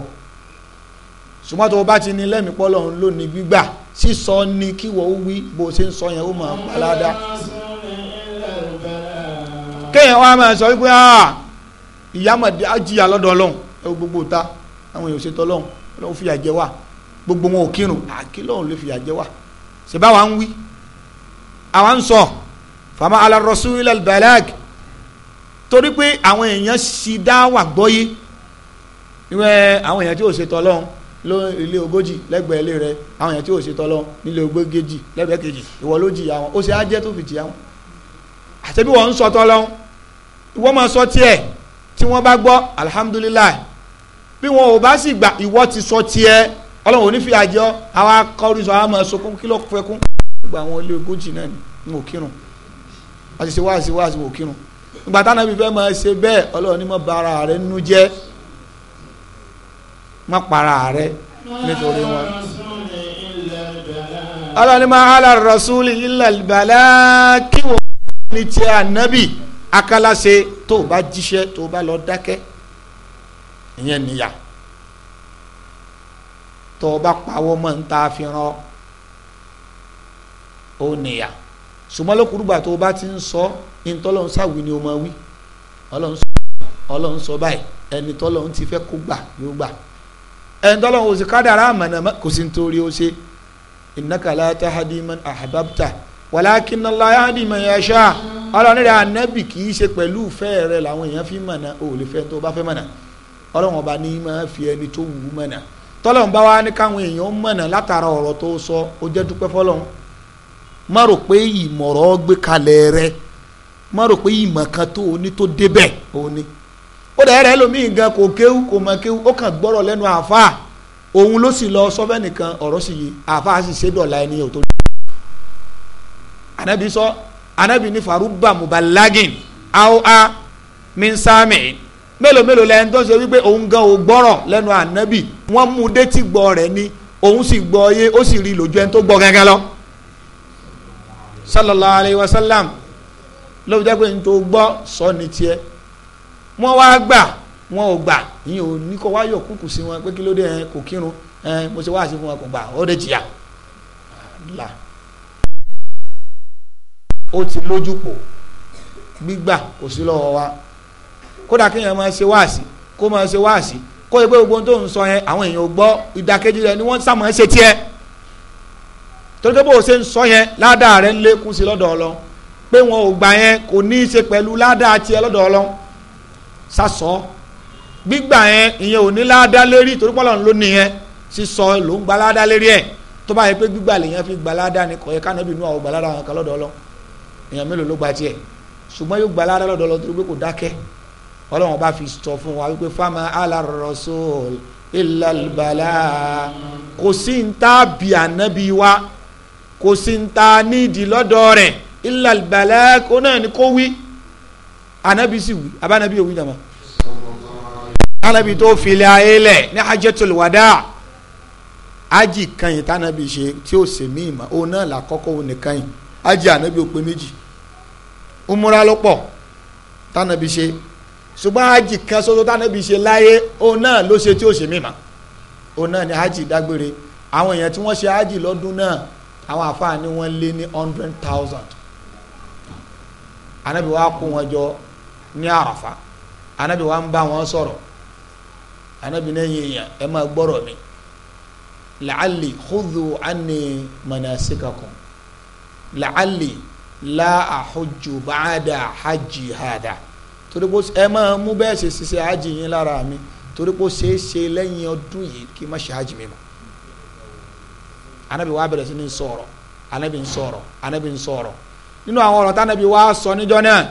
ṣùgbọ́n tó o bá ti ní lẹ́mìí pọ́ lọ́run lónìí gbígbà sísọ ni kíwọ́ ó wí bó o ṣe ń sọ yẹn ó máa pa ládàá. kéèyàn wá máa sọ wípé ìyá màdé á jìyà lọ́dọ̀ ọlọ́run ẹ wo gbogbo ta àwọn èèyàn ṣètò ọlọ́run ọlọ́run fìyà jẹ wá gbogbo wọn ò kírun àkí lọ́run ló fìyà jẹ wá ṣèbá wa ń wí àwa ń sọ fama ala rasul al balag torí pé àwọn èèyàn ṣì dá wà gbọ́yé ìwé àwọn èèyàn tí ò ṣètò ọlọ́run ló ilé ogójì lẹ́gbẹ̀ẹ́ ilé rẹ àwọn èèyàn tí ò ṣe tọ́lọ́ nílé ogójì lẹ́gbẹ̀ẹ́ kejì ìwọ ló jìyà wọn ó ṣe á jẹ́ tó fi jìyà wọn. àṣebí wọn ń sọ tọ́lọ́ ìwọ máa sọ tiẹ̀ tí wọ́n bá gbọ́ alihamudulilayi bí wọn ò bá sì gbà ìwọ ti sọ tiẹ̀ ọlọ́run ò ní fi àjọ àwọn akọrin sọ àwọn sọkún kí ló fẹ́ kún. gba àwọn ilé ogójì náà ni mo kírun àti ṣe wáàsí wáàsí mo kírun ìgbà táwọn ibi fẹ́ máa ṣe bẹ́ẹ̀ ọlọ́run ní mọ́ bara rẹ̀ nínú jẹ́ má para rẹ nítorí wọn. ọlọ́ni máa ala rasuli illa balá kí wọ́n ní ti ànábì akálàṣe tó o bá jíṣẹ́ tó o bá lọ dákẹ́ ìyẹn níyà tó o bá pawọ́ mọ́ ń ta fi ràn ó níyà ṣùgbọ́n lókùrúgbà tó o bá ti ń sọ ìtọ́lọ́hún sáwìí ni o máa wí ọlọ́hún sọ báyìí ẹni tọ́lọ́hún ti fẹ́ kó gbà yóò gbà ẹnitọ́lọ́ kò sí kádàrá àmàna kò sí nítorí ó ṣe innaka la tahdi man ahbabta walakin Allah yahdi man yasha ọlọ́run rẹ̀ ànábì kì í ṣe pẹ̀lú ìfẹ́ rẹ̀ làwọn èèyàn fi mọ̀nà ò lè fẹ́ tó bá fẹ́ mọ̀nà ọlọ́run ọba ní máa fi ẹni tó wù ú mọ̀nà tọ́lọ́run bá wá ní káwọn èèyàn mọ̀nà látara ọ̀rọ̀ tó sọ ó jẹ́ dúpẹ́ fọlọ́run má rò pé ìmọ̀ràn gbé kalẹ̀ rẹ má rò pé ìmọ̀ kan tó o ní tó débẹ̀ òun ni ó dẹ̀ rẹ̀ lómi gan kò kéwú kò mọ̀ kéwú ó kàn gbọ́rọ̀ lẹ́nu àáfàá òun ló sì lọ sọ́fẹ́ nìkan ọ̀rọ̀ sì yé àáfàá sì ṣe dọ̀la ẹni ò tó. anabi sọ anabi ní faruba mubalagin aw a minsami mélòó mélòó lẹ́yìn tó ṣe wípé òun gan ò gbọ́rọ̀ lẹ́nu anabi wọ́n mú détí gbọ́ rẹ̀ ni òun sì gbọ́ yé ó sì rí lójú ẹni tó gbọ́ gángan lọ sallallahu alayhi wa sallam ló pé n tó gbọ́ sọ ni tiẹ̀ wọ́n wá gbà wọ́n ò gbà ìyẹn ò ní kó wá yọ kúkú sí wọn pé kí ló dé ẹ kò kírun ẹ mo ṣe wá sí fún wọn kò gbà ó dé jìyà là ó ti lójú pò gbígbà kò sí lọ́wọ́ wa kódà kéèyàn máa ṣe wáàsí kó máa ṣe wáàsí kó o pé gbogbo tó ń sọ yẹn àwọn èèyàn ò gbọ́ ìdàkejì rẹ ni wọ́n sá máa ṣe tiẹ̀ torí pé bó o ṣe ń sọ yẹn ládàá rẹ ń lékún sí lọ́dọ̀ ọlọ́ pé wọn ò gbà yẹn kò ní í ṣe pẹ̀lú ládàá tiẹ̀ lọ́dọ̀ ọlọ́ sásọ gbígbà yẹn ìyẹn ò ní láadá lérí torí pọ́lọ́ ló ní yẹn sísọ ló ń gba láadá lérí ẹ̀ tó bá yẹ pé gbígbà lèyàn fi gba láadá ni kọ̀ọ̀yẹ kánábì inú àwọn gbalára àwọn kan lọ́dọ̀ èèyàn mélòó ló gba tiẹ̀ ṣùgbọ́n yóò gba láadá lọ́dọ̀ torí pé kò dákẹ́ ọlọ́run bá fi sọ fún wa wípé fama alárọ̀sọ́ọ̀lù ìlàlùbàlà kò sí ń ta bí ànábì wa kò sí ń ta nídìí lọ́dọ̀ rẹ̀ ìlàlùbàlà kó náà ni kó wí anabi sì wí abánabi yóò wí dàmà anabi tó filẹ̀ ayé lẹ̀ ní hajjatul wada ají kan yìí tànàbí ṣe tí ó ṣe mí ìmọ̀ òun náà làkọ́kọ́ òun nìkan yìí ají ànábì ò pé méjì umura ló pọ̀ tànàbí ṣe ṣùgbọ́n ají kan ṣoṣo tànàbí ṣe láyé òun náà ló ṣe tí ó ṣe mí ìmọ̀ òun náà ni ají dágbére àwọn èèyàn tí wọ́n ṣe ají lọ́dún náà àwọn àfáà ni wọ́n lé ní hundred thousand ànábì wa kó wọn jọ ní àràfà anabi wa ń bá wọn sọ̀rọ̀ anabi náà yẹn yẹn ẹ máa gbọ́rọ̀ mi la'alli khudhu anni manasikakum la'alli la ahujju ba'da hajji hada torí pé ẹ máa mú bẹ́ẹ̀ ṣe ṣiṣẹ́ hajj yín lára mi torí pé ó ṣeé ṣe lẹ́yìn ọdún yìí kí n má ṣe hajj mi mọ́ anabi wa bẹ̀rẹ̀ sí ní sọ̀rọ̀ anabi sọ̀rọ̀ anabi sọ̀rọ̀ nínú àwọn ọ̀rọ̀ tí anabi wa sọ níjọ́ náà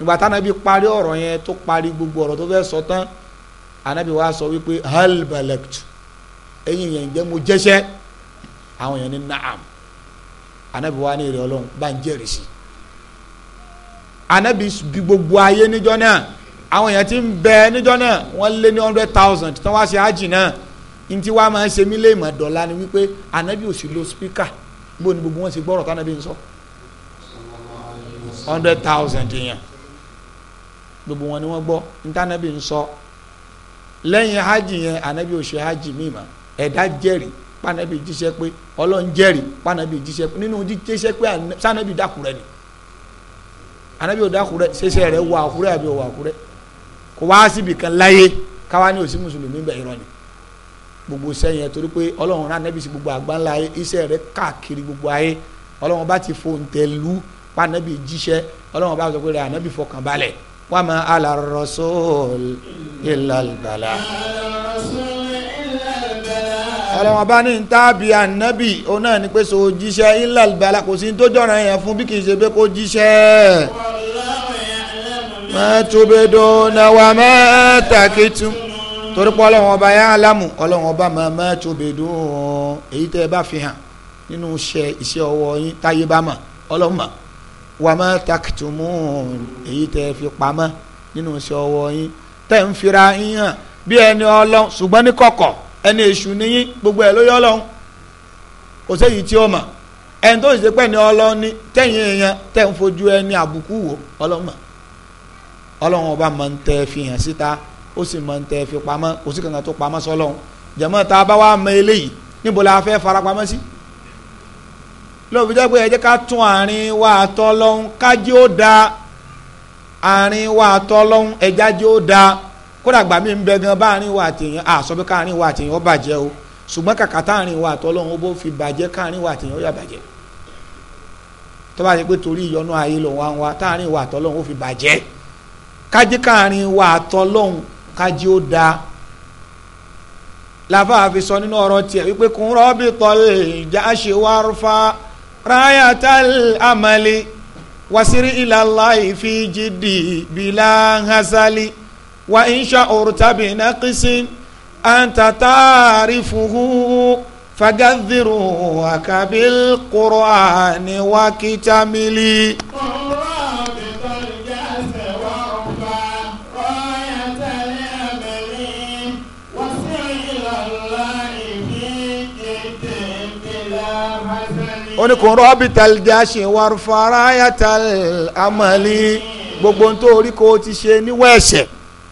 nígbà tánábì parí ọ̀rọ̀ yẹn tó parí gbogbo ọ̀rọ̀ tó fẹ́ sọ tán ànábì wa sọ wípé hal balaktu ẹ̀yin yẹn jẹ́ mo jẹ́ṣẹ́ àwọn yẹn ní naam ànábì wa ní èrè ọlọ́run bá ń jẹ́rìí sí ànábì bí gbogbo ayé níjọ́ náà àwọn yẹn ti ń bẹ níjọ́ náà wọ́n lé ní hundred thousand tí wọ́n wá sí hajj náà ntí wàá máa ń ṣe mí léèmọ̀ dọ̀la ni wípé Anabi ò sì lo spíkà bó ni gbogbo wọn ṣe gbọ́rọ̀ tánábì ń sọ hundred thousand yẹn gbogbo wọn ni wọ́n gbọ́ ntànàbí ń sọ lẹ́yìn hajj yẹn ànábì ò ṣe hajj míì mọ́ ẹ̀dá jẹ́rìí pànàbí jíṣẹ́ pé ọlọ́run jẹ́rìí pànàbí jíṣẹ́ pé nínú jíṣẹ́ pé sànàbí dàkúrẹ́ ni ànábì ò dàkúrẹ́ ṣẹṣẹ rẹ̀ wà àkúrẹ́ àbí ọ̀wà àkúrẹ́ kò wá síbi kan láyé káwá ní òsì mùsùlùmí bẹ̀ irọ́ ni gbogbo sẹ́yìn torí pé ọlọ́run rán ànábì sí gbogbo àgbáńlá ayé iṣẹ́ rẹ̀ káàkiri gbogbo ayé ọlọ́run bá ti fòǹtẹ̀ lù pànàbí jíṣẹ́ ọlọ́run bá sọ pé rẹ̀ ànábì fọkànbalẹ̀ وما على الرسول إلا البلاء ọlọ́wọ́n bá ní ntaabi anabi òun náà ni pé so jíṣẹ́ ilà ìbàlá kò sí tó jọ̀ràn yẹn fún bí kì í ṣe pé kó jíṣẹ́. mẹ́tùbẹ́dọ́ náwà mẹ́tàkìtù torí pé ọlọ́wọ́n ọba yẹn alámù ọlọ́wọ́n ọba mẹ́tùbẹ́dọ́ èyí tẹ́ ẹ bá fi hàn nínú iṣẹ́ ọwọ́ yín táyé bá mọ̀ ọlọ́mọ wàmọ́ takitumun èyí tẹ́ fi pamọ́ nínú iṣẹ́ ọwọ́ yín tẹ́ ń fira yín hàn bí ẹni ọlọ́run ṣùgbọ́n ní kọ̀kọ̀ ẹni èṣù níyín gbogbo ẹ̀ ló yọ ọlọ́run kò séyìí tí ó mọ̀ ẹni tó ṣe pé ẹni ọlọ́run ní tẹ̀yìn èèyàn tẹ̀ ń fojú ẹni àbùkù wò ọlọ́mọ ọlọ́run ọba máa ń tẹ́ fi hàn síta ó sì máa ń tẹ́ fi pamọ́ kò sí kankan tó pamọ́ sọlọ́run jẹ̀mọ́ tá a bá wá mọ eléyìí níbo la fẹ́ farapamọ́ sí. Si? lóbi jẹ́ pé ẹ ká tún àárín wa àtọ́ lọ́hún kájí ó da àárín wa àtọ́ lọ́hún ẹja jí ó da kódà gbà mí ń bẹ gan bá àárín wa àtẹ̀yìn àsọ pé káàárín wa àtẹ̀yìn ó bàjẹ́ o ṣùgbọ́n kàkà táàárín wa àtọ́ lọ́hún ó bó fi bàjẹ́ káàárín wa àtẹ̀yìn ó yà bàjẹ́ tó bá ṣe pé torí ìyọnú ayé lòun wá ń wá táàárín wa àtọ́ lọ́hún ó fi bàjẹ́ kájí káàárín wa àtọ́ lọ́hún kájí ó da làbá àfisọ nínú ọ̀rọ̀ tiẹ̀ wípé kùn rọ́bì tọ́lẹ̀ ìjà ṣe wá rúfa rayatal amali wasiri ilallahi fi jidi bila hasali wa insha urtabi naqisin anta taarifuhu fagadhiru wakabil qur'ani wakitamili. oníkun rọ́bì tàlídàṣe wàrúfàráyà tàlámàlì gbogbo tó orí kò ti ṣe níwọ̀ ẹ̀ṣẹ̀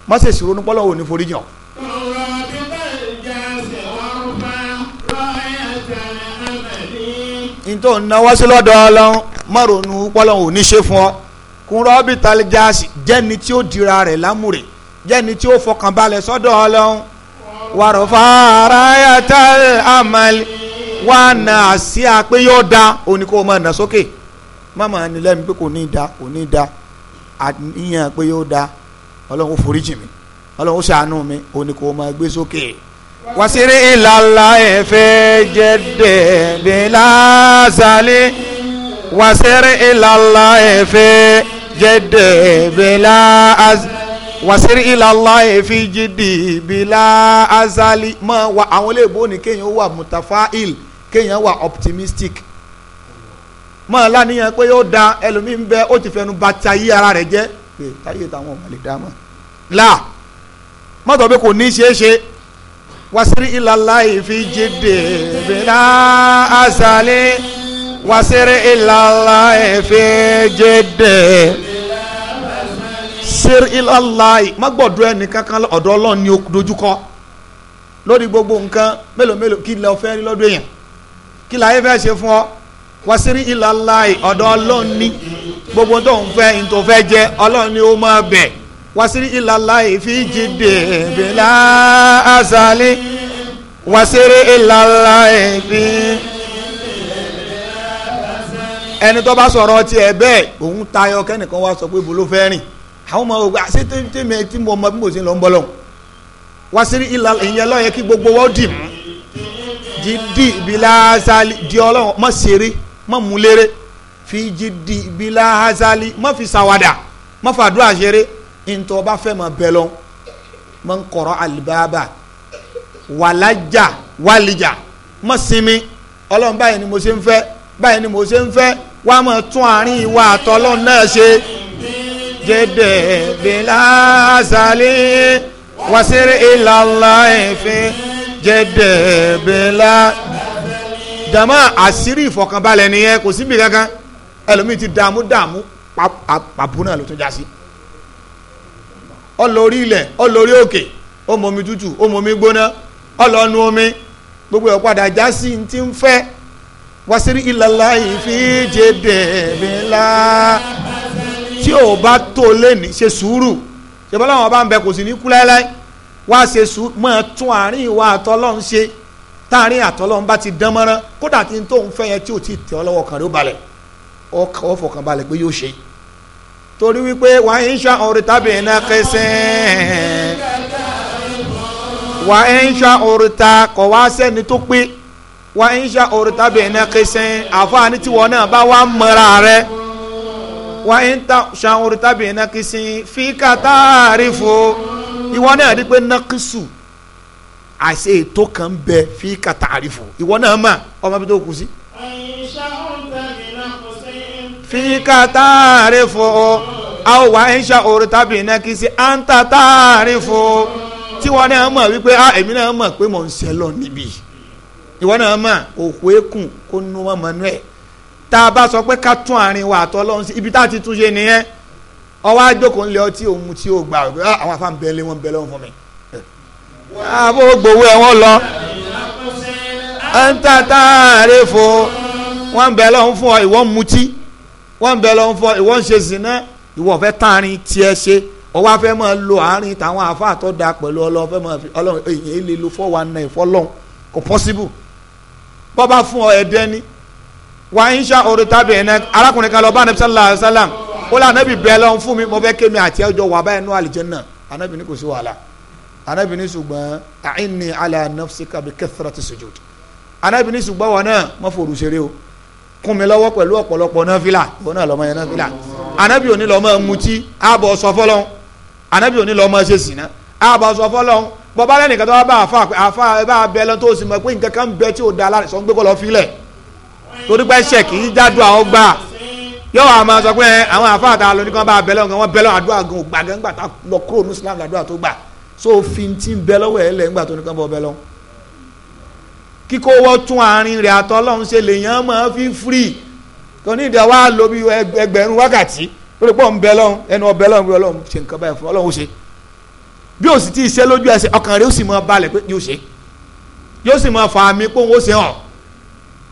má ṣe ṣòro nípa Ọlọ́run ní foríjàn. ntọ́ náwó sí lọ́dọ̀ Ọlọ́run má ronú pọ́lọ́run ò ní ṣe fún ọ kun rọ́bì tàlídàṣe jẹ́ni tí ó dira rẹ̀ lámùrè jẹ́ni tí ó fọkànbalẹ̀ sọ́dọ̀ Ọlọ́run wàrúfàráyà tàlámàlì wá na àsíá pé yóò da òní kó o máa nà sókè má máa ní lẹ́nu pé kò ní da kò ní da àníyàn pé yóò da ọlọ́run ó foríjì mi ọlọ́run ó ṣàánú mi òní kó o máa gbé sókè. wàsírí ìlàlà ẹ̀fẹ́ jẹ́dẹ̀ bí lásàlẹ̀ wàsírí ìlàlà ẹ̀fẹ́ jẹ́dẹ̀ bí lásàlẹ̀ wàsírí ìlàlá èéfì jìdì azali mọ àwọn olóògbé òní kéèyàn ó wà mutafail kéèyàn wà optimistic mọ láníyàn pé ó da ẹlòmíín bẹ ó ti fẹnu ba ti ara rẹ̀ jẹ́ pé táyé táwọn ọmọ lè dá mọ là mọtò pé kò ní ṣeé ṣe wasiri ilalayi fi jide bina azali wasiri ilalayi fi jide sir ilalayi má gbọ́dọ̀ ẹni kankan ọ̀dọ̀ Ọlọ́run ni ó dojúkọ lórí gbogbo nǹkan mélòó mélòó kí lọ fẹ́ rí lọ́dọ̀ èèyàn kí láyé fẹ́ ṣe fún ọ wasiri ilàláì ọ̀dọ̀ ọlọ́run ní gbogbo tó ń fẹ́ ní tó fẹ́ jẹ ọlọ́run ní ó máa bẹ̀ wasiri ilàláì fi jìde bìlà àzàlí wasiri ilàláì fi. ẹni tó bá sọ̀rọ̀ tiẹ̀ bẹ́ẹ̀ òun tayọ kẹ́nìkan wá sọ pé ibo ló fẹ́ rìn àwọn ọmọ ògbà ṣé tí mo mọ bí mo ṣe lọ ń bọ́ lọ́hùn wasiri ilàláì ìyẹn lọ́yẹ kí gbogbo wọ́n dì mú jìdí bílá hasali di ọlọ́run má ṣeré má mulere fi jìdí bílá hasali má fi sawada má fàdúrà ṣeré ntọ́ bá fẹ́ mọ̀ bẹ́ẹ̀ lọ má ń alibaba àlìbáàbà wàlájà wàlìjà má sinmi ọlọ́run báyìí ni mo ṣe ń fẹ́ báyìí ni mo ṣe ń fẹ́ wàá mọ̀ tún àárín ìwà àtọ́lọ́run náà ṣe jẹ́dẹ̀ bílá hasali wàṣírí ẹ̀fẹ́ jẹ́dẹ̀ bẹ́lá jama àṣírí ìfọ̀kànbalẹ̀ nìyẹn kò síbi kankan ẹlòmíì ti dààmú dààmú pàbó náà ló tún já sí ọlọrí ilẹ̀ ọlọrí òkè ọmọmi tútù ọmọmi gbóná ọlọ́nu omi gbogbo ẹ̀ padà já sí ti ń fẹ́ wàsírí ìlàlá ìfíje dẹ̀ẹ́bìnlá tí ò bá tó lé ní ṣe sùúrù ṣe bọ́lá wọn bá ń bẹ kò sí ní kú wá ṣe sùn mọ́ tún àárín ìwà àtọ́lọ́run ṣe táàrin àtọ́lọ́run bá ti dán mọ́rán kódà tí n tó ń fẹ́ yẹn tí ò ti tẹ̀ ọ lọ́wọ́ kan ló balẹ̀ ọ fọkàn balẹ̀ pé yóò ṣe torí wípé wàá ń ṣá ọ̀rẹ́ tàbí iná kẹsàn wà wàá ń ṣá ọ̀rẹ́ ta kọ̀ wá sẹ́ni tó pé wàá ń ṣá ọ̀rẹ́ tàbí iná kẹsàn-án àfọ̀hání tiwọn náà bá wà mọ́ra rẹ̀ wàá ń ta ṣá ọ̀rẹ́ tàbí iná kẹsàn-án fi fún. ìwọ náà rí pé nákísù àṣe ètò kan bẹ fi kàtà àrífò ìwọ náà mà ọmọ bí tó kù sí. fi kàtà àrífò àwọn wà ń ṣe òru tàbí nákísì à ń tàtà àrífò tí wọn náà mọ̀ wípé a ah, èmi náà mọ̀ pé mò ń ṣe lọ níbí ìwọ náà mọ̀ òkú ekùn kó nu ọmọ nú ẹ̀ tá a bá sọ pé ká tún àárín wa àtọ́ lọ́hún sí ibi tá a ti túnṣe nìyẹn ọwọ́ àjòkó ńlẹ̀ ọtí òun tí ó gbà ah, àwọn afá ń bẹ lé wọn bẹ lọ́wọ́ fún mi. àbò ah, gbowó ẹ wọn lọ ẹńtà tá a rè fo wọn bẹ lọ́wọ́ fún ọ ìwọ ń mutí wọn bẹ lọ́wọ́ fún ọ ìwọ ṣe zìnà ìwọ fẹ́ tààrin tiẹ̀ ṣe ọwọ́ afẹ́ máa lo àárín tàwọn afá àtọ́ da pẹ̀lú ọlọ́wọ́ fẹ́ máa fi ọlọ́wọ́ èyí lè lo four one nine fọlọ́n kò possible bọ́ bá fún ọ ẹ̀dẹ́ni wàá ń ṣá orí ó lé anabi bẹ́ẹ̀ lọ́n fún mi mo fẹ́ kémi àti ẹjọ́ wà báyìí nú àlìjẹ́nà anabi ní kò sí wàhálà anabi ní ṣùgbọ́n àìní ala nafsika bi kathrati sujud anabi ní ṣùgbọ́n wọn náà má forú ṣeré o kún mi lọ́wọ́ pẹ̀lú ọ̀pọ̀lọpọ̀ náfìlà wọn náà lọ́mọ yẹn náfìlà anabi ò ní lọ́mọ mutí àbọ̀ sọ fọlọ́n anabi ò ní lọ́mọ ṣe sìnà àbọ̀ sọ fọlọ́n bọ́bá lẹ́nìkan tó bá bá àfa àfa ẹ bá bẹ lọ́n tó sì mọ̀ pé nǹkan kan bẹ tí ò da aláàrẹ̀ ń gbé kọ́ lọ́ torí pé ṣẹ̀ kì í jádùn àwọn gbà yóò wá máa sọ pé eh, àwọn àfáà tá a lọ ní kí wọ́n bá bẹ́lẹ̀ ọ̀gán wọ́n bẹ́lẹ̀ àdúrà gan ògbà gan gbà tá lọ kúrò ní Islam làdúrà tó gbà so òfin ti ń bẹ lọ́wọ́ ẹ̀ lẹ́yìn gbà tó ní kí wọ́n bọ́ bẹ́lẹ̀ ọ̀hún. kíkó wọ́n tún àárín rẹ̀ àtọ́ lọ́hún ṣe lè yàn máa fi free kò ní ìdá wa lo bí ẹgbẹ̀rún wákàtí lórí pọ̀ ń bẹ lọ́hún ẹnu ọbẹ̀ lọ́hún Ọlọ́hun ṣe nǹkan báyìí fún Ọlọ́hun ṣe bí o sì ti ṣe lójú ẹsẹ̀ ọkàn rẹ̀ ó sì máa balẹ̀ pé yóò ṣe yóò sì máa fà mí ó ṣe hàn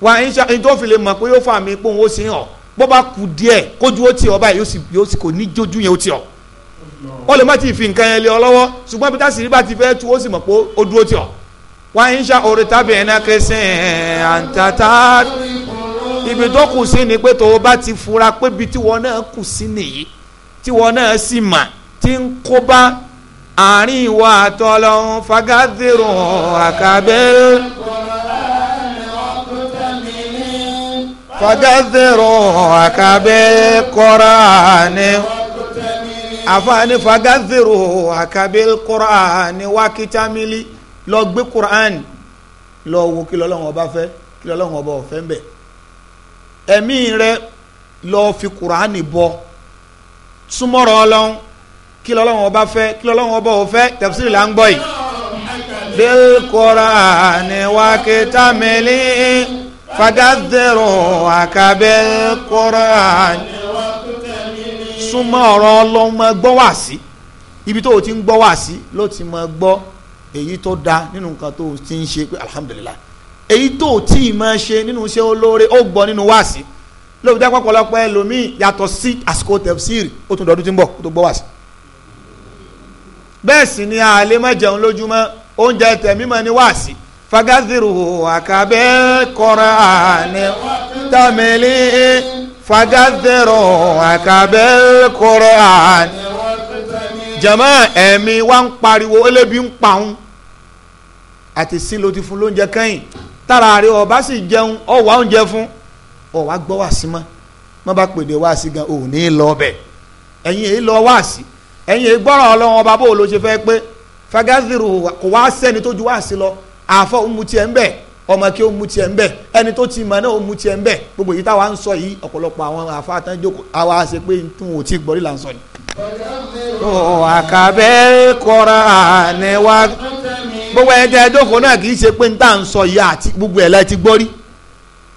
wá ní tó fi lè mọ̀ pé yóò fà mí ó ṣe hàn bó bá kù díẹ̀ kójú ó ti ọ báyìí yóò sì kò ní jójú yẹn ó ti ọ wọ́n lè má ti fi nǹkan yẹn lé ọ lọ́wọ́ ṣùgbọ́n bí tásìrì bá ti fẹ́ tu ó sì mọ̀ pé ó dúró ti ọ. wá ń ṣá orí tábìlì ẹ̀ náà kẹsàn àǹtàtà ibi tó kù sí ni pé tó o bá ti fura pé ibi tíwọ náà kù sí nìyí tíwọ náà sì mà tí ń kó bá àárín ìwà àtọ́lọ́hún fagadérò àkàbẹ́rẹ́. fagaziru akabe korani afaani fagaziru akabe korani wakitamili lọ gbé korani lọ wo kí lọ́lọ́run ọba fẹ́ kí lọ́lọ́run ọba ọ̀fẹ́ ń bẹ̀ fi korani bọ súnmọ́rọ̀ ọlọ́run kí lọ́lọ́run ọba fẹ́ kí lọ́lọ́run ọba ọ̀fẹ́ tẹ̀síìrì là ń gbọ́ yìí fagazero akabe koran súnmọ́ ọ̀rọ̀ ọlọ́run máa gbọ́ wá sí ibi tó o ti ń gbọ́ wá sí ló ti máa gbọ́ èyí tó da nínú nǹkan tó o ti ń ṣe pé alhamdulilah èyí tó o tí ì máa ṣe nínú iṣẹ́ olóore ó gbọ́ nínú wá sí lóbi dá pọ̀pọ̀lọpọ̀ ẹlòmíì yàtọ̀ sí àsìkò tẹ̀síìrì ó tún dọ̀dún tí ń bọ̀ kó tó gbọ́ wá sí. bẹ́ẹ̀ sì ni àlè má jẹun lójúmọ́ oúnjẹ tẹ̀mí mọ́ ni wá sí fagaziruhu akabe kọ́ránì tamili fagaziruhu akabe kọ́ránì. jama ẹ̀mí wa ń pariwo elébi ń pa òun àti sí ló ti fún lóúnjẹ kẹ́yìn tára rẹ ọba sì jẹun ọwà oúnjẹ fún ọwà gbọ́ wá sí mọ́ mọ́ bá pèdè wá sí gan òní lọ ọbẹ̀ ẹ̀yin èyí lọ wá sí ẹ̀yin èyí gbọ́ràn ọlọ́run ọba bó ló ṣe fẹ́ pé fagaziru kò wá sẹ́ni tó ju wá sí lọ àfọ òmùtiẹ̀ ń bẹ̀ ọmọ kí òmùtiẹ̀ ń bẹ̀ ẹni tó ti mọ náà òmùtiẹ̀ ń bẹ̀ gbogbo yìí táwa ń sọ yìí ọ̀pọ̀lọpọ̀ àwọn àfa tán jókòó àwa ṣe pé tún ò tí gbọ́rí là ń sọ ni. àkàbẹ́ kọ́ra ni wá gbogbo ẹ̀ tẹ́ náà kì í ṣe pé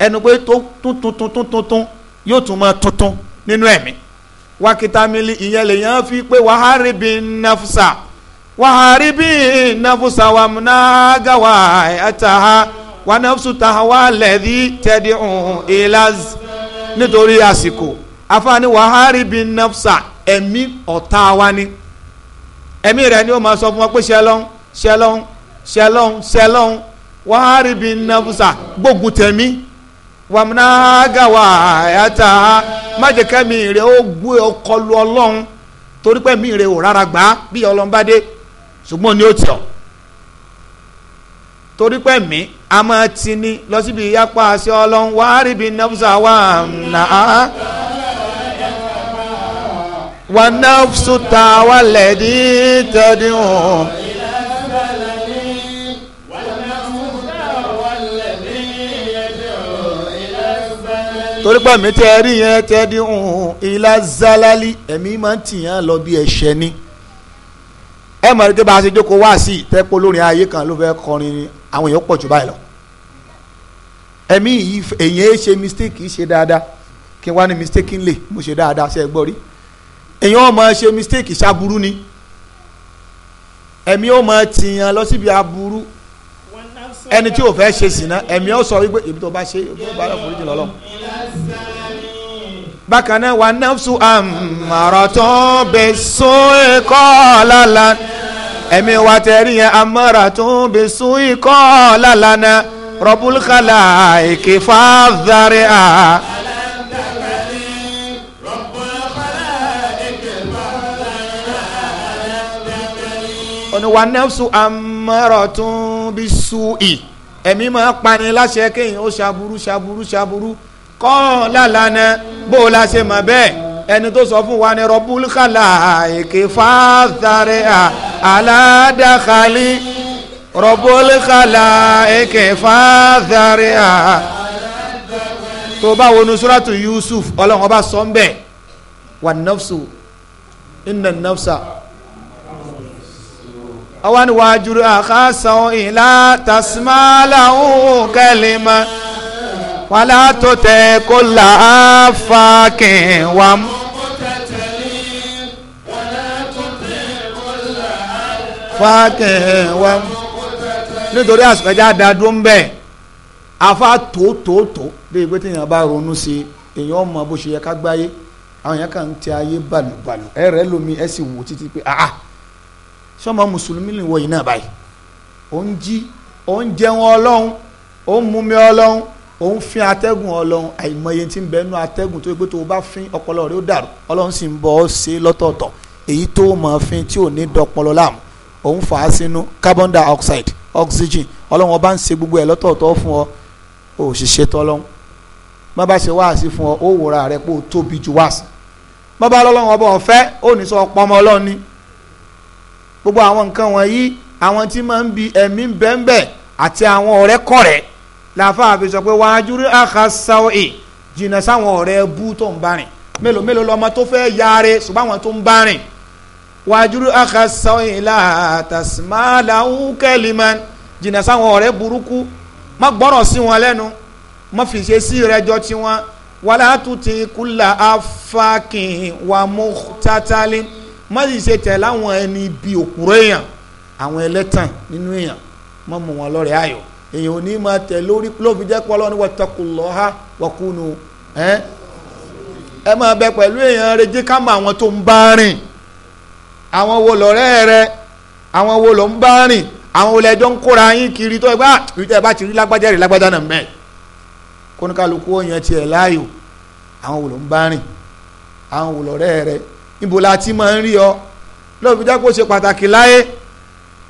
ń fi pé وحاربي النفس وامنع قواعتها ونفس تهوى الذي تدعو إلى nítorí àsìkò afáàní wàhálìbí nafsa ẹ̀mí ọ̀tá wa ni ẹ̀mí rẹ̀ ni o máa sọ fún wa pé ṣẹlọ́n ṣẹlọ́n ṣẹlọ́n ṣẹlọ́n wàhálìbí nafsa gbógun tẹ̀mí wàmúnágàwà àyàtà májèkẹ́mi rẹ̀ ó gbé ọkọlù ọlọ́run torí pé mi rẹ̀ ò rárá gbà á bí ọlọ́run bá dé ṣùgbọ́n ní ó tì ọ́ torí pé mi a máa ti ní lọ síbi yapa àṣẹ ọlọ́run wà á rí bi nafsa wà nà á wà nafsu ta wà lẹ́dí tẹ́dí hàn. torí pé mi tẹ́ rí yẹn tẹ́dí hàn ilá zálálí ẹ̀mí máa ń tìyàn lọ bí ẹ̀ṣẹ̀ ni ẹ mọ̀ nítorí bá a ṣe jókòó wá sí ìtẹ́pọ̀ lórin ayé kan ló fẹ́ kọrin ni àwọn èèyàn pọ̀ jù báyìí lọ ẹ̀mí yìí èèyàn ṣe mistake ṣe dáadáa kí wá ní mistake ńlẹ̀ mo ṣe dáadáa ṣe é gbọ́ rí èèyàn ọmọ ṣe mistake ṣaburú ni ẹ̀mí ọmọ tìyàn lọ síbi aburú ẹni tí ò fẹ́ ṣe sìnà ẹ̀mí ọ sọ wípé ibi tó bá ṣe ibi tó bá lọ foríjì lọ́lọ́ bákan náà wà nafsu ammaratun bis-su'i qala lana ẹ̀mí wa tẹ̀rí yẹn ammaratun bis-su'i qala lana rabbul khala'iki fadhari'a. ọ̀nà wà nafsu ammaratun bis-su'i ẹ̀mí máa pani láṣẹ kéèyàn ó ṣaburú ṣaburú ṣaburú kọ́ lálànà bó o la ṣe mọ̀ bẹ́ẹ̀ ẹni tó sọ fún wa ni rọ́bùlùkàlà èké fàtàrẹ́ aládàkàlì rọ́bùlùkàlà èké fàtàrẹ́ tó bá wọnú suratu Yusuf ọlọ́run ọba sọ ń bẹ̀ wà nọ́fṣù inna nọ́fṣà àwọn wàjúrò àkàsàn ìlà tasmàlà kẹlẹ́mà wàlá tó tẹ kó là á fa kìn wá mú. fákẹ́ wa nítorí àsìkọjá dàdú ń bẹ̀ afa tòótòótò léyìí pé téèyàn bá ronú sí i èèyàn mọ bó ṣe yẹ ká gbáyé àwọn yẹn kàn ń tẹ ayé balùbalù ẹ rẹ lómi ẹ sì wò títí pé ah sọmọ mùsùlùmí lè wọ yìí náà báyìí ó ń jí ó ń jẹun ọlọ́run ó ń mumi ọlọ́run òun fín atẹ́gùn ọlọ́run àìmọye tí ń bẹnu atẹ́gùn tó yẹ pé tó o bá fín ọpọlọ rẹ ó dàrú ọlọ́run sì ń bọ̀ ọ́ ṣe lọ́tọ̀ọ̀tọ̀ èyí tó mọ̀ fín tí ò ní dọpọlọ láàmú òun fà á sínú carbon dioxide oxygen ọlọ́run ọba ń ṣe gbogbo ẹ̀ lọ́tọ̀ọ̀tọ̀ fún ọ ò sì ṣe tọ́lọ́run má bá ṣe wáàsí fún ọ ó wòra rẹ pé ó tóbi ju wáàsí má bá lọ́lọ́run ọba ọ̀fẹ́ ó ní sọ ọpọmọ ọlọ́run ni gbogbo àwọn nǹkan wọ̀nyí àwọn tí máa ń bi ẹ̀mí bẹ́ńbẹ́ àti làáfàá fi sọ pé wájú rí àkàsáwò ẹ̀ jìnnà sáwọn ọ̀rẹ́ bú tó ń bá rìn mélòó mélòó lọmọ tó fẹ́ yaare ṣùgbọ́n àwọn tó ń bá rìn wájú rí àkàsáwò ẹ̀ látàsímà làwọn kẹ́lìmán jìnnà sáwọn ọ̀rẹ́ burúkú má gbọ́rọ̀ sí wọn lẹ́nu má fi ṣe sí ìrẹ́jọ tiwọn wàlá tuti kúlà afákin wàmú tátálí má sì ṣe tẹ̀ láwọn ẹni bíi òkúrẹ́ àwọn ẹlẹ́tàn nínú èèyàn má mú wọn lọ́rẹ̀ẹ́ ayọ̀ èyàn ò ní máa tẹ̀ lórí ló fi jẹ́ pọ́lọ́ ní wattaqullaha ha kunu ẹ máa bẹ pẹ̀lú èyàn rẹ jẹ́ ká mọ àwọn tó ń bá rìn àwọn wo lọ́rẹ́ rẹ àwọn wo lọ ń bá rìn àwọn olè ń kóra yín kiri tó ẹgbẹ́ àtúntẹ̀ ah, bá ti rí lágbájá lágbájá náà mẹ́ẹ̀ láàyò àwọn wo ń bá rìn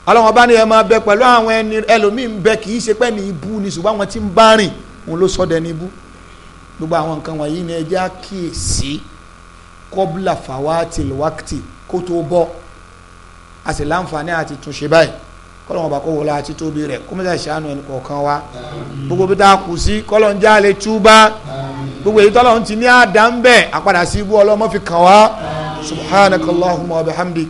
ọlọ́wọ́n bá ní ẹ máa bẹ pẹ̀lú àwọn ẹni ẹlòmíín bẹ kì í ṣe pẹ́ ní ibú ni ṣùgbọ́n àwọn tí ń bá rìn òun ló sọ́dẹ̀ ní ibú gbogbo àwọn nǹkan wọ̀nyí ni ẹjẹ́ àkíyèsí kọ́bùlà fàwátì lùwákìtì kó tó bọ́ a sì láǹfààní àti túnṣe báyìí kọ́lọ́wọ́n bá kó wọlé àti tóbi rẹ̀ kó mẹ́ta ìṣàánú ẹnì kọ̀ọ̀kan wa gbogbo bí tá a kù sí kọ́lọ́n já túbá gbogbo fi kàn wá subhanakallahumma wa bihamdik.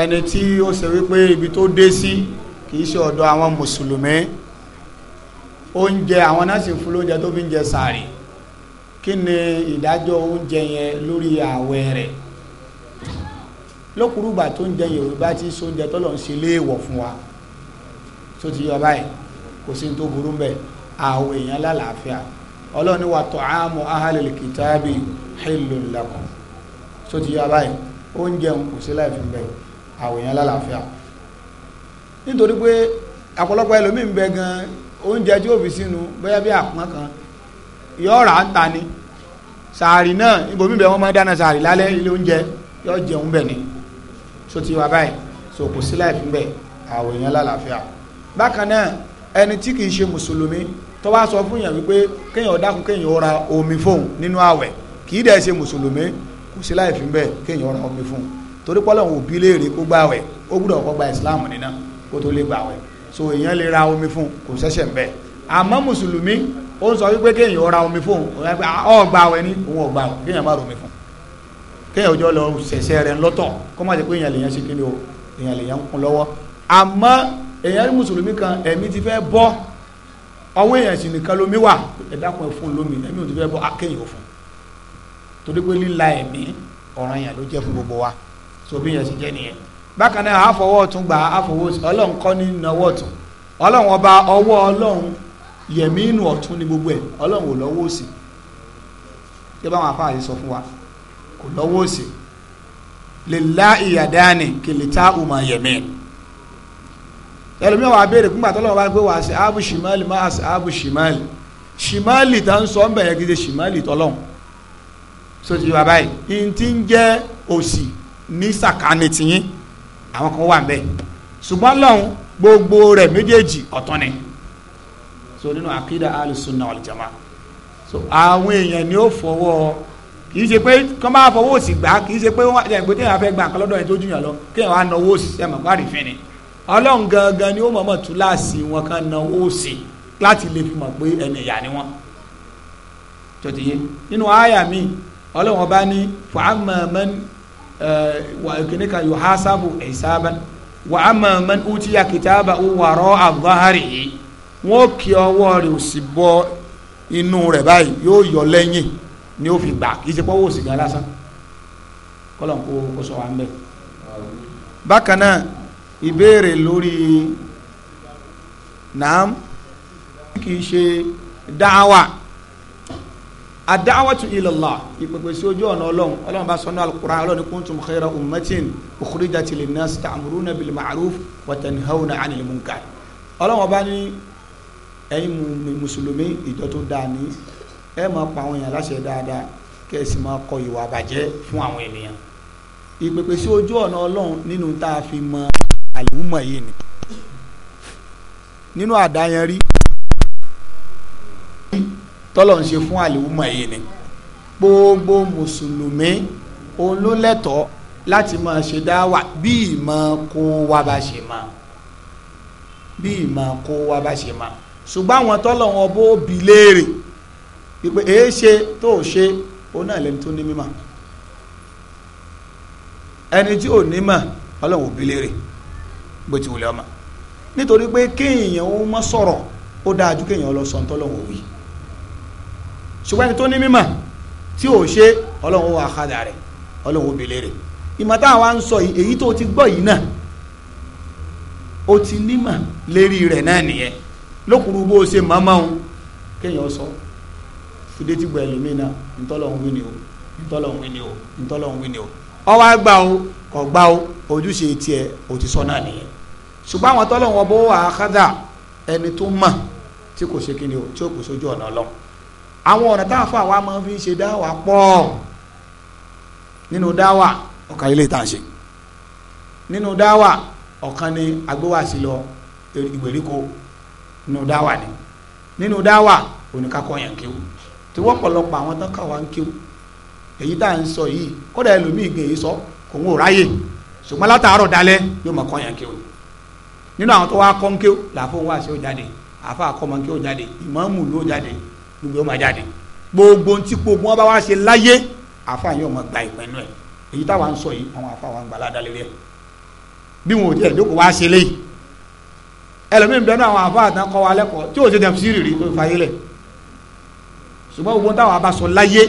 ẹni tí ó ṣe wípé ibi tó dé sí kìí ṣe ọ̀dọ̀ àwọn mùsùlùmí oúnjẹ àwọn náà sì fún lóúnjẹ tó fi ń jẹ sàárì kí ni ìdájọ́ oúnjẹ yẹn lórí ààwẹ̀ rẹ̀ lókùrúgbà tó ń jẹ yòówù bá ti so oúnjẹ tọ́lọ̀ ń ṣe léèwọ̀ fún wa tó ti yọ báyìí kò sí tó burú mbẹ ààwẹ̀ èèyàn lálàáfíà ọlọ́ni wa ta'amu ahlil kitabi hillun lakum tó ti yọ báyìí oúnjẹ kò sí láì fi bẹ́ẹ̀ àwẹ̀ yẹn lálàáfíà nítorí pé àpọ̀lọpọ̀ ẹlòmíì ń bẹ gan oúnjẹ tí ó fi sínú bóyá bí àpọ́n kan yóò rà á ta ni sàárì náà ibòmí bẹ wọn máa dáná sàárì lálẹ́ ilé oúnjẹ yóò jẹun bẹ̀ ni so ti wá báyìí so kò sí láì fún bẹ̀ àwẹ̀ yẹn lálàáfíà bákan náà ẹni tí kì í ṣe mùsùlùmí tó bá sọ fún yàn wípé kéèyàn dákun kéèyàn ra omi fóun nínú àwẹ̀ kì í dẹ̀ ṣe mùsùlùmí kò sí láì fi bẹ́ẹ̀ kéèyàn ra omi fóun torí pé Ọlọ́run òbí léèrè kó gbààwẹ̀ ó gbúdọ̀ kọ́ gba ìsìláàmù nínà kó tó lè gbààwẹ̀ so èèyàn lè ra omi fún kò ṣẹ̀ṣẹ̀ ń bẹ̀ àmọ́ mùsùlùmí ó ń sọ wípé kéèyàn ra omi fún ọ ah, gbààwẹ̀ ní òun ò gbààwẹ̀ kéèyàn má ra omi fún kéèyàn ọjọ́ lọ ṣẹ̀ṣẹ̀ rẹ̀ lọ́tọ̀ kó má jẹ́ pé èèyàn lèèyàn ṣe kí ni o èèyàn lèèyàn ń kún lọ́wọ́ àmọ́ èèyàn rí mùsùlùmí kan ẹ̀mí ti fẹ́ bọ́ ọwọ́ èèyàn sì nìkan lomi wà ẹ̀dákun ẹ̀ fún lomi ẹ̀mí ò ti fẹ́ bọ́ akéèyàn fún torí pé líla ẹ̀mí ọ̀ràn èèyàn ló jẹ́ fún gbogbo wa sobi yẹn ti jẹ́ nìyẹn bákan náà àfọwọ́ tún gba àfọwọ́ ọlọ́run kọ́ ní nawọ́ tún ọlọ́run ọba ọwọ́ ọlọ́run yẹ̀mí inú ọ̀tún ní gbogbo ẹ̀ ọlọ́run ò lọ́wọ́ òsì tí báwọn afáà yìí sọ fún wa kò lọ́wọ́ òsì lillahi yadani kìlìtà ọmọ yẹ̀mí ẹlòmíràn wà á béèrè fún gbàtọ́ lọ́wọ́ bá gbé wà sí abu shimali má sí abu shimali shimali tá ń sọ ń bẹ̀rẹ̀ gidi shimali tọ́lọ́run sotigi ní sàkání tiyín àwọn kan wà ń bẹ ṣùgbọ́n lọ́hùn gbogbo rẹ̀ méjèèjì ọ̀tọ̀ ni so nínú akida alusunna alijama so àwọn èèyàn ni ó fọwọ́ kì í ṣe pé kọ́ máa fọwọ́ òsì gbà kì í ṣe pé wọ́n àti ẹ̀gbẹ́ téèyàn fẹ́ gba nǹkan lọ́dọ̀ yẹn tó jùyàn lọ kéèyàn wá náwó òsì ẹ̀ mọ̀ gbáàdì fínni ọlọ́run gangan ni ó mọ̀ọ́mọ̀ tú láàsì wọn kan náwó òsì láti lè fi mọ̀ pé ẹni ìyá ni wọ́n tó ti yé nínú àyà mi ọlọ́run ọba ní fàámà mẹ́ni kìnìún eh, kan yuhasabu hisaban من amma man utiya kitabahu wara'a dhahrihi wọn kì ọwọ́ rẹ̀ òsì bọ inú rẹ̀ báyìí yóò yọ lẹ́yìn ni ó fi gbà kì í ṣe pọ́wọ́ òsì gan lásán kọ́lọ̀n kó o sọ wa ń bẹ̀. bákan náà ìbéèrè lórí naam kì í ṣe dáhàwá adáwàtú ilallah ìpèpè sí ojú ọ̀nà ọlọ́run ọlọ́run bá sọ ní alukur'an ọlọ́run kuntum khayra ummatin ukhrijat linnas ta'muruna bil ma'ruf wa tanhawna 'anil munkar ọlọ́run ọba ní ẹ̀yin mùsùlùmí ìjọ tó dáa ní ẹ máa pa àwọn èèyàn láṣẹ dáadáa kẹ́ ẹ sì máa kọ ìwà àbàjẹ́ fún àwọn ènìyàn ìpèpè sí ojú ọ̀nà ọlọ́run nínú tá a fi mọ àlùmọ̀ yìí ni nínú àdáyanrí tọ́lọ̀ ń ṣe fún àlèwúmọ̀ èyí ni gbogbo mùsùlùmí òun ló lẹ́tọ̀ọ́ láti máa ṣe dáwà bí ìmọ̀ kó wa bá ṣe mọ̀ bí ìmọ̀ kó wa bá ṣe mọ̀ ṣùgbọ́n àwọn tọ́lọ̀ wọn bó bi léèrè ìpè èé ṣe tó ṣe òun náà lẹni tó ní mímọ̀ ẹni tí ò ní mọ̀ ọlọ́run bi léèrè bó ti wùlẹ̀ ọmọ nítorí pé kéèyàn ó mọ̀ sọ̀rọ̀ ó dáa ju kéèyàn lọ sọ̀ńtọ́ lọ́wọ́ wí ṣùgbọ́n ẹni tó ní mímọ̀ tí ò ṣe ọlọ́run wà kádà rẹ̀ ọlọ́run obìnrin rẹ̀ ìmọ̀ táwa ń sọ èyí tó ti gbọ́ yìí náà ó ti nímọ̀ lérí rẹ̀ náà nìyẹn lókùrú bó o ṣe màmá òun kéèyàn sọ fìdí ti gbọ́ ẹlòmíì náà ntọ́lọ́hún wí ni o ntọ́lọ́hún wí ni o ntọ́lọ́hún wí ni o ọwọ́ àgbà o kò gbà o ojúṣe tiẹ̀ o ti sọ náà nìyẹn ṣùgbọ́n àwọn tọ́lọ́hún ọbọ̀ wà á ẹni tó mọ̀ tí kò ṣe kí ni o tí ó kò sójú ọ̀nà ọlọ́run àwọn ọ̀nà táàfà wa máa fi ṣe dáwà pọ̀ nínú dáwà ọ̀kan ilé tá a ṣe nínú dáwà ọ̀kan ni agbówàsí lọ ìgbèríko nínú dáwà ni nínú dáwà oníkakọ̀ yàn kéwù tí wọ́pọ̀lọpọ̀ àwọn tán kà wá ń kéwù èyí tá à ń sọ yìí kódà ẹlòmíì gbé yìí sọ òun ò ráyè ṣùgbọ́n látàárọ̀ dalẹ́ yóò mọ̀ kọ́ yàn kéwù nínú àwọn tó wá kọ́ ń kéwù làáfóun wá sí ó jáde àáfà kọ́ mọ́ kéwù jáde ìmáàmù ló jáde gbogbo ọmọ jáde gbogbo ntí gbogbo wọn bá wá ṣe láyé àfa yìí ọmọ gba ìpinnu ẹ èyí táwa ń sọ yìí àwọn àfa wa ń gbà ládàlẹ rẹ bí wọn ò tiẹ̀ lóko wá ṣe léyìí ẹlòmíín bẹ́ẹ̀ náà àwọn àfa àtàn kọ́ wa lẹ́kọ̀ọ́ tí ò ṣe dẹ̀ sí rírì tó fa yé lẹ̀ ṣùgbọ́n gbogbo táwa bá sọ láyé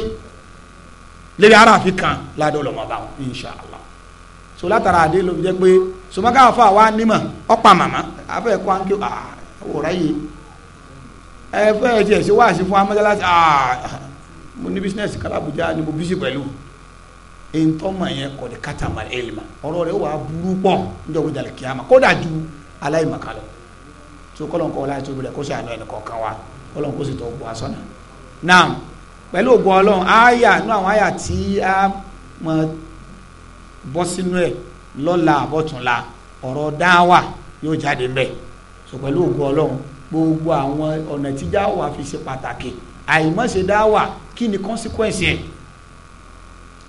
lórí aráàfin kan ládọ́ lọ́mọ bá wọn inṣàlá so látara àdé ló fi jẹ́ pé sọmọ́ká àfa wa nímọ̀ ọ̀pá màmá àfẹ́ kọ́ àńkè àwòrán yìí ẹ fẹ́ tiẹ̀ ṣe wáàsí fún amọ́sálásí ah, mo ní bísínẹ́sì kalabuja ni mo bísí pẹ̀lú ntọ́mọ yẹn kọ́ di katama elima ọ̀rọ̀ rẹ̀ wà burú pọ̀ njọ́gbọ́n jalè kíama kódà ju aláìmọ̀ká lọ tó kọ́lọ́n kọ́ láti tóbi rẹ̀ kó ṣàánú ẹnì kọ̀ọ̀kan wa kọ́lọ́n kó sì tọ́ bu asọ́nà náà pẹ̀lú ògbọ́n ọlọ́run àyà nú àwọn àyà tí a mọ̀ bọ́ sínú ẹ̀ lọ́la àbọ̀túnla ọ̀rọ̀ dáwà yóò jáde mbẹ̀ so pẹ̀lú ògbọ́n ọlọ́run gbogbo àwọn ọ̀nà tí dáwà fi ṣe pàtàkì àìmọ́ṣe dáwà kí ni consequence ẹ̀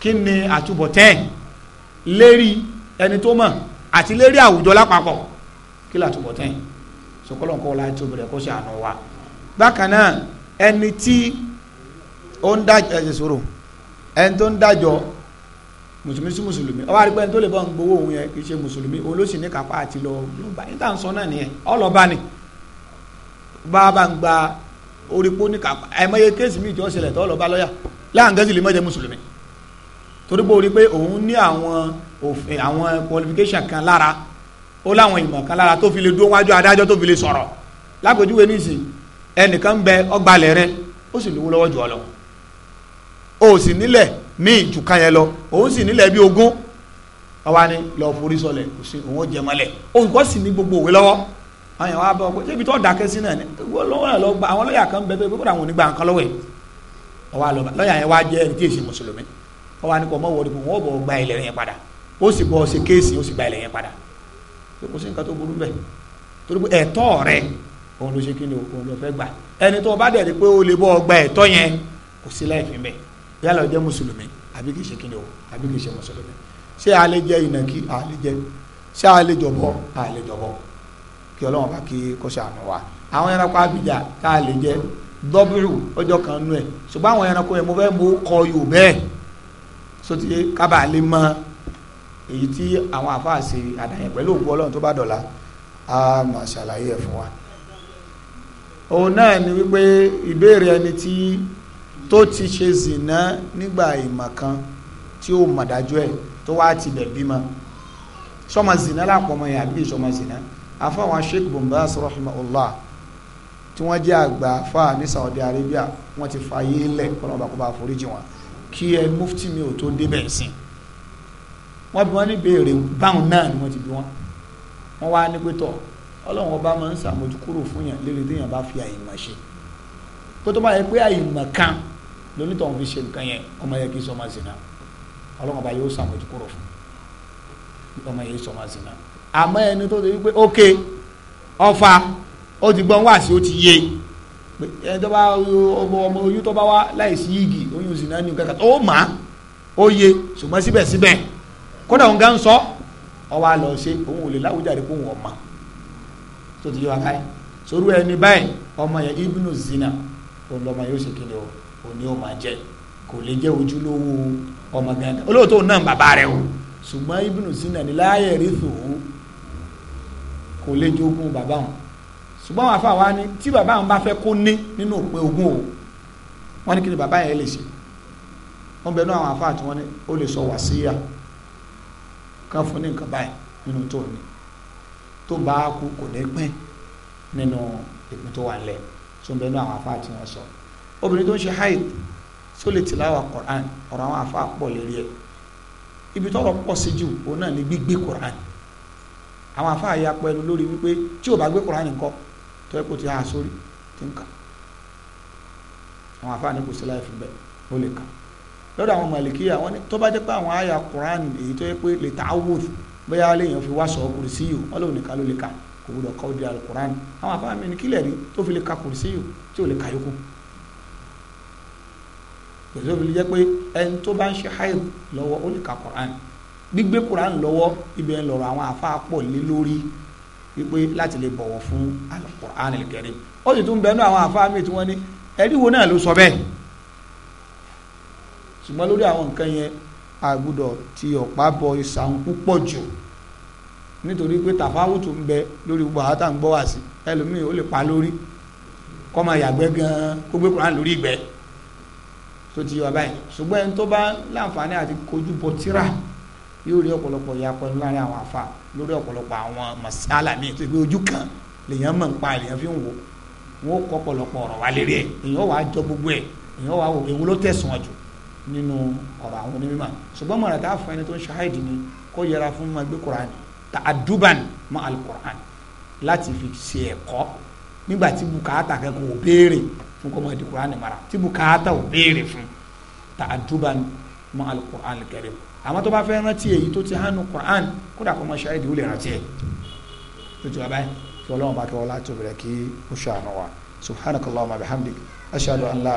kí ni àtúbọ̀tẹ́ lérí ẹni tó mọ̀ àti lérí àwùjọ lápapọ̀ kí ni àtúbọ̀tẹ́ sọkọlọ́ nǹkan ọ̀la tó bẹ̀rẹ̀ kó ṣe àná wa bákan náà ẹni tí ó ń dájọ́ ẹ̀ sọ̀rọ̀ ẹni tó ń dájọ́ mùsùlùmí sí mùsùlùmí ọba àdìpẹ́ ní tó lè bọ́ ń gbowó òun yẹn kì í ṣe mùsùlùmí olóṣì ní kápá àti lọ́ọ́ bá yín tá náà nìyẹn ọlọ́ba ni. Lo, bàbá ń gba orí pọ́ níkà àìmọye kéèsì míì tí wọ́n ṣẹlẹ̀ tọ́ lọ bá lọ́yà láǹgẹ́sì lè má jẹ́ mùsùlùmí torí pé rí pé òun ní àwọn òfin àwọn qualification kan lára ó láwọn ìmọ̀ kan lára tó fi lè dúró wájú adájọ́ tó fi lè sọ̀rọ̀ lápèjúwe nísìnyí ẹnìkan bẹ ọgbàlẹ̀ rẹ ó sì lówó lọ́wọ́ jù ọ lọ o sì nílẹ̀ ní ìjù kan yẹn lọ òun sì nílẹ̀ bí ogún ọwọ́ ni lọ́ọ́ forí sọlẹ̀ òun ó mọ́lẹ̀ òun sì ní gbogbo òwe lọ́wọ́ àwọn èèyàn wá bọ̀ pé ṣébi tó dákẹ́ sí náà ni wọ́n lọ́wọ́ yẹn lọ gba àwọn lọ́ọ̀yà kan bẹ́ẹ̀ pé kódà wọn ò ní gba nǹkan lọ́wọ́ yẹn ọwọ́ àlọ́ lọ́ọ̀yà yẹn wá jẹ́ ẹni tí èsì mùsùlùmí ọwọ́ àníkọ́ mọ́ wọ́ọ́dì fún wọn bọ̀ gba ilẹ̀ yẹn padà ó sì bọ̀ ṣe kéèsì ó sì gba ilẹ̀ yẹn padà kò sí nǹkan tó burú bẹ́ẹ̀ torí ẹ̀tọ́ rẹ òun ló ṣe kí ni òun ló fẹ́ gbà ẹni tó bá dẹ̀ rí pé ó lè bọ́ ọgbà ẹ̀tọ́ yẹn kò sí láìfín bẹ́ẹ̀ yálà ó jẹ́ mùsùlùmí àbí kì í ṣe kí ni o àbí kì í ṣe kí ọlọ́run bá kí kó ṣàánú wa àwọn ẹranko abidà tá a lè jẹ dọ́bìrù ọjọ́ kan nú ẹ̀ ṣùgbọ́n àwọn ẹranko yẹn mo fẹ́ mú kọ yòó bẹ́ẹ̀ sóti kábà lè mọ èyí tí àwọn àfáà àdáyẹn pẹ̀lú òkú ọlọ́run tó bá dọ̀la a máa ṣàlàyé ẹ̀ fún wa òun náà ni wípé ìbéèrè ẹni tí tó ti ṣe zìnà nígbà ìmọ̀ kan tí ó mọ̀ dájú ẹ̀ tó wá ti bímọ sọmọ zìnà lápọ̀ ọmọ yẹn àbí ìṣọmọ zìnà afáwọn sheikh bombas rahimahullah tí wọ́n jẹ́ àgbà fa ní saudi arabia wọ́n ti fààyè lẹ̀ kọ́nàbà kó bá foríjì wọn kí ẹ mufti mi ò tó débẹ̀ sìn wọ́n bí wọ́n ní béèrè báwọn náà ni wọ́n ti bí wọ́n wọ́n wá ní pé tọ́ ọlọ́run ọba máa ń sàmójúkúrò fún yàn lérí téèyàn bá fi àyìnmọ̀ ṣe kó tó pé àyìnmọ̀ kan lónítọ̀hún fi ṣe nǹkan yẹn ọmọ yẹ kí sọmọ zina ọlọ́run ọba yóò sàmójúkúrò fún ọmọ yẹ sọmọ zina àmọ́ ẹni tó ti wípé ok ọfà ó ti gbọ́n wá sí ó ti yé ẹ tó bá ọmọ ọmọ oyún tó bá wá láìsí igi oyún sì náà ní kankan ó mà á ó yé ṣùgbọ́n síbẹ̀síbẹ̀ kódà òun gan sọ ọ wá lọ ṣe òun ò lè láwùjáde kó wọn mọ̀ tó ti yé wa káyìí sorú ẹni báyìí ọmọ yẹn ibnu zina òun lọmọ yóò ṣe kéde o òní ó máa jẹ kò lè jẹ ojúlówó ọmọ gangan olóòótọ́ náà bàbá rẹ o ṣùgbọ́n ibnu zina ni láàyè rí tòun kò lè jogún bàbá wọn ṣùgbọ́n àwọn afáwa ni tí bàbá wọn bá fẹ́ kó ní nínú òpè ogún o wọ́n ní kí ni bàbá yẹn lè ṣe wọ́n bẹ̀rù àwọn afáà tí wọ́n ní ó lè sọ wàsíyà kan fún ní nǹkan báyìí nínú tó ní tó bá kú kò ní pín nínú ìpín tó wà lẹ̀ tó bẹ̀rù àwọn afáà tí wọ́n sọ obìnrin tó ń ṣe haid tó lè tìláwà Qur'an ọ̀rọ̀ àwọn afáà pọ̀ lérí ẹ̀ ibi tọ́rọ̀ pọ̀ sí jù òun náà ní gbígbé Qur'an àwọn afá àyà pẹ̀lú lórí wípé tí ò bá gbé kùránì ńkọ́ tó ẹ kó ti há sórí ti ń kà àwọn afá ní kò sí láì fi bẹ́ẹ̀ ó lè kà lọ́dọ̀ àwọn màlìkíyà wọ́n ní tó bá jẹ́ pé àwọn àyà kùránì èyí tó yẹ pé lè ta awúd bóyá léèyàn fi wá sọ kùrìsí yìí wọ́n lòun nìkan ló lè kà kò gbọdọ̀ kọ́ di alukùránì àwọn afá mi ní kílẹ̀ rí tó fi lè ka kùrìsí yìí tí ò lè ka yókù pẹ̀lú òfin jẹ́ gbígbé quran lọ́wọ́ ibẹ̀ lọ́rọ̀ àwọn àfáà pọ̀ lé lórí wípé láti lè bọ̀wọ̀ fún alukur'an al-karim ó sì tún bẹnu àwọn àfáà mi tí wọ́n ní ẹ̀rí wo náà ló sọ bẹ́ẹ̀ ṣùgbọ́n lórí àwọn nǹkan yẹn àgbùdọ̀ ti ọ̀pá bọ ìsàn púpọ̀ jù nítorí pé tàfáwùtù ń bẹ lórí gbogbo àwọn táwọn ń gbọ́ wá sí ẹlòmíì ó lè pa lórí kọ́ máa yàgbẹ́ gan-an kó gbé quran lórí ìgbẹ́ tó ti yọ báyìí ṣùgbọ́n ẹni tó bá láǹfààní àti kojú bọ tíra. Mm -hmm yóò rí ọ̀pọ̀lọpọ̀ ìyapọ̀ láàrin àwọn afa lórí ọ̀pọ̀lọpọ̀ àwọn masala mi tó gbé ojú kan lèyàn mọ̀ nípa lèyàn fi ń wò wọn ó kọ́ ọ̀pọ̀lọpọ̀ ọ̀rọ̀ wa lérí ẹ̀ èyàn wàá jọ gbogbo ẹ̀ èyàn wàá wò ewu ló tẹ̀sán jù nínú ọ̀rọ̀ àwọn onímọ̀ ṣùgbọ́n mọ̀ràn tá a ẹni tó ń ṣááìdì ni kó yẹra fún ma gbé ta aduban ma alukoran láti fi ṣe ẹ̀kọ́ nígbà tí bukata kẹ́kọ̀ọ́ ò mara tí bukata ò béèrè fún aduban ma alukoran kẹrìmù àmọ́ tó bá fẹ́ rántí èyí tó ti hánu Quran kódà kó mọ ṣáàdì ó lè rántí ẹ̀ tó ti wá báyìí kí ọlọ́run bá kí ọlá tó bẹ̀rẹ̀ kí ó ṣàánú wa subhanakallahumma bihamdik ashhadu an la.